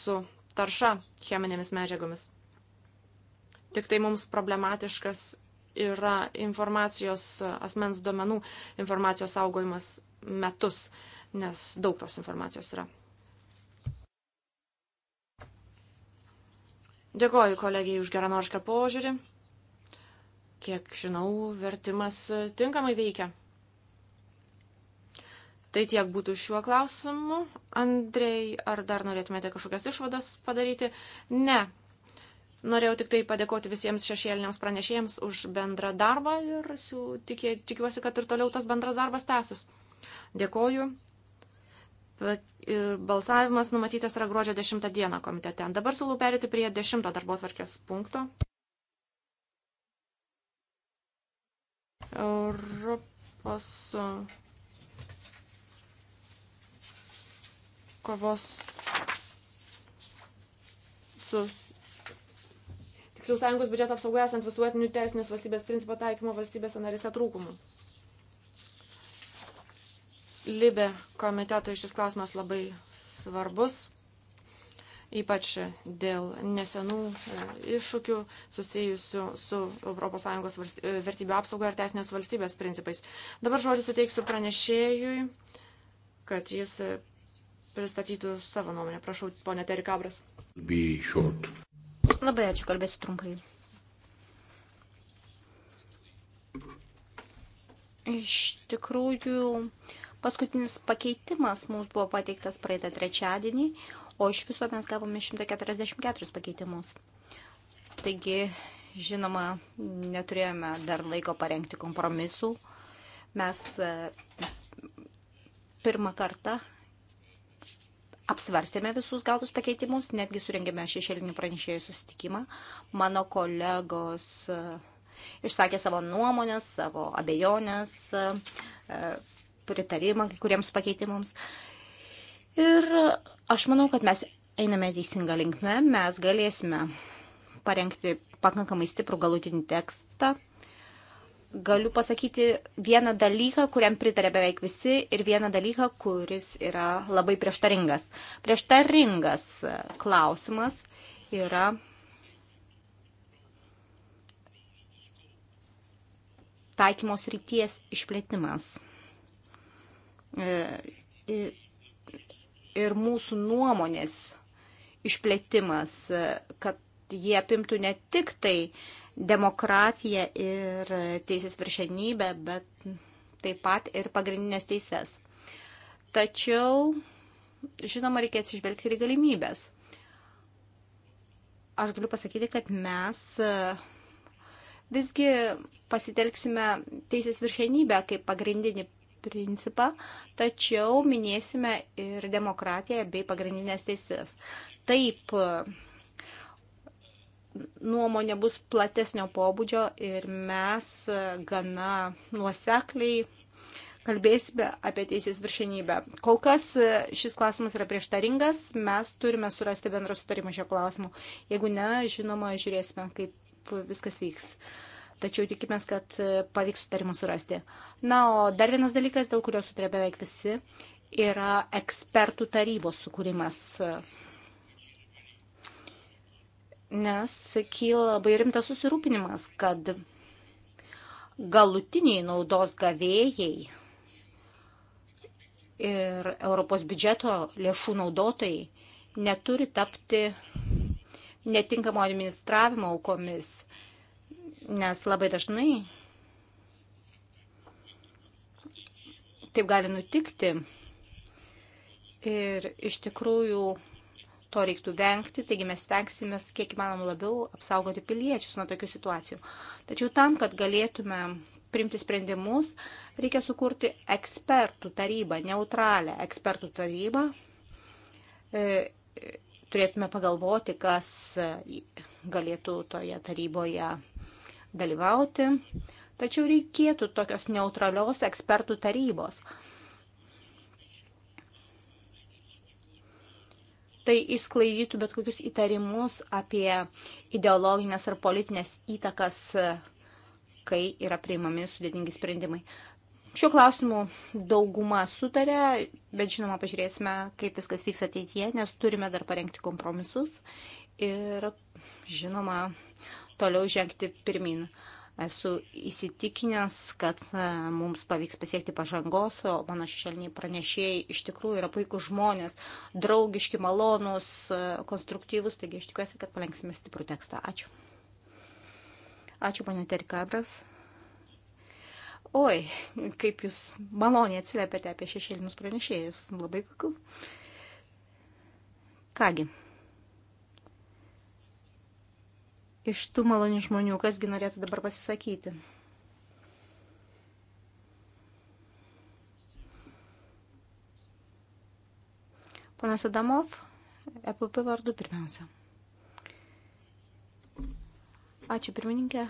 su tarša cheminėmis medžiagomis. Tik tai mums problematiškas yra informacijos, asmens duomenų informacijos saugojimas metus, nes daug tos informacijos yra. Dėkoju kolegijai už geranorišką požiūrį. Kiek žinau, vertimas tinkamai veikia. Tai tiek būtų šiuo klausimu. Andrei, ar dar norėtumėte kažkokias išvadas padaryti? Ne, Norėjau tik tai padėkoti visiems šešėliniams pranešėjams už bendrą darbą ir siū, tikė, tikiuosi, kad ir toliau tas bendras darbas tęsis. Dėkoju. Balsavimas numatytas yra gruodžio 10 dieną komitete. Dabar siūlau perėti prie 10 darbo tvarkės punkto. Europos e, kovos su tiksliau sąjungos biudžeto apsaugoje esant visuotinių teisinės valstybės principo taikymo valstybės narėse trūkumų. Libė komiteto šis klausimas labai svarbus, ypač dėl nesenų e, iššūkių susijusių su ES e, vertybių apsauga ir teisinės valstybės principais. Dabar žodį suteiksiu pranešėjui, kad jis e, pristatytų savo nuomonę. Prašau, ponė Terikabras. Labai ačiū, kalbėsiu trumpai. Iš tikrųjų, paskutinis pakeitimas mums buvo pateiktas praeitą trečiadienį, o iš viso mes gavome 144 pakeitimus. Taigi, žinoma, neturėjome dar laiko parengti kompromisų. Mes e, pirmą kartą apsvarstėme visus gautus pakeitimus, netgi surengėme šešėlinių pranešėjų susitikimą. Mano kolegos e, išsakė savo nuomonės, savo abejonės, e, e, pritarimą kai kuriems pakeitimams. Ir aš manau, kad mes einame teisinga linkme, mes galėsime parengti pakankamai stiprų galutinį tekstą galiu pasakyti vieną dalyką, kuriam pritarė beveik visi ir vieną dalyką, kuris yra labai prieštaringas. Prieštaringas klausimas yra. Taikymos ryties išplėtimas. E, ir mūsų nuomonės išplėtimas, e, kad jie apimtų ne tik tai uh, demokratiją ir teisės viršenybę, bet taip pat ir pagrindinės teises. Tačiau, žinoma, reikia atsižvelgti ir galimybės. Aš galiu pasakyti, kad mes e, visgi pasitelksime teisės viršenybę kaip pagrindinį principą, tačiau minėsime ir demokratiją bei pagrindinės teisės. Taip, nuomonė bus platesnio pobūdžio ir mes e, gana nuosekliai kalbėsime apie teisės viršenybę. Kol kas e, šis klausimas yra prieštaringas, mes turime surasti bendrą sutarimą šio klausimu. Jeigu ne, žinoma, žiūrėsime, kaip viskas vyks. Tačiau tikimės, kad e, pavyks sutarimą surasti. Na, o dar vienas dalykas, dėl kurio sutarė beveik visi, yra ekspertų tarybos sukūrimas nes kyla labai rimtas susirūpinimas, kad galutiniai naudos gavėjai ir Europos biudžeto lėšų naudotojai neturi tapti netinkamo administravimo aukomis, nes labai dažnai taip gali nutikti. Ir iš tikrųjų To reiktų vengti, taigi mes stengsime kiek įmanom labiau apsaugoti piliečius nuo tokių situacijų. Tačiau tam, kad galėtume priimti sprendimus, reikia sukurti ekspertų tarybą, neutralią ekspertų tarybą. E, turėtume pagalvoti, kas galėtų toje taryboje dalyvauti. Tačiau reikėtų tokios neutralios ekspertų tarybos, tai išsklaidytų bet kokius įtarimus apie ideologinės ar politinės įtakas, kai yra priimami sudėtingi sprendimai. Šiuo klausimu dauguma sutarė, bet žinoma, pažiūrėsime, kaip viskas vyks ateityje, nes turime dar parengti kompromisus ir, žinoma, toliau žengti pirmin. Uh, Esu įsitikinęs, kad e, mums pavyks pasiekti pažangos, o mano šešėliniai pranešėjai iš tikrųjų yra puikūs žmonės, draugiški, malonūs, e, konstruktyvus, taigi aš tikiuosi, kad palenksime stiprų tekstą. Ačiū. Ačiū, ponė Terikabras. Oi, kaip jūs maloniai atsiliepėte apie šešėlinius pranešėjus. Labai kuku. Kągi. iš tų malonių žmonių, kasgi norėtų dabar pasisakyti. Ponas Adamov, EPP vardu pirmiausia. Ačiū pirmininkė.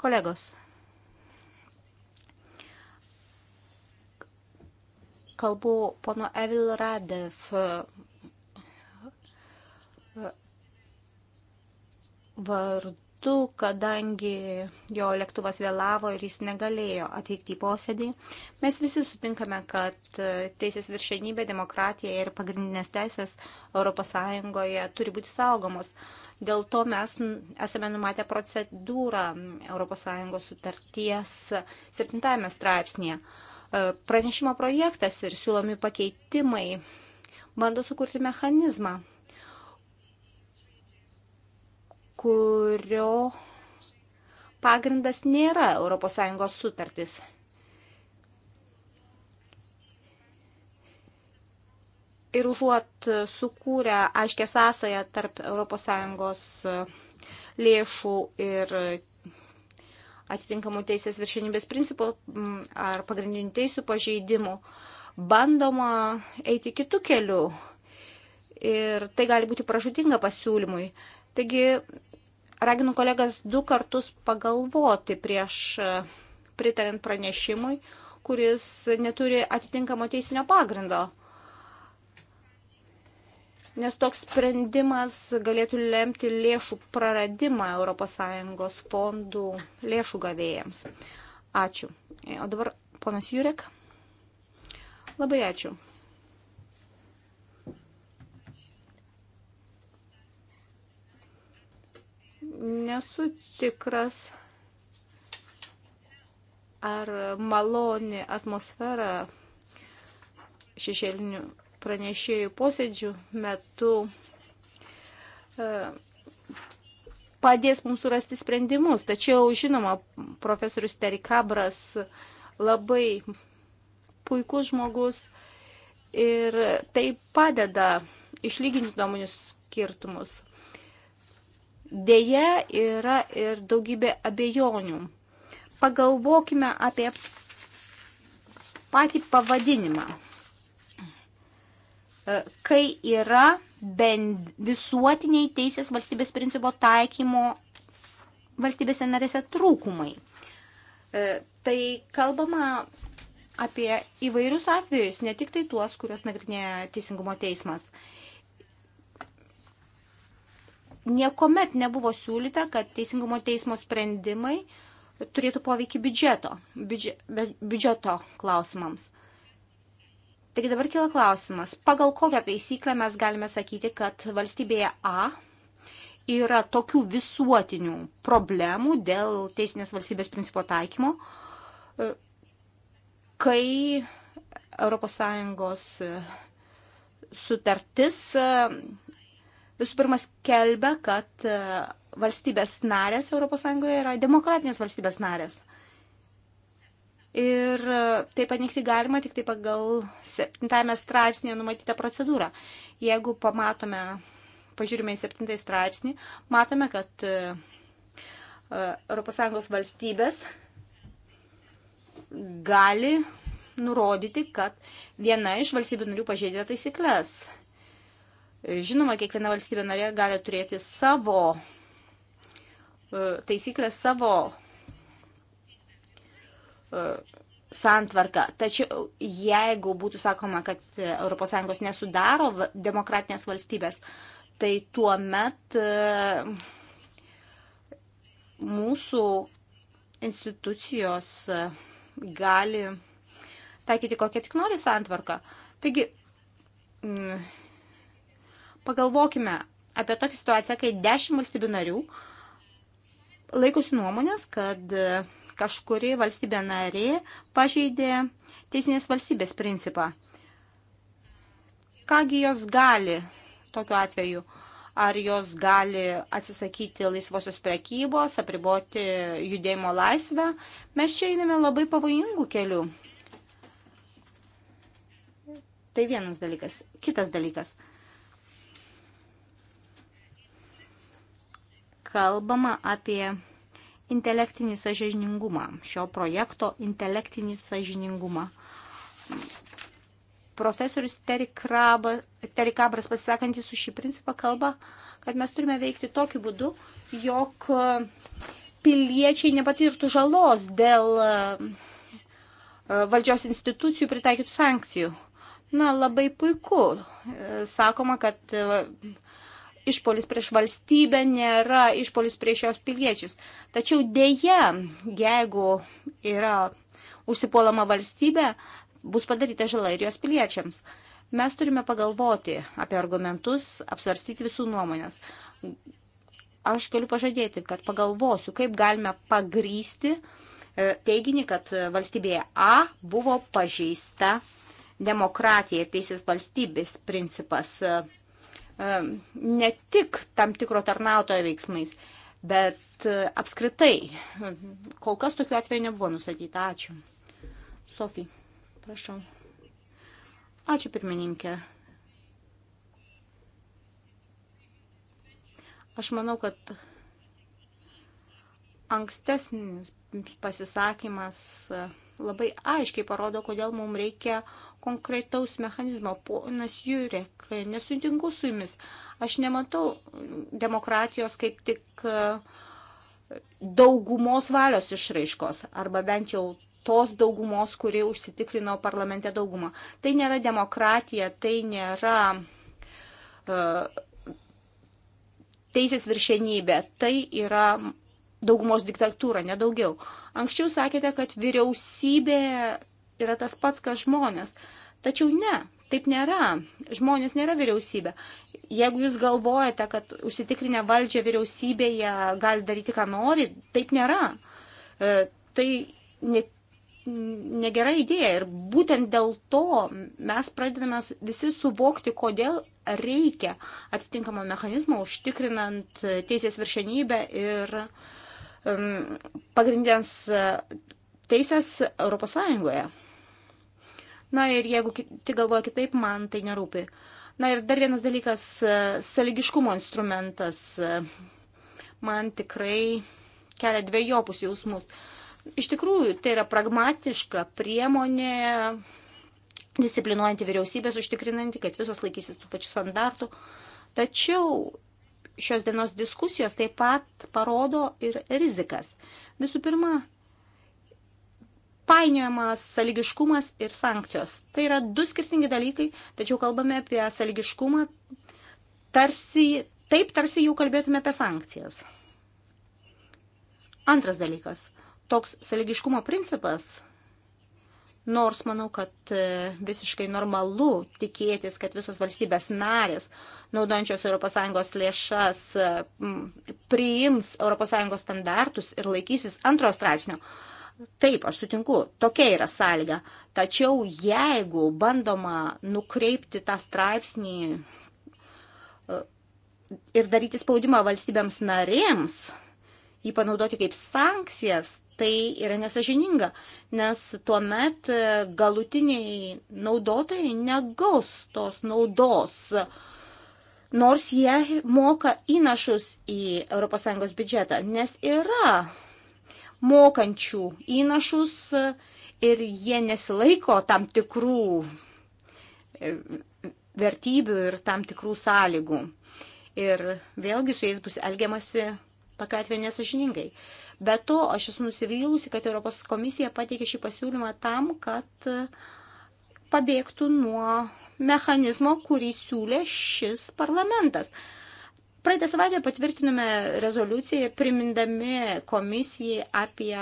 Kolegos. Kalbu pono Evil Radev vardu, kadangi jo lėktuvas vėlavo ir jis negalėjo atvykti į posėdį. Mes visi sutinkame, kad e, teisės viršenybė, demokratija ir pagrindinės teisės ES turi būti saugomos. Dėl to mes esame numatę procedūrą ES sutarties 7 straipsnėje e, pranešimo projektas ir siūlomi pakeitimai bando sukurti mechanizmą, kurio pagrindas nėra ES sutartis. Ir užuot sukūrę aiškę sąsąją tarp ES lėšų ir atitinkamų teisės viršinybės principų ar pagrindinių teisų pažeidimų, bandoma eiti kitų kelių. Ir tai gali būti pražudinga pasiūlymui. Taigi raginu kolegas du kartus pagalvoti prieš e, pritariant pranešimui, kuris neturi atitinkamo teisinio pagrindo nes toks sprendimas galėtų lemti lėšų praradimą ES fondų lėšų gavėjams. Ačiū. E, o dabar ponas Jurek. Labai ačiū. nesu tikras, ar maloni atmosfera šešėlinių pranešėjų posėdžių metu e, padės mums surasti sprendimus. Tačiau, žinoma, profesorius Terikabras labai puikus žmogus ir tai padeda išlyginti nuomonių skirtumus. Deja yra ir daugybė abejonių. Pagalvokime apie patį pavadinimą. E, kai yra bend, visuotiniai teisės valstybės principo taikymo valstybėse narėse trūkumai. E, tai kalbama apie įvairius atvejus, ne tik tai tuos, kuriuos nagrinėja Teisingumo teismas niekuomet nebuvo siūlyta, kad Teisingumo teismo sprendimai turėtų poveikį biudžeto, biudžet, biudžeto klausimams. Taigi dabar kila klausimas, pagal kokią taisyklę mes galime sakyti, kad valstybėje A yra tokių visuotinių problemų dėl teisinės valstybės principo taikymo, kai ES sutartis visų pirma skelbia, kad e, valstybės narės ES yra demokratinės valstybės narės. Ir e, tai paneigti galima tik tai pagal septintame straipsnėje numatytą procedūrą. Jeigu pamatome, pažiūrime į septintąjį straipsnį, matome, kad ES e, valstybės gali nurodyti, kad viena iš valstybių narių pažeidė taisyklės. Žinoma, kiekviena valstybė narė gali turėti savo e, taisyklę, savo e, santvarką. Tačiau jeigu būtų sakoma, kad ES nesudaro demokratinės valstybės, tai tuo met e, mūsų institucijos gali taikyti kokią tik nori santvarką. Taigi, Pagalvokime apie tokią situaciją, kai 10 valstybių narių laikosi nuomonės, kad e, kažkuri valstybė narė pažeidė teisinės valstybės principą. Kągi jos gali tokiu atveju? Ar jos gali atsisakyti laisvosios prekybos, apriboti judėjimo laisvę? Mes čia einame labai pavojingų kelių. Tai vienas dalykas. Kitas dalykas – kalbama apie intelektinį sažiningumą, šio projekto intelektinį sažiningumą. Profesorius Terikabras pasisakantis už šį principą kalba, kad mes turime veikti tokiu būdu, jog piliečiai nepatirtų žalos dėl e, valdžios institucijų pritaikytų sankcijų. Na, labai puiku. E, sakoma, kad e, išpolis prieš valstybę, nėra išpolis prieš jos piliečius. Tačiau dėja, jeigu yra užsipuolama valstybė, bus padaryta žala ir jos piliečiams. Mes turime pagalvoti apie argumentus, apsvarstyti visų nuomonės. Aš galiu pažadėti, kad pagalvosiu, kaip galime pagrysti e, teiginį, kad valstybėje A buvo pažeista demokratija ir teisės valstybės principas. Um, ne tik tam tikro tarnautojo veiksmais, bet uh, apskritai. Kol kas tokiu atveju nebuvo nustatyta. Ačiū. Sofija, prašau. Ačiū pirmininkė. Aš manau, kad ankstesnis pasisakymas uh, labai aiškiai parodo, kodėl mums reikia konkretaus mechanizmo. Ponas Jurek, nesutinku su jumis. Aš nematau demokratijos kaip tik e, daugumos valios išraiškos, arba bent jau tos daugumos, kuri užsitikrino parlamente daugumą. Tai nėra demokratija, tai nėra uh, teisės viršenybė, tai yra daugumos diktatūrą, nedaugiau. Anksčiau sakėte, kad vyriausybė yra tas pats, kas žmonės. Tačiau ne, taip nėra. Žmonės nėra vyriausybė. Jeigu jūs galvojate, kad užsitikrinę valdžią vyriausybėje gali daryti, ką nori, taip nėra. E, tai ne, negera idėja. Ir būtent dėl to mes pradedame visi suvokti, kodėl reikia atitinkamo mechanizmo užtikrinant teisės viršenybę ir uh, Um, pagrindinės uh, teisės Europos Sąjungoje. Na ir jeigu kiti galvoja kitaip, man tai nerūpi. Na ir dar vienas dalykas uh, - saligiškumo instrumentas. Uh, man tikrai kelia dviejopus jausmus. Iš tikrųjų, tai yra pragmatiška priemonė, disciplinuojanti vyriausybės, užtikrinanti, kad visos laikysis tų pačių standartų. Tačiau šios dienos diskusijos taip pat parodo ir rizikas. Visų pirma, painiojamas saligiškumas ir sankcijos. Tai yra du skirtingi dalykai, tačiau kalbame apie saligiškumą tarsi, taip tarsi jau kalbėtume apie sankcijas. Antras dalykas. Toks saligiškumo principas Nors manau, kad e, visiškai normalu tikėtis, kad visos valstybės narės, naudojančios ES lėšas, e, priims ES standartus ir laikysis antro straipsnio. Taip, aš sutinku, tokia yra sąlyga. Tačiau jeigu bandoma nukreipti tą straipsnį e, ir daryti spaudimą valstybėms narėms, jį panaudoti kaip sankcijas, tai yra nesažininga, nes tuomet e, galutiniai naudotojai negaus tos naudos, nors jie moka įnašus į ES biudžetą, nes yra mokančių įnašus ir jie nesilaiko tam tikrų e, vertybių ir tam tikrų sąlygų. Ir vėlgi su jais bus elgiamasi tokiu atveju nesažiningai. Be to, aš esu nusivylusi, kad Europos komisija pateikė šį pasiūlymą tam, kad e, pabėgtų nuo mechanizmo, kurį siūlė šis parlamentas. Praeitą savaitę patvirtinome rezoliuciją, primindami komisijai apie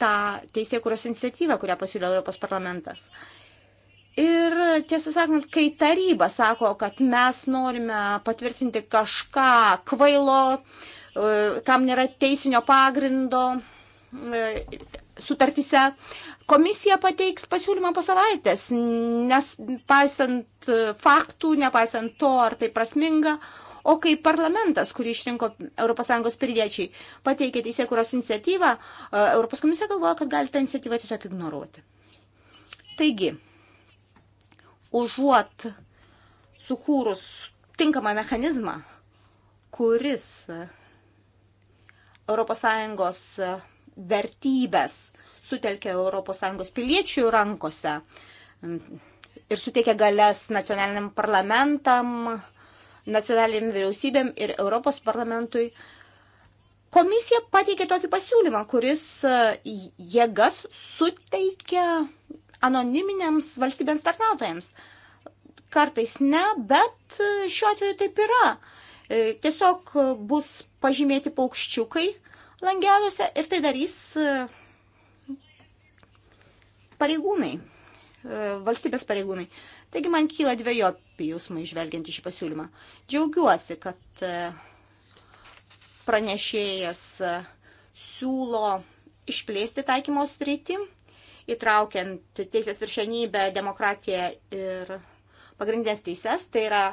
tą teisėkuros iniciatyvą, kurią pasiūlė Europos parlamentas. Ir tiesą sakant, kai taryba sako, kad mes norime patvirtinti kažką kvailo, uh, tam nėra teisinio pagrindo e, sutartise. Komisija pateiks pasiūlymą po savaitės, nes paisant faktų, nepaisant to, ar tai prasminga, o kai parlamentas, kurį išrinko ES piliečiai, pateikė teisėkuros iniciatyvą, ES komisija galvoja, kad gali tą iniciatyvą tiesiog ignoruoti. Taigi, užuot sukūrus tinkamą mechanizmą, kuris uh, ES e, vertybės sutelkia ES piliečių rankose ir suteikia galės nacionaliniam parlamentam, nacionaliniam vyriausybėm ir Europos parlamentui. Komisija pateikė tokį pasiūlymą, kuris e, jėgas suteikia anoniminiams valstybėms tarnautojams. Kartais ne, bet e, šiuo atveju taip yra. E, tiesiog e, bus pažymėti paukščiukai langeliuose ir tai darys e, pareigūnai, valstybės pareigūnai. Taigi man kyla dviejopi jausmai žvelgiant į šį pasiūlymą. Džiaugiuosi, kad pranešėjas siūlo išplėsti taikymo sritį, įtraukiant teisės viršenybę, demokratiją ir pagrindinės teises, tai yra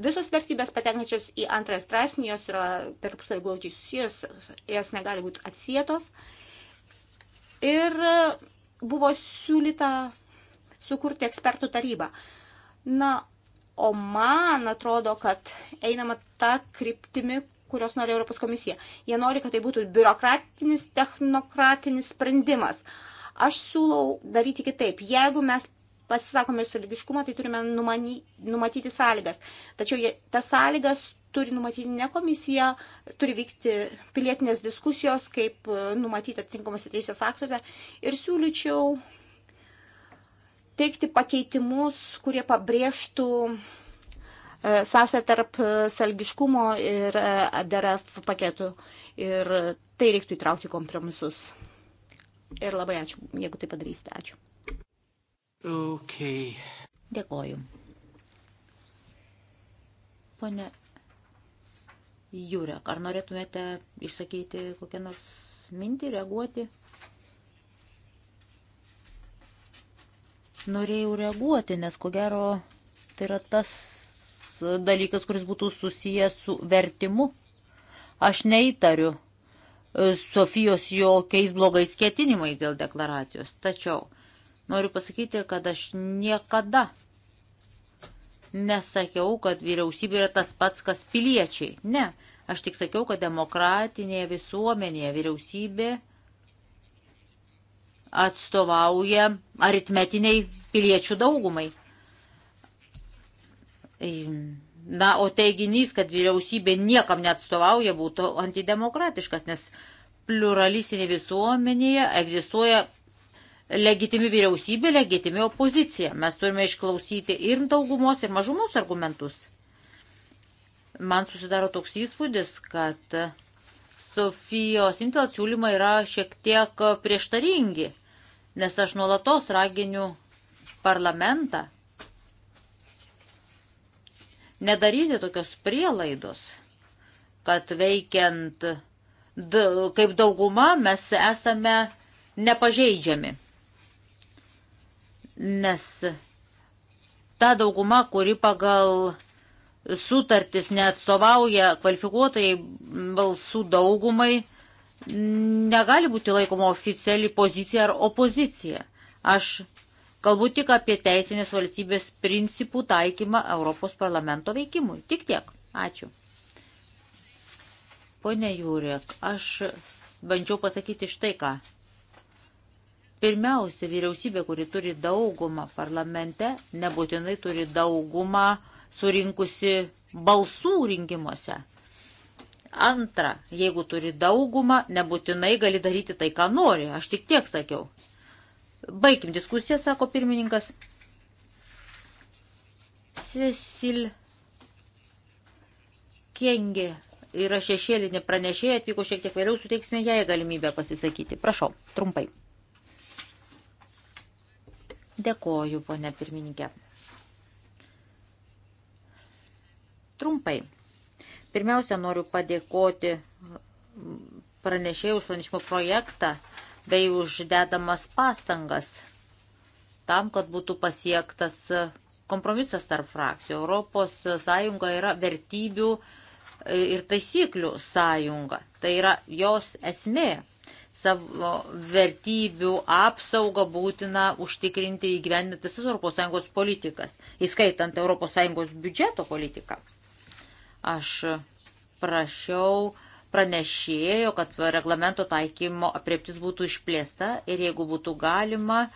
Visos vertybės patenkančios į antrąją straipsnį, jos yra tarpusai glaudžiai susijęs, jos negali būti atsietos. Ir buvo siūlyta sukurti ekspertų tarybą. Na, o man atrodo, kad einama tą kryptimi, kurios nori Europos komisija. Jie nori, kad tai būtų biurokratinis, technokratinis sprendimas. Aš siūlau daryti kitaip. Jeigu mes pasisakome iš sąlygiškumo, tai turime numany, numatyti sąlygas. Tačiau jie, tas sąlygas turi numatyti ne komisija, turi vykti pilietinės diskusijos, kaip e, numatyti atitinkamose teisės aktuose. Ir siūlyčiau teikti pakeitimus, kurie pabrėžtų e, sąsą tarp e, salgiškumo ir DRF paketų. Ir tai reiktų įtraukti kompromisus. Ir labai ačiū, jeigu tai padarysite. Ačiū. Okay. Dėkoju. Pone Jurek, ar norėtumėte išsakyti kokią nors mintį, reaguoti? Norėjau reaguoti, nes ko gero tai yra tas dalykas, kuris būtų susijęs su vertimu. Aš neįtariu e, Sofijos jokiais blogais ketinimais dėl deklaracijos. Tačiau Noriu pasakyti, kad aš niekada nesakiau, kad vyriausybė yra tas pats, kas piliečiai. Ne, aš tik sakiau, kad demokratinėje visuomenėje vyriausybė atstovauja aritmetiniai piliečių daugumai. Na, o teiginys, kad vyriausybė niekam neatstovauja, būtų antidemokratiškas, nes pluralistinė visuomenėje egzistuoja legitimi vyriausybė, legitimi opozicija. Mes turime išklausyti ir daugumos, ir mažumos argumentus. Man susidaro toks įspūdis, kad Sofijos Intel siūlymai yra šiek tiek prieštaringi, nes aš nuolatos raginiu parlamentą nedaryti tokios prielaidos, kad veikiant kaip dauguma mes esame nepažeidžiami nes ta dauguma, kuri pagal sutartis neatstovauja kvalifikuotai balsų daugumai, negali būti laikoma oficiali pozicija ar opozicija. Aš kalbu tik apie teisinės valstybės principų taikymą Europos parlamento veikimui. Tik tiek. Ačiū. Pone Jūrėk, aš bandžiau pasakyti štai ką. Pirmiausia, vyriausybė, kuri turi daugumą parlamente, nebūtinai turi daugumą surinkusi balsų rinkimuose. Antra, jeigu turi daugumą, nebūtinai gali daryti tai, ką nori. Aš tik tiek sakiau. Baigim diskusiją, sako pirmininkas. Cecil Kengė yra šešėlinė pranešėja, atvyko šiek tiek vėliau, suteiksime jai galimybę pasisakyti. Prašau, trumpai. Dėkoju, ponė pirmininkė. Trumpai. Pirmiausia, noriu padėkoti pranešėjų už pranešimo projektą bei uždedamas pastangas tam, kad būtų pasiektas kompromisas tarp frakcijų. Europos sąjunga yra vertybių ir taisyklių sąjunga. Tai yra jos esmė savo vertybių apsaugą būtina užtikrinti įgyvendinti visas ES politikas, įskaitant ES biudžeto politiką. Aš prašiau pranešėjo, kad reglamento taikymo apriptis būtų išplėsta ir jeigu būtų galima e,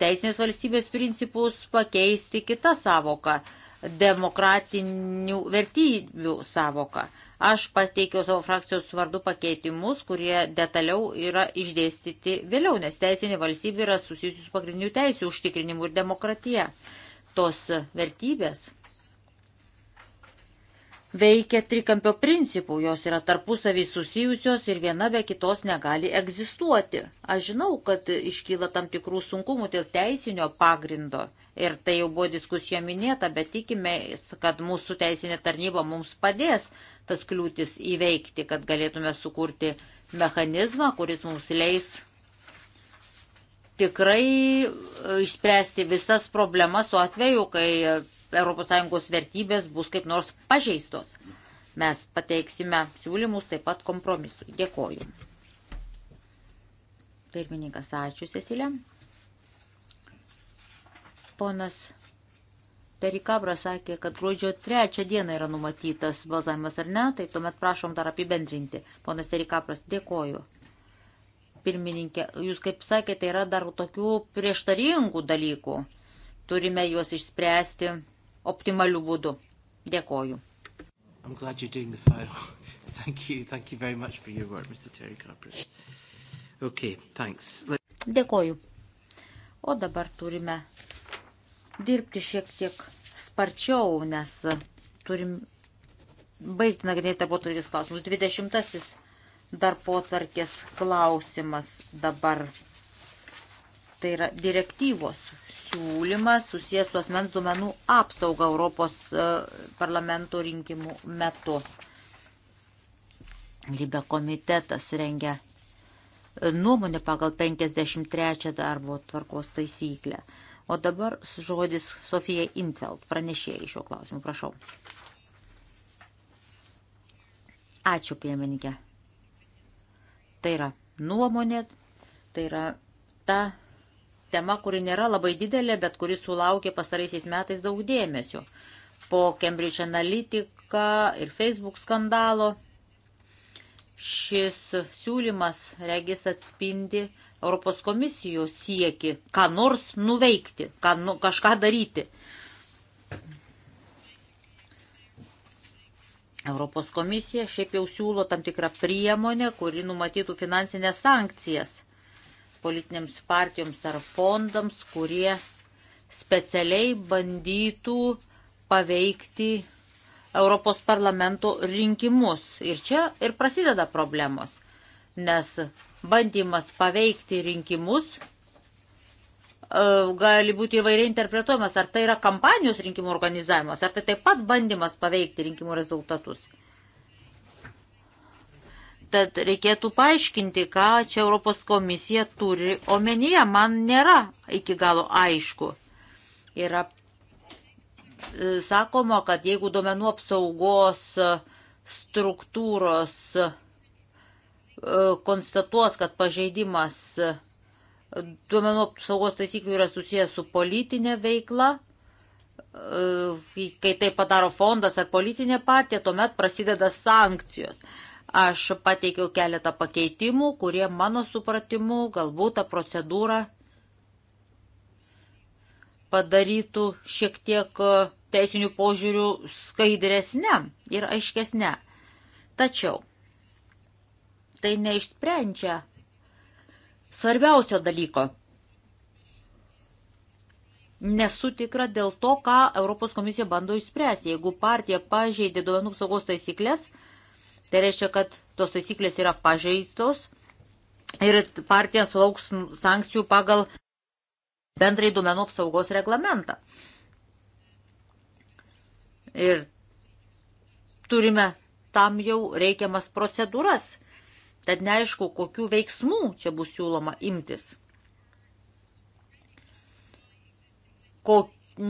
teisinės valstybės principus pakeisti kitą savoką, demokratinių vertybių savoką. Aš pateikiau savo frakcijos vardu pakeitimus, kurie detaliau yra išdėstyti vėliau, nes teisinė valstybė yra susijusi su pagrindinių teisų užtikrinimu ir demokratija. Tos vertybės veikia trikampio principų, jos yra tarpusavį susijusios ir viena be kitos negali egzistuoti. Aš žinau, kad iškyla tam tikrų sunkumų dėl teisinio pagrindo ir tai jau buvo diskusija minėta, bet tikime, kad mūsų teisinė tarnyba mums padės tas kliūtis įveikti, kad galėtume sukurti mechanizmą, kuris mums leis tikrai e, išspręsti visas problemas tuo atveju, kai ES vertybės bus kaip nors pažeistos. Mes pateiksime siūlymus taip pat kompromisui. Dėkoju. Pirmininkas, ačiū, Cecilė. Ponas Perikabra sakė, kad gruodžio trečią dieną yra numatytas balsavimas ar ne, tai tuomet prašom dar apibendrinti. Ponas Perikabras, dėkoju. Pirmininkė, jūs kaip sakėte, tai yra dar tokių prieštaringų dalykų. Turime juos išspręsti optimaliu būdu. Dėkoju. I'm glad you're doing the final. Thank you. Thank you very much for your work, Mr. Terry Carpenter. Okay, thanks. Let... Dėkoju. O dabar turime dirbti šiek tiek sparčiau, nes turim baigti nagrinėti darbo tvarkės klausimus. 20 darbo tvarkės klausimas dabar. Tai yra direktyvos siūlymas susijęs su asmens duomenų apsauga Europos e, parlamento rinkimų metu. Libe komitetas rengia e, nuomonę pagal 53 darbo tvarkos taisyklę. O dabar žodis Sofija Intelt, pranešėjai šio klausimu, prašau. Ačiū, pirmininkė. Tai yra nuomonė, tai yra ta tema, kuri nėra labai didelė, bet kuri sulaukė pastaraisiais metais daug dėmesio. Po Cambridge Analytica ir Facebook skandalo šis siūlymas regis atspindi Europos komisijų sieki, ką nors nuveikti, ką, nu, kažką daryti. Europos komisija šiaip jau siūlo tam tikrą priemonę, kuri numatytų finansinės sankcijas politinėms partijoms ar fondams, kurie specialiai bandytų paveikti Europos parlamento rinkimus. Ir čia ir prasideda problemos, nes bandymas paveikti rinkimus e, gali būti įvairiai interpretuojamas, ar tai yra kampanijos rinkimų organizavimas, ar tai taip pat bandymas paveikti rinkimų rezultatus. Tad reikėtų paaiškinti, ką čia Europos komisija turi omenyje. Man nėra iki galo aišku. Yra e, sakoma, kad jeigu duomenų apsaugos struktūros uh, konstatuos, kad pažeidimas e, duomenų apsaugos taisyklių yra susijęs su politinė veikla, e, kai tai padaro fondas ar politinė partija, tuomet prasideda sankcijos. Aš pateikiau keletą pakeitimų, kurie mano supratimu galbūt tą procedūrą padarytų šiek tiek e, teisinių požiūrių skaidresnė ir aiškesnė. Tačiau tai neišsprendžia svarbiausio dalyko. Nesu tikra dėl to, ką Europos komisija bando išspręsti. Jeigu partija pažeidė duomenų apsaugos taisyklės, tai reiškia, kad tos taisyklės yra pažeistos ir partija sulauks sankcijų pagal bendrai duomenų apsaugos reglamentą. Ir turime tam jau reikiamas procedūras Tad neaišku, kokių veiksmų čia bus siūloma imtis. Ko,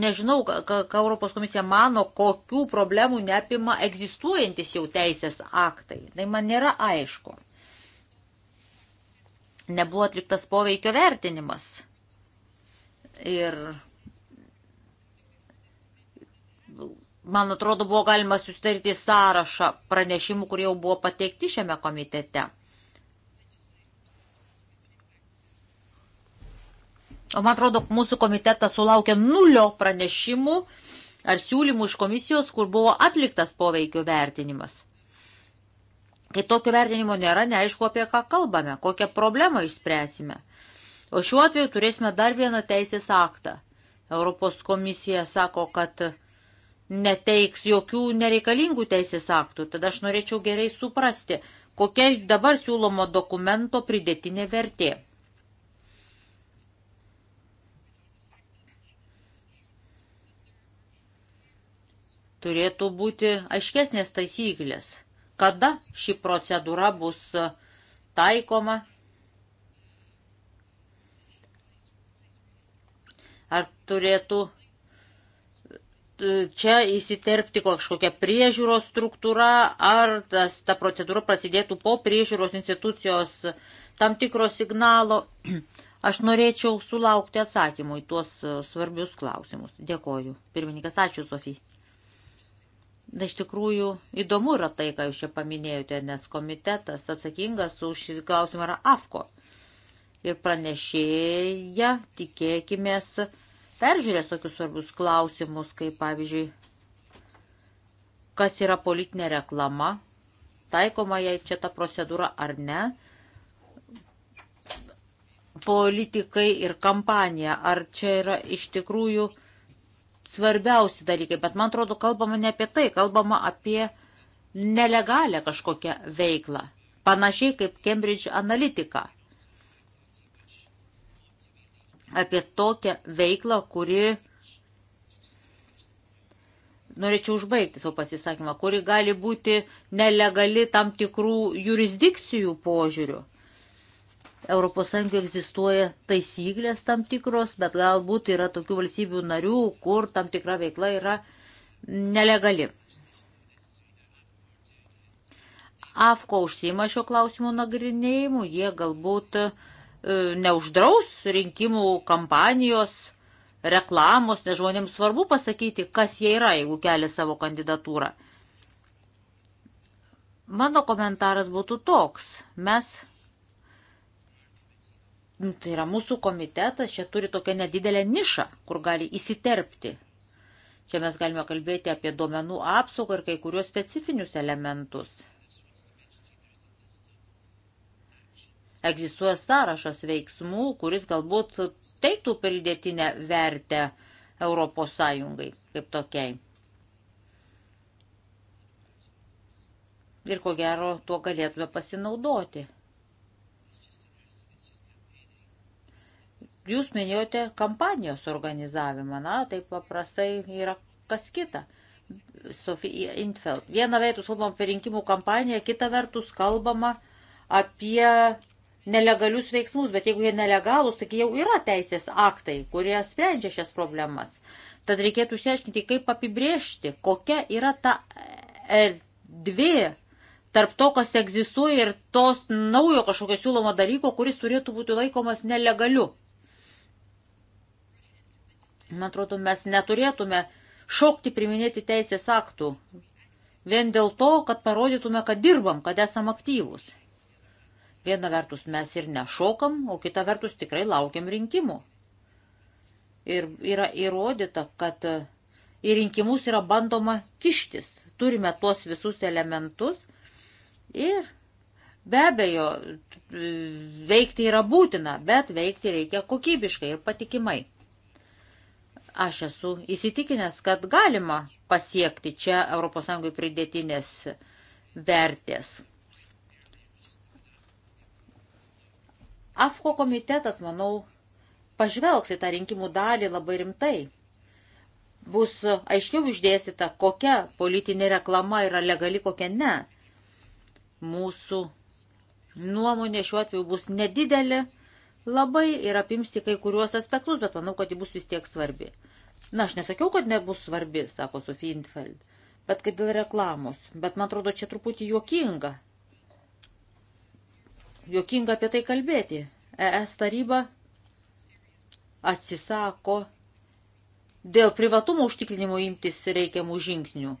nežinau, ką, ką Europos komisija mano, kokių problemų neapima egzistuojantis jau teisės aktai. Tai man nėra aišku. Nebuvo atliktas poveikio vertinimas. Ir man atrodo, buvo galima susitarti sąrašą pranešimų, kurie jau buvo pateikti šiame komitete. O man atrodo, mūsų komitetas sulaukė nulio pranešimų ar siūlymų iš komisijos, kur buvo atliktas poveikio vertinimas. Kai tokio vertinimo nėra, neaišku, apie ką kalbame, kokią problemą išspręsime. O šiuo atveju turėsime dar vieną teisės aktą. Europos komisija sako, kad neteiks jokių nereikalingų teisės aktų. Tada aš norėčiau gerai suprasti, kokia dabar siūloma dokumento pridėtinė vertė. turėtų būti aiškesnės taisyklės, kada ši procedūra bus e, taikoma. Ar turėtų e, čia įsiterpti kažkokia priežiūros struktūra, ar tas, ta procedūra prasidėtų po priežiūros institucijos tam tikro signalo. Aš norėčiau sulaukti atsakymų į tuos e, svarbius klausimus. Dėkoju. Pirmininkas, ačiū, Sofija. Na, iš tikrųjų įdomu yra tai, ką jūs čia paminėjote, nes komitetas atsakingas už šį klausimą yra AFKO. Ir pranešėja, tikėkime, peržiūrės tokius svarbius klausimus, kaip pavyzdžiui, kas yra politinė reklama, taikoma jai čia ta procedūra ar ne, politikai ir kampanija, ar čia yra iš tikrųjų svarbiausi dalykai, bet man atrodo, kalbama ne apie tai, kalbama apie nelegalę kažkokią veiklą, panašiai kaip Cambridge Analytica. Apie tokią veiklą, kuri, norėčiau užbaigti savo pasisakymą, kuri gali būti nelegali tam tikrų jurisdikcijų požiūrių. ES egzistuoja taisyklės tam tikros, bet galbūt yra tokių valstybių narių, kur tam tikra veikla yra nelegali. AFKO užsima šio klausimo nagrinėjimu, jie galbūt e, neuždraus rinkimų kampanijos, reklamos, nes žmonėms svarbu pasakyti, kas jie yra, jeigu kelia savo kandidatūrą. Mano komentaras būtų toks. Mes Nu, tai yra mūsų komitetas, čia turi tokią nedidelę nišą, kur gali įsiterpti. Čia mes galime kalbėti apie duomenų apsaugą ir kai kuriuos specifinius elementus. Egzistuoja sąrašas veiksmų, kuris galbūt teiktų pridėtinę vertę Europos Sąjungai kaip tokiai. Ir ko gero tuo galėtume pasinaudoti. Jūs minėjote kampanijos organizavimą, na, tai paprastai yra kas kita. Sofija Intfeld. Viena vertus kalbam apie rinkimų kampaniją, kita vertus kalbama apie nelegalius veiksmus, bet jeigu jie nelegalus, tai jau yra teisės aktai, kurie sprendžia šias problemas. Tad reikėtų išsiaiškinti, kaip apibriežti, kokia yra ta erdvė tarp to, kas egzistuoja ir tos naujo kažkokio siūlomo dalyko, kuris turėtų būti laikomas nelegaliu Man atrodo, mes neturėtume šokti priminėti teisės aktų vien dėl to, kad parodytume, kad dirbam, kad esam aktyvūs. Viena vertus mes ir nešokam, o kita vertus tikrai laukiam rinkimų. Ir yra įrodyta, kad į rinkimus yra bandoma kištis. Turime tuos visus elementus ir be abejo veikti yra būtina, bet veikti reikia kokybiškai ir patikimai. Aš esu įsitikinęs, kad galima pasiekti čia ES pridėtinės vertės. AFKO komitetas, manau, pažvelgs į tą rinkimų dalį labai rimtai. Bus aiškiau išdėstyta, kokia politinė reklama yra legali, kokia ne. Mūsų nuomonė šiuo atveju bus nedidelė, labai ir apimsti kai kuriuos aspektus, bet manau, kad ji bus vis tiek svarbi. Na, aš nesakiau, kad nebus svarbi, sako Sofija Intfeld, bet kaip dėl reklamos. Bet man atrodo, čia truputį juokinga. Juokinga apie tai kalbėti. ES taryba atsisako dėl privatumo užtikrinimo imtis reikiamų žingsnių.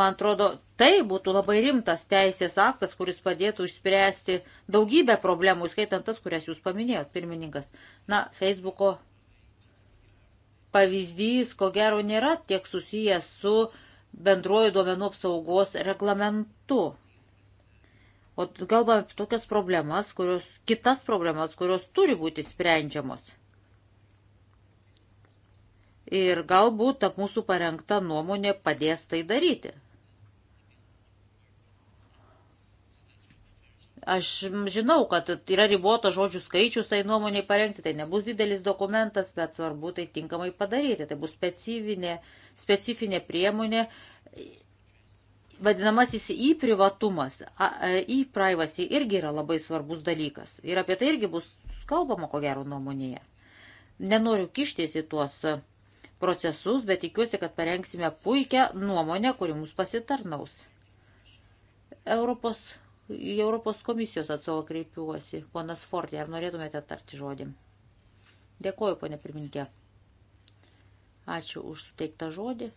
Man atrodo, tai būtų labai rimtas teisės aktas, kuris padėtų išspręsti daugybę problemų, skaitant tas, kurias jūs paminėjot, pirmininkas. Na, Facebooko pavyzdys, ko gero, nėra tiek susijęs su bendruoju duomenų apsaugos reglamentu. O kalbame apie tokias problemas, kurios, kitas problemas, kurios turi būti sprendžiamos. Ir galbūt ta mūsų parengta nuomonė padės tai daryti. Aš žinau, kad yra riboto žodžių skaičius tai nuomoniai parengti, tai nebus didelis dokumentas, bet svarbu tai tinkamai padaryti. Tai bus specifinė, specifinė priemonė, vadinamasis į privatumas, į privacy irgi yra labai svarbus dalykas. Ir apie tai irgi bus kalbama, ko gero, nuomonėje. Nenoriu kištis į tuos procesus, bet tikiuosi, kad parengsime puikią nuomonę, kuri mums pasitarnaus. Europos į Europos komisijos atstovą kreipiuosi. Ponas Fortė, ar norėtumėte tarti žodį? Dėkoju, ponė pirminkė. Ačiū už suteiktą žodį.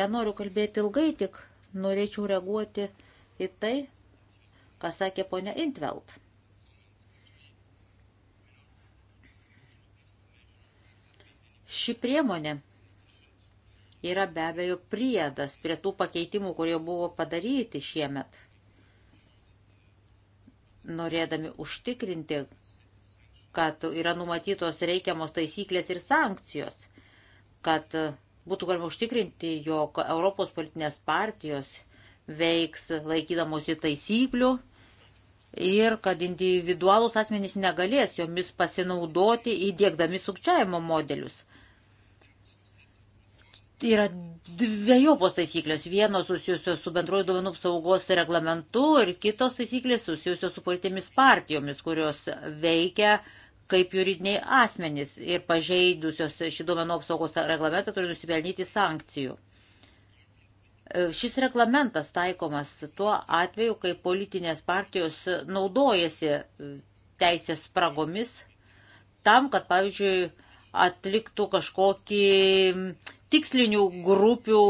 Nenoriu kalbėti ilgai, tik norėčiau reaguoti į tai, ką sakė ponė Intveld. Ši priemonė yra be abejo priedas prie tų pakeitimų, kurie buvo padaryti šiemet norėdami užtikrinti, kad yra numatytos reikiamos taisyklės ir sankcijos, kad būtų galima užtikrinti, jog Europos politinės partijos veiks laikydamosi taisyklių ir kad individualus asmenys negalės jomis pasinaudoti įdėkdami sukčiavimo modelius yra dviejopos taisyklės. Vienos susijusios su bendroju duomenų apsaugos reglamentu ir kitos taisyklės susijusios su politinėmis partijomis, kurios veikia kaip juridiniai asmenys ir pažeidusios šį duomenų apsaugos reglamentą turi nusipelnyti sankcijų. Šis reglamentas taikomas tuo atveju, kai politinės partijos naudojasi teisės spragomis tam, kad, pavyzdžiui, atliktų kažkokį tikslinių grupių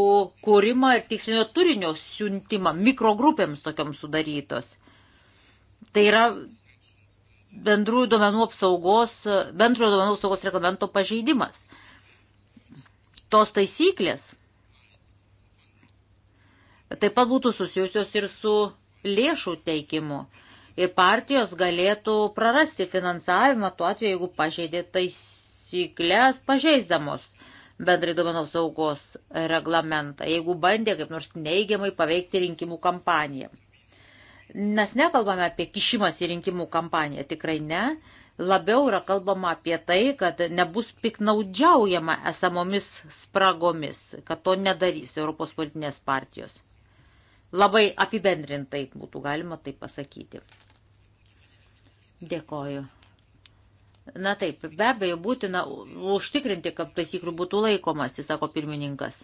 kūrimą ir tikslinio turinio siuntimą mikrogrupėms tokiam sudarytos. Tai yra bendrųjų duomenų apsaugos, bendrojo duomenų apsaugos reglamento pažeidimas. Tos taisyklės taip pat būtų susijusios ir su lėšų teikimu. Ir partijos galėtų prarasti finansavimą tuo atveju, jeigu pažeidė taisyklės pažeisdamos bendrai duomenų saugos reglamentą, jeigu bandė kaip nors neigiamai paveikti rinkimų kampaniją. Mes nekalbame apie kišimas į rinkimų kampaniją, tikrai ne. Labiau yra kalbama apie tai, kad nebus piknaudžiaujama esamomis spragomis, kad to nedarys Europos politinės partijos. Labai apibendrintai būtų galima tai pasakyti. Dėkoju. Na taip, be abejo, būtina užtikrinti, kad taisyklių būtų laikomasi, sako pirmininkas.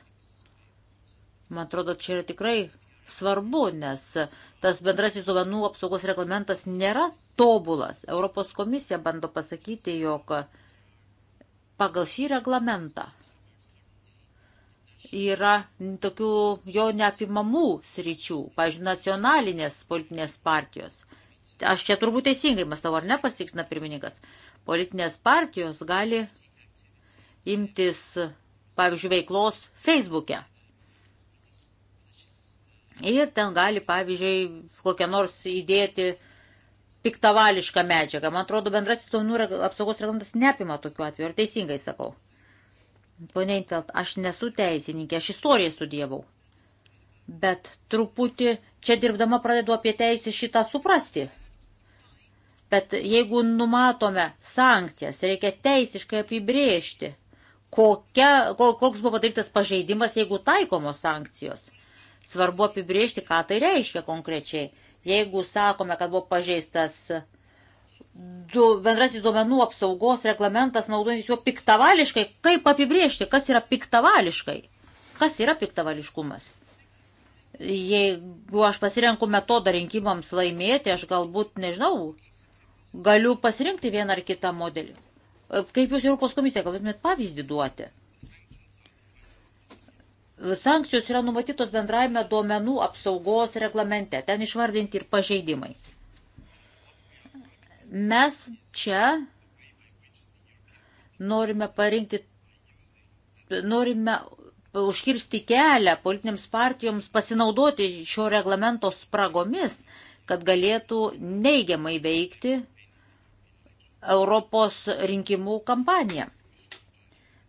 Man atrodo, čia yra tikrai svarbu, nes tas bendrasis duomenų apsaugos reglamentas nėra tobulas. Europos komisija bando pasakyti, jog pagal šį reglamentą yra tokių jo neapimamų sričių, pavyzdžiui, nacionalinės politinės partijos. Aš čia turbūt teisingai mąstau, ar ne, pasiksna pirmininkas politinės partijos gali imtis, pavyzdžiui, veiklos Facebook'e. Ir ten gali, pavyzdžiui, kokią nors įdėti piktavališką medžiagą. Man atrodo, bendrasis duomenų apsaugos reglamentas neapima tokiu atveju. Ar teisingai sakau? Pone Intelt, aš nesu teisininkė, aš istoriją studijavau. Bet truputį čia dirbdama pradedu apie teisę šitą suprasti. Bet jeigu numatome sankcijas, reikia teisiškai apibrėžti, kokia, koks buvo padarytas pažeidimas, jeigu taikomos sankcijos. Svarbu apibrėžti, ką tai reiškia konkrečiai. Jeigu sakome, kad buvo pažeistas du, bendrasis duomenų apsaugos reglamentas, naudojantis juo piktavališkai, kaip apibrėžti, kas yra piktavališkai? Kas yra piktavališkumas? Jeigu aš pasirenku metodą rinkimams laimėti, aš galbūt, nežinau, galiu pasirinkti vieną ar kitą modelį. E, kaip jūs Europos komisija galėtumėt pavyzdį duoti? Sankcijos yra numatytos bendraime duomenų apsaugos reglamente. Ten išvardinti ir pažeidimai. Mes čia norime parinkti, norime užkirsti kelią politinėms partijoms pasinaudoti šio reglamento spragomis, kad galėtų neigiamai veikti Europos rinkimų kampaniją.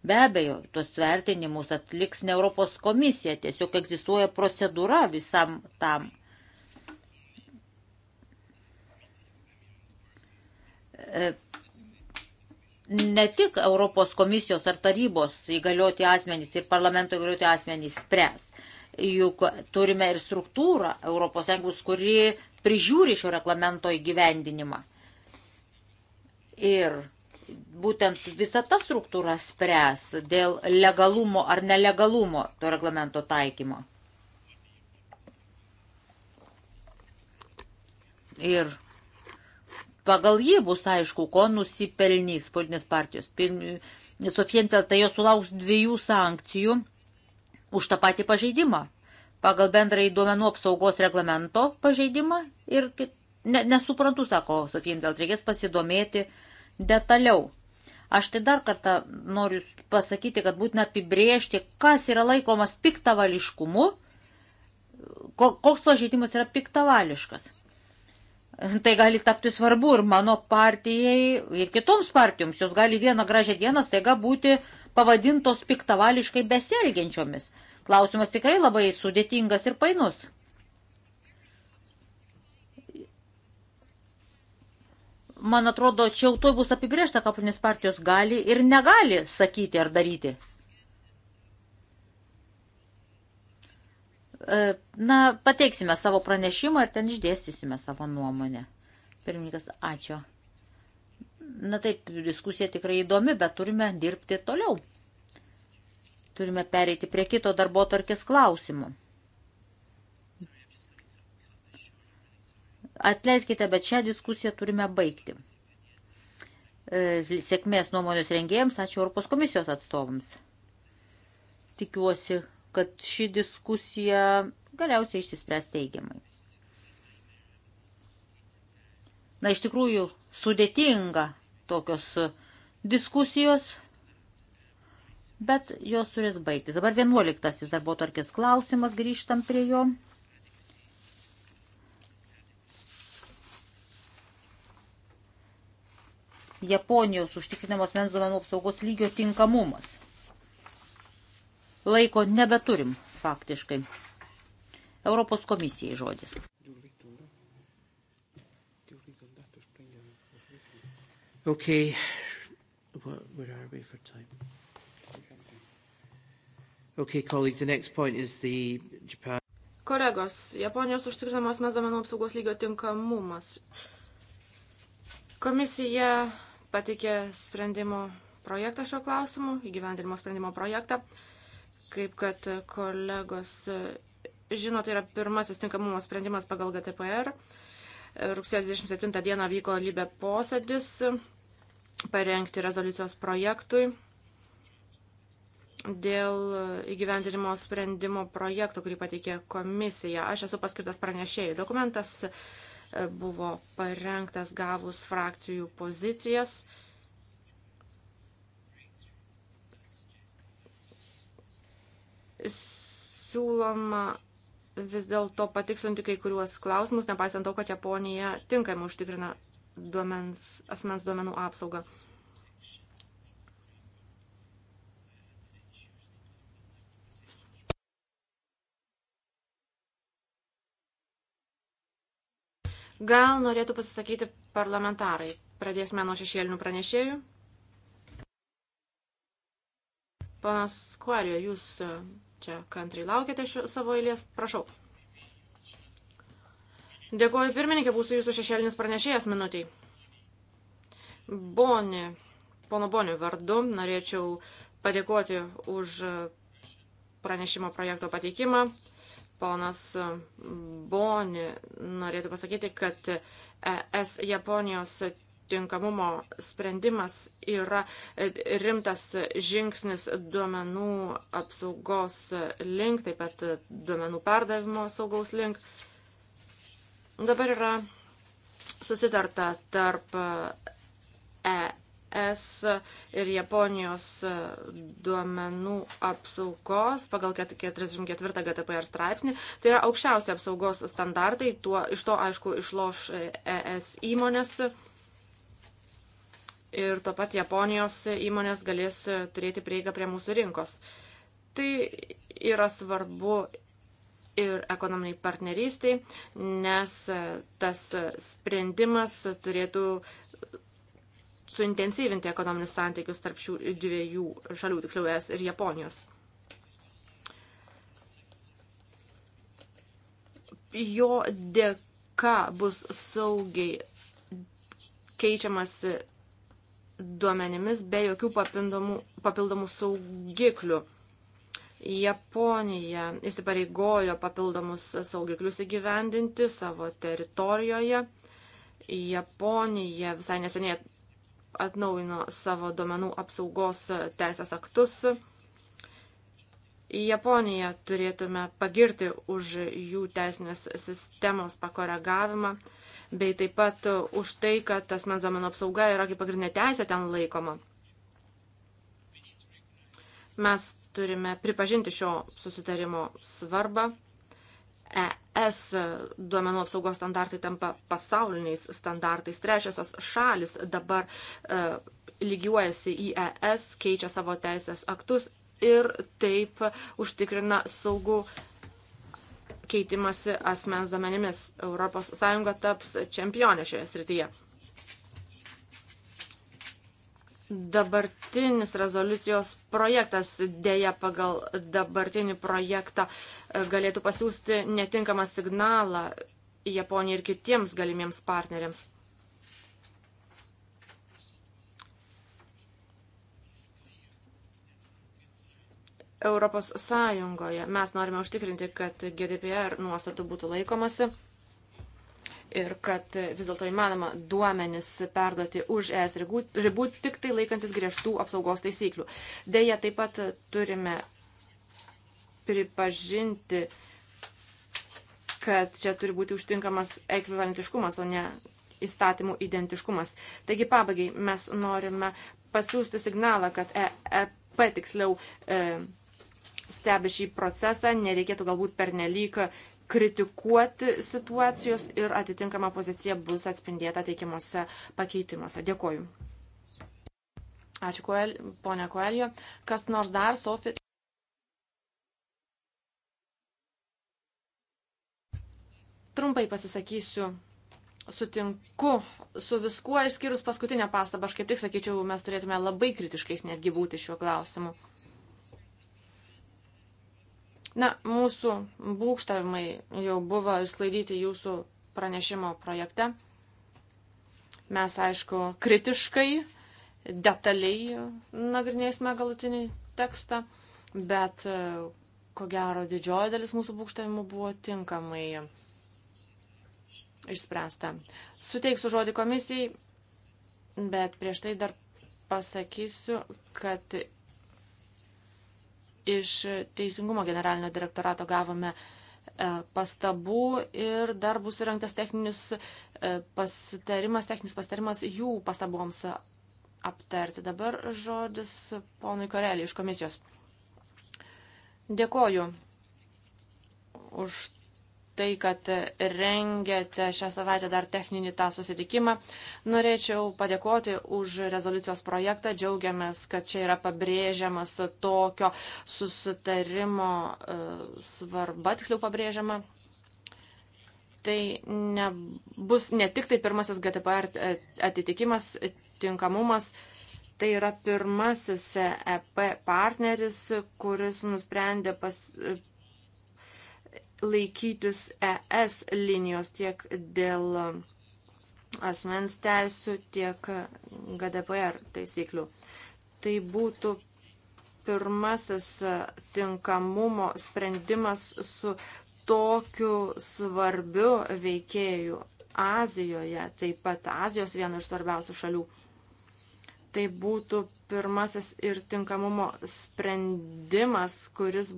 Be abejo, tuos vertinimus atliks ne Europos komisija, tiesiog egzistuoja procedūra visam tam. E, ne tik Europos komisijos ar tarybos įgalioti asmenys ir parlamento įgalioti asmenys spręs. Juk turime ir struktūrą ES, kuri prižiūri šio reglamento įgyvendinimą. Ir būtent visa ta struktūra spręs dėl legalumo ar nelegalumo to reglamento taikymo. Ir pagal jį bus aišku, ko nusipelnys politinės partijos. Sofientel tai jos sulauks dviejų sankcijų už tą patį pažeidimą. Pagal bendrai duomenų apsaugos reglamento pažeidimą ir ne, nesuprantu, sako Sofientel, reikės pasidomėti uh, detaliau. Aš tai dar kartą noriu pasakyti, kad būtina apibriežti, kas yra laikomas piktavališkumu, koks pažeidimas yra piktavališkas. Tai gali tapti svarbu ir mano partijai, ir kitoms partijoms. Jos gali vieną gražią dieną staiga būti pavadintos piktavališkai besielgiančiomis. Klausimas tikrai labai sudėtingas ir painus. man atrodo, čia jau tuoj bus apibriešta, ką politinės partijos gali ir negali sakyti ar daryti. E, na, pateiksime savo pranešimą ir ten išdėstysime savo nuomonę. Pirmininkas, ačiū. Na taip, diskusija tikrai įdomi, bet turime dirbti toliau. Turime pereiti prie kito darbo tarkės klausimų. Atleiskite, bet šią diskusiją turime baigti. E, sėkmės nuomonės rengėjams, ačiū Europos komisijos atstovams. Tikiuosi, kad ši diskusija galiausiai išsispręs teigiamai. Na, iš tikrųjų, sudėtinga tokios diskusijos, bet jos turės baigtis. Dabar vienuoliktasis darbo tarkės klausimas, grįžtam prie jo. Japonijos užtikrinamos mens duomenų apsaugos lygio tinkamumas. Laiko nebeturim faktiškai. Europos komisijai žodis. Okay, what, where are we for time? Okay, colleagues, the next point is the Japan. Kolegos, Japonijos užtikrinamas mes domenų apsaugos lygio tinkamumas. Komisija pateikė sprendimo projektą šio klausimu, įgyvendinimo sprendimo projektą. Kaip kad kolegos žino, tai yra pirmasis tinkamumo sprendimas pagal GTPR. Rugsėjo 27 dieną vyko lybė posėdis parengti rezoliucijos projektui dėl įgyvendinimo sprendimo projekto, kurį pateikė komisija. Aš esu paskirtas pranešėjai. Dokumentas uh, buvo parengtas gavus frakcijų pozicijas. Siūloma vis dėlto patikslinti kai kuriuos klausimus, nepaisant to, kad Japonija tinkamai užtikrina duomens, asmens duomenų apsaugą. Gal norėtų pasisakyti parlamentarai? Pradėsime nuo šešėlinių pranešėjų. Panas Kuario, jūs e, čia kantriai laukiate šio, savo eilės. Prašau. Dėkuoju pirmininkė, būsiu jūsų šešėlinis pranešėjas minutiai. Boni, pono Boni vardu norėčiau padėkoti už e, pranešimo projekto pateikimą ponas e, Boni norėtų pasakyti, kad e, ES Japonijos tinkamumo sprendimas yra e, rimtas žingsnis duomenų apsaugos link, taip pat duomenų perdavimo saugaus link. Dabar yra susitarta tarp ES ir Japonijos duomenų apsaugos pagal 44 GDPR straipsnį. Tai yra aukščiausia apsaugos standartai, tuo, iš to aišku išloš ES įmonės. Ir tuo pat Japonijos įmonės galės turėti prieigą prie mūsų rinkos. Tai yra svarbu ir ekonominiai partnerystiai, nes tas sprendimas turėtų suintensyvinti ekonominius santykius tarp šių dviejų šalių, tiksliau es ir Japonijos. Jo dėka bus saugiai keičiamasi duomenimis be jokių papildomų, papildomų saugiklių. Japonija įsipareigojo papildomus saugiklius įgyvendinti savo teritorijoje. Japonija visai neseniai atnaujino savo domenų apsaugos teisės aktus. Japoniją turėtume pagirti už jų teisinės sistemos pakoregavimą, bei taip pat už tai, kad asmens domenų apsauga yra kaip pagrindinė teisė ten laikoma. Mes turime pripažinti šio susitarimo svarbą ES duomenų apsaugos standartai tampa pasauliniais standartais. Trečiosios šalis dabar e, lygiuojasi į ES, keičia savo teisės aktus ir taip užtikrina saugų keitimasi asmens duomenimis. ES taps čempionė šioje srityje dabartinis rezoliucijos projektas dėja pagal dabartinį projektą e, galėtų pasiūsti netinkamą signalą Japonijai ir kitiems galimiems partneriams. Europos Sąjungoje mes norime užtikrinti, kad GDPR nuostatų būtų laikomasi ir kad vis dėlto įmanoma duomenis perduoti už ES ribų, ribų tik tai laikantis griežtų apsaugos taisyklių. Deja, taip pat turime pripažinti, kad čia turi būti užtinkamas ekvivalentiškumas, o ne įstatymų identiškumas. Taigi pabaigai mes norime pasiūsti signalą, kad EEP tiksliau e, stebi šį procesą, nereikėtų galbūt pernelyg kritikuoti situacijos ir atitinkama pozicija bus atspindėta teikimuose pakeitimuose. Dėkoju. Ačiū, Koel, ponia Koelio. Kas nors dar, Sofit? Trumpai pasisakysiu. Sutinku su viskuo išskyrus paskutinę pastabą. Aš kaip tik sakyčiau, mes turėtume labai kritiškais netgi būti šiuo klausimu. Na, mūsų būkštavimai jau buvo išsklaidyti jūsų pranešimo projekte. Mes, aišku, kritiškai, detaliai nagrinėsime galutinį tekstą, bet e, ko gero didžioji dalis mūsų būkštavimų buvo tinkamai išspręsta. Suteiksiu žodį komisijai, bet prieš tai dar pasakysiu, kad iš Teisingumo generalinio direktorato gavome e, pastabų ir dar bus įrengtas techninis e, pasitarimas, techninis pasitarimas jų pastaboms aptarti. Dabar žodis ponui Koreliui iš komisijos. Dėkoju už tai, kad rengiate šią savaitę dar techninį tą susitikimą. Norėčiau padėkoti už rezoliucijos projektą. Džiaugiamės, kad čia yra pabrėžiamas tokio susitarimo e, svarba, tiksliau pabrėžiama. Tai ne, bus ne tik tai pirmasis GDPR e, atitikimas, tinkamumas, tai yra pirmasis EP partneris, kuris nusprendė pas, laikytis ES linijos tiek dėl asmens teisų, tiek GDPR taisyklių. Tai būtų pirmasis tinkamumo sprendimas su tokiu svarbiu veikėju Azijoje, taip pat Azijos vienu iš svarbiausių šalių. Tai būtų pirmasis ir tinkamumo sprendimas,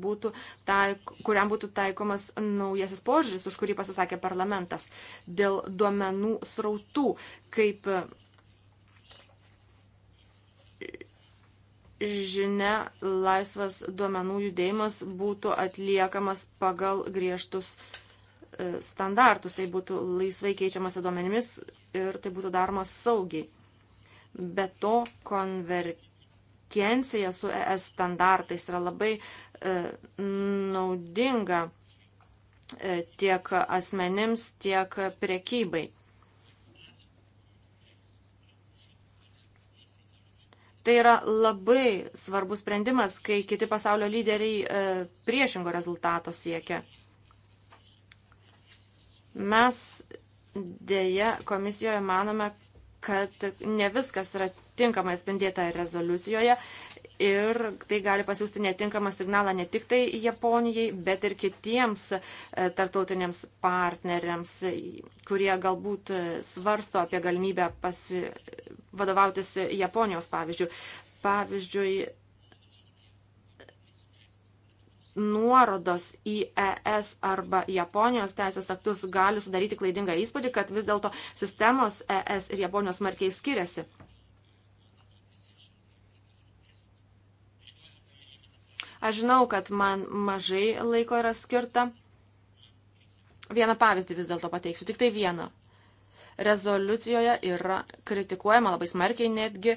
būtų taik, kuriam būtų taikomas naujasis požiūris, už kurį pasisakė parlamentas, dėl duomenų srautų, kaip žinia, laisvas duomenų judėjimas būtų atliekamas pagal griežtus e, standartus, tai būtų laisvai keičiamasi duomenimis ir tai būtų daromas saugiai. Be to, konvergencija su ES standartais yra labai e, naudinga e, tiek asmenims, tiek prekybai. Tai yra labai svarbus sprendimas, kai kiti pasaulio lyderiai e, priešingo rezultato siekia. Mes dėja komisijoje manome, kad ne viskas yra tinkamai atspindėta rezoliucijoje ir tai gali pasiūsti netinkamą signalą ne tik tai Japonijai, bet ir kitiems e, tartautiniams partneriams, kurie galbūt e, svarsto apie galimybę pasi... vadovautis Japonijos pavyzdžių. Pavyzdžiui, nuorodos į ES arba Japonijos teisės aktus gali sudaryti klaidingą įspūdį, kad vis dėlto sistemos ES ir Japonijos markiai skiriasi. Aš žinau, kad man mažai laiko yra skirta. Vieną pavyzdį vis dėlto pateiksiu, tik tai vieną. Rezoliucijoje yra kritikuojama labai smarkiai netgi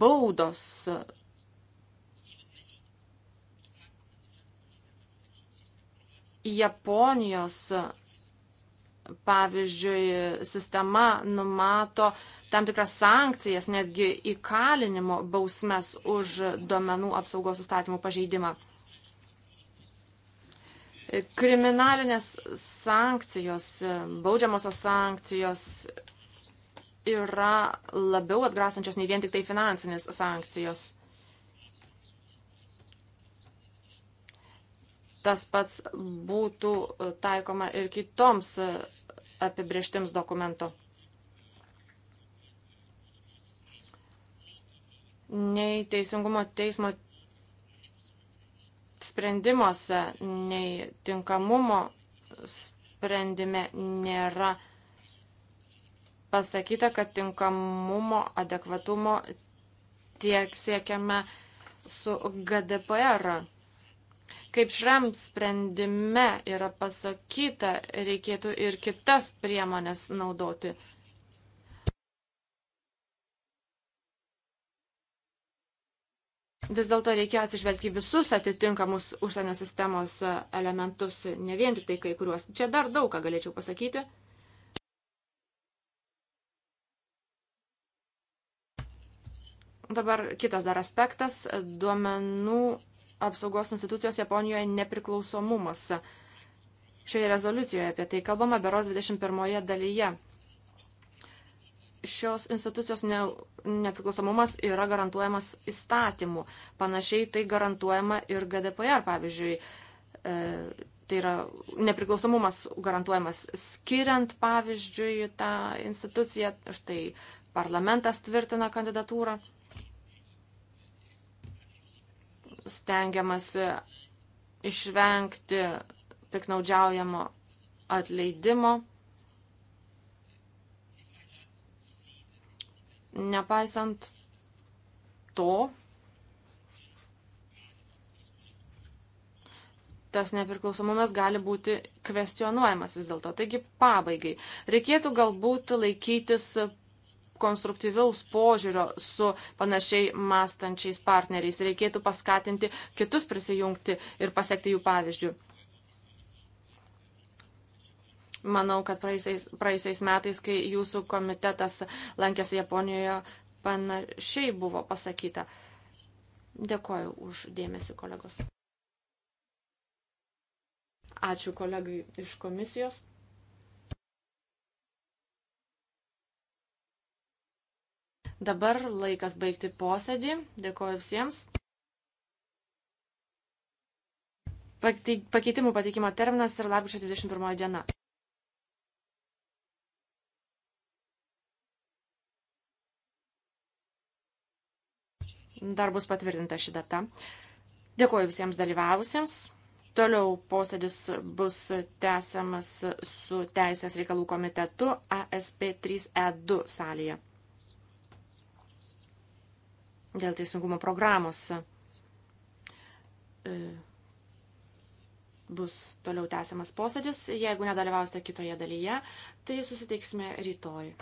baudos Japonijos pavyzdžiui, sistema numato tam tikras sankcijas, netgi įkalinimo bausmes už duomenų apsaugos įstatymų pažeidimą. Kriminalinės sankcijos, baudžiamosios sankcijos yra labiau atgrasančios nei vien tik tai finansinės sankcijos. tas pats būtų e, taikoma ir kitoms e, apibrieštims dokumento. Nei teisingumo teismo sprendimuose, nei tinkamumo sprendime nėra pasakyta, kad tinkamumo adekvatumo tiek siekiame su GDPR. Kaip šram sprendime yra pasakyta, reikėtų ir kitas priemonės naudoti. Vis dėlto reikia atsižvelgti visus atitinkamus užsienio sistemos e, elementus, ne vien tik tai kai kuriuos. Čia dar daug ką galėčiau pasakyti. Dabar kitas dar aspektas - duomenų apsaugos institucijos Japonijoje nepriklausomumas. Šioje rezoliucijoje apie tai kalbama beros 21 dalyje. Šios institucijos ne, nepriklausomumas yra garantuojamas įstatymu. Panašiai tai garantuojama ir GDPR, pavyzdžiui. E, tai yra nepriklausomumas garantuojamas skiriant, pavyzdžiui, tą instituciją. Štai parlamentas tvirtina kandidatūrą stengiamasi išvengti piknaudžiaujamo atleidimo. Nepaisant to, tas nepriklausomumas gali būti kvestionuojamas vis dėlto. Taigi pabaigai reikėtų galbūt laikytis konstruktyviaus požiūrio su panašiai mąstančiais partneriais. Reikėtų paskatinti kitus prisijungti ir pasiekti jų pavyzdžių. Manau, kad praeisiais, praeisiais metais, kai jūsų komitetas lankėsi Japonijoje, panašiai buvo pasakyta. Dėkoju už dėmesį, kolegos. Ačiū kolegai iš komisijos. Dabar laikas baigti posėdį. Dėkoju visiems. Pakeitimų pateikimo terminas yra lapkričio 21 diena. Dar bus patvirtinta ši data. Dėkoju visiems dalyvavusiems. Toliau posėdis bus tęsiamas su Teisės reikalų komitetu ASP 3E2 salėje dėl teisingumo programos e, bus toliau tęsiamas posėdis. Jeigu nedalyvausite kitoje dalyje, tai susiteiksime rytoj.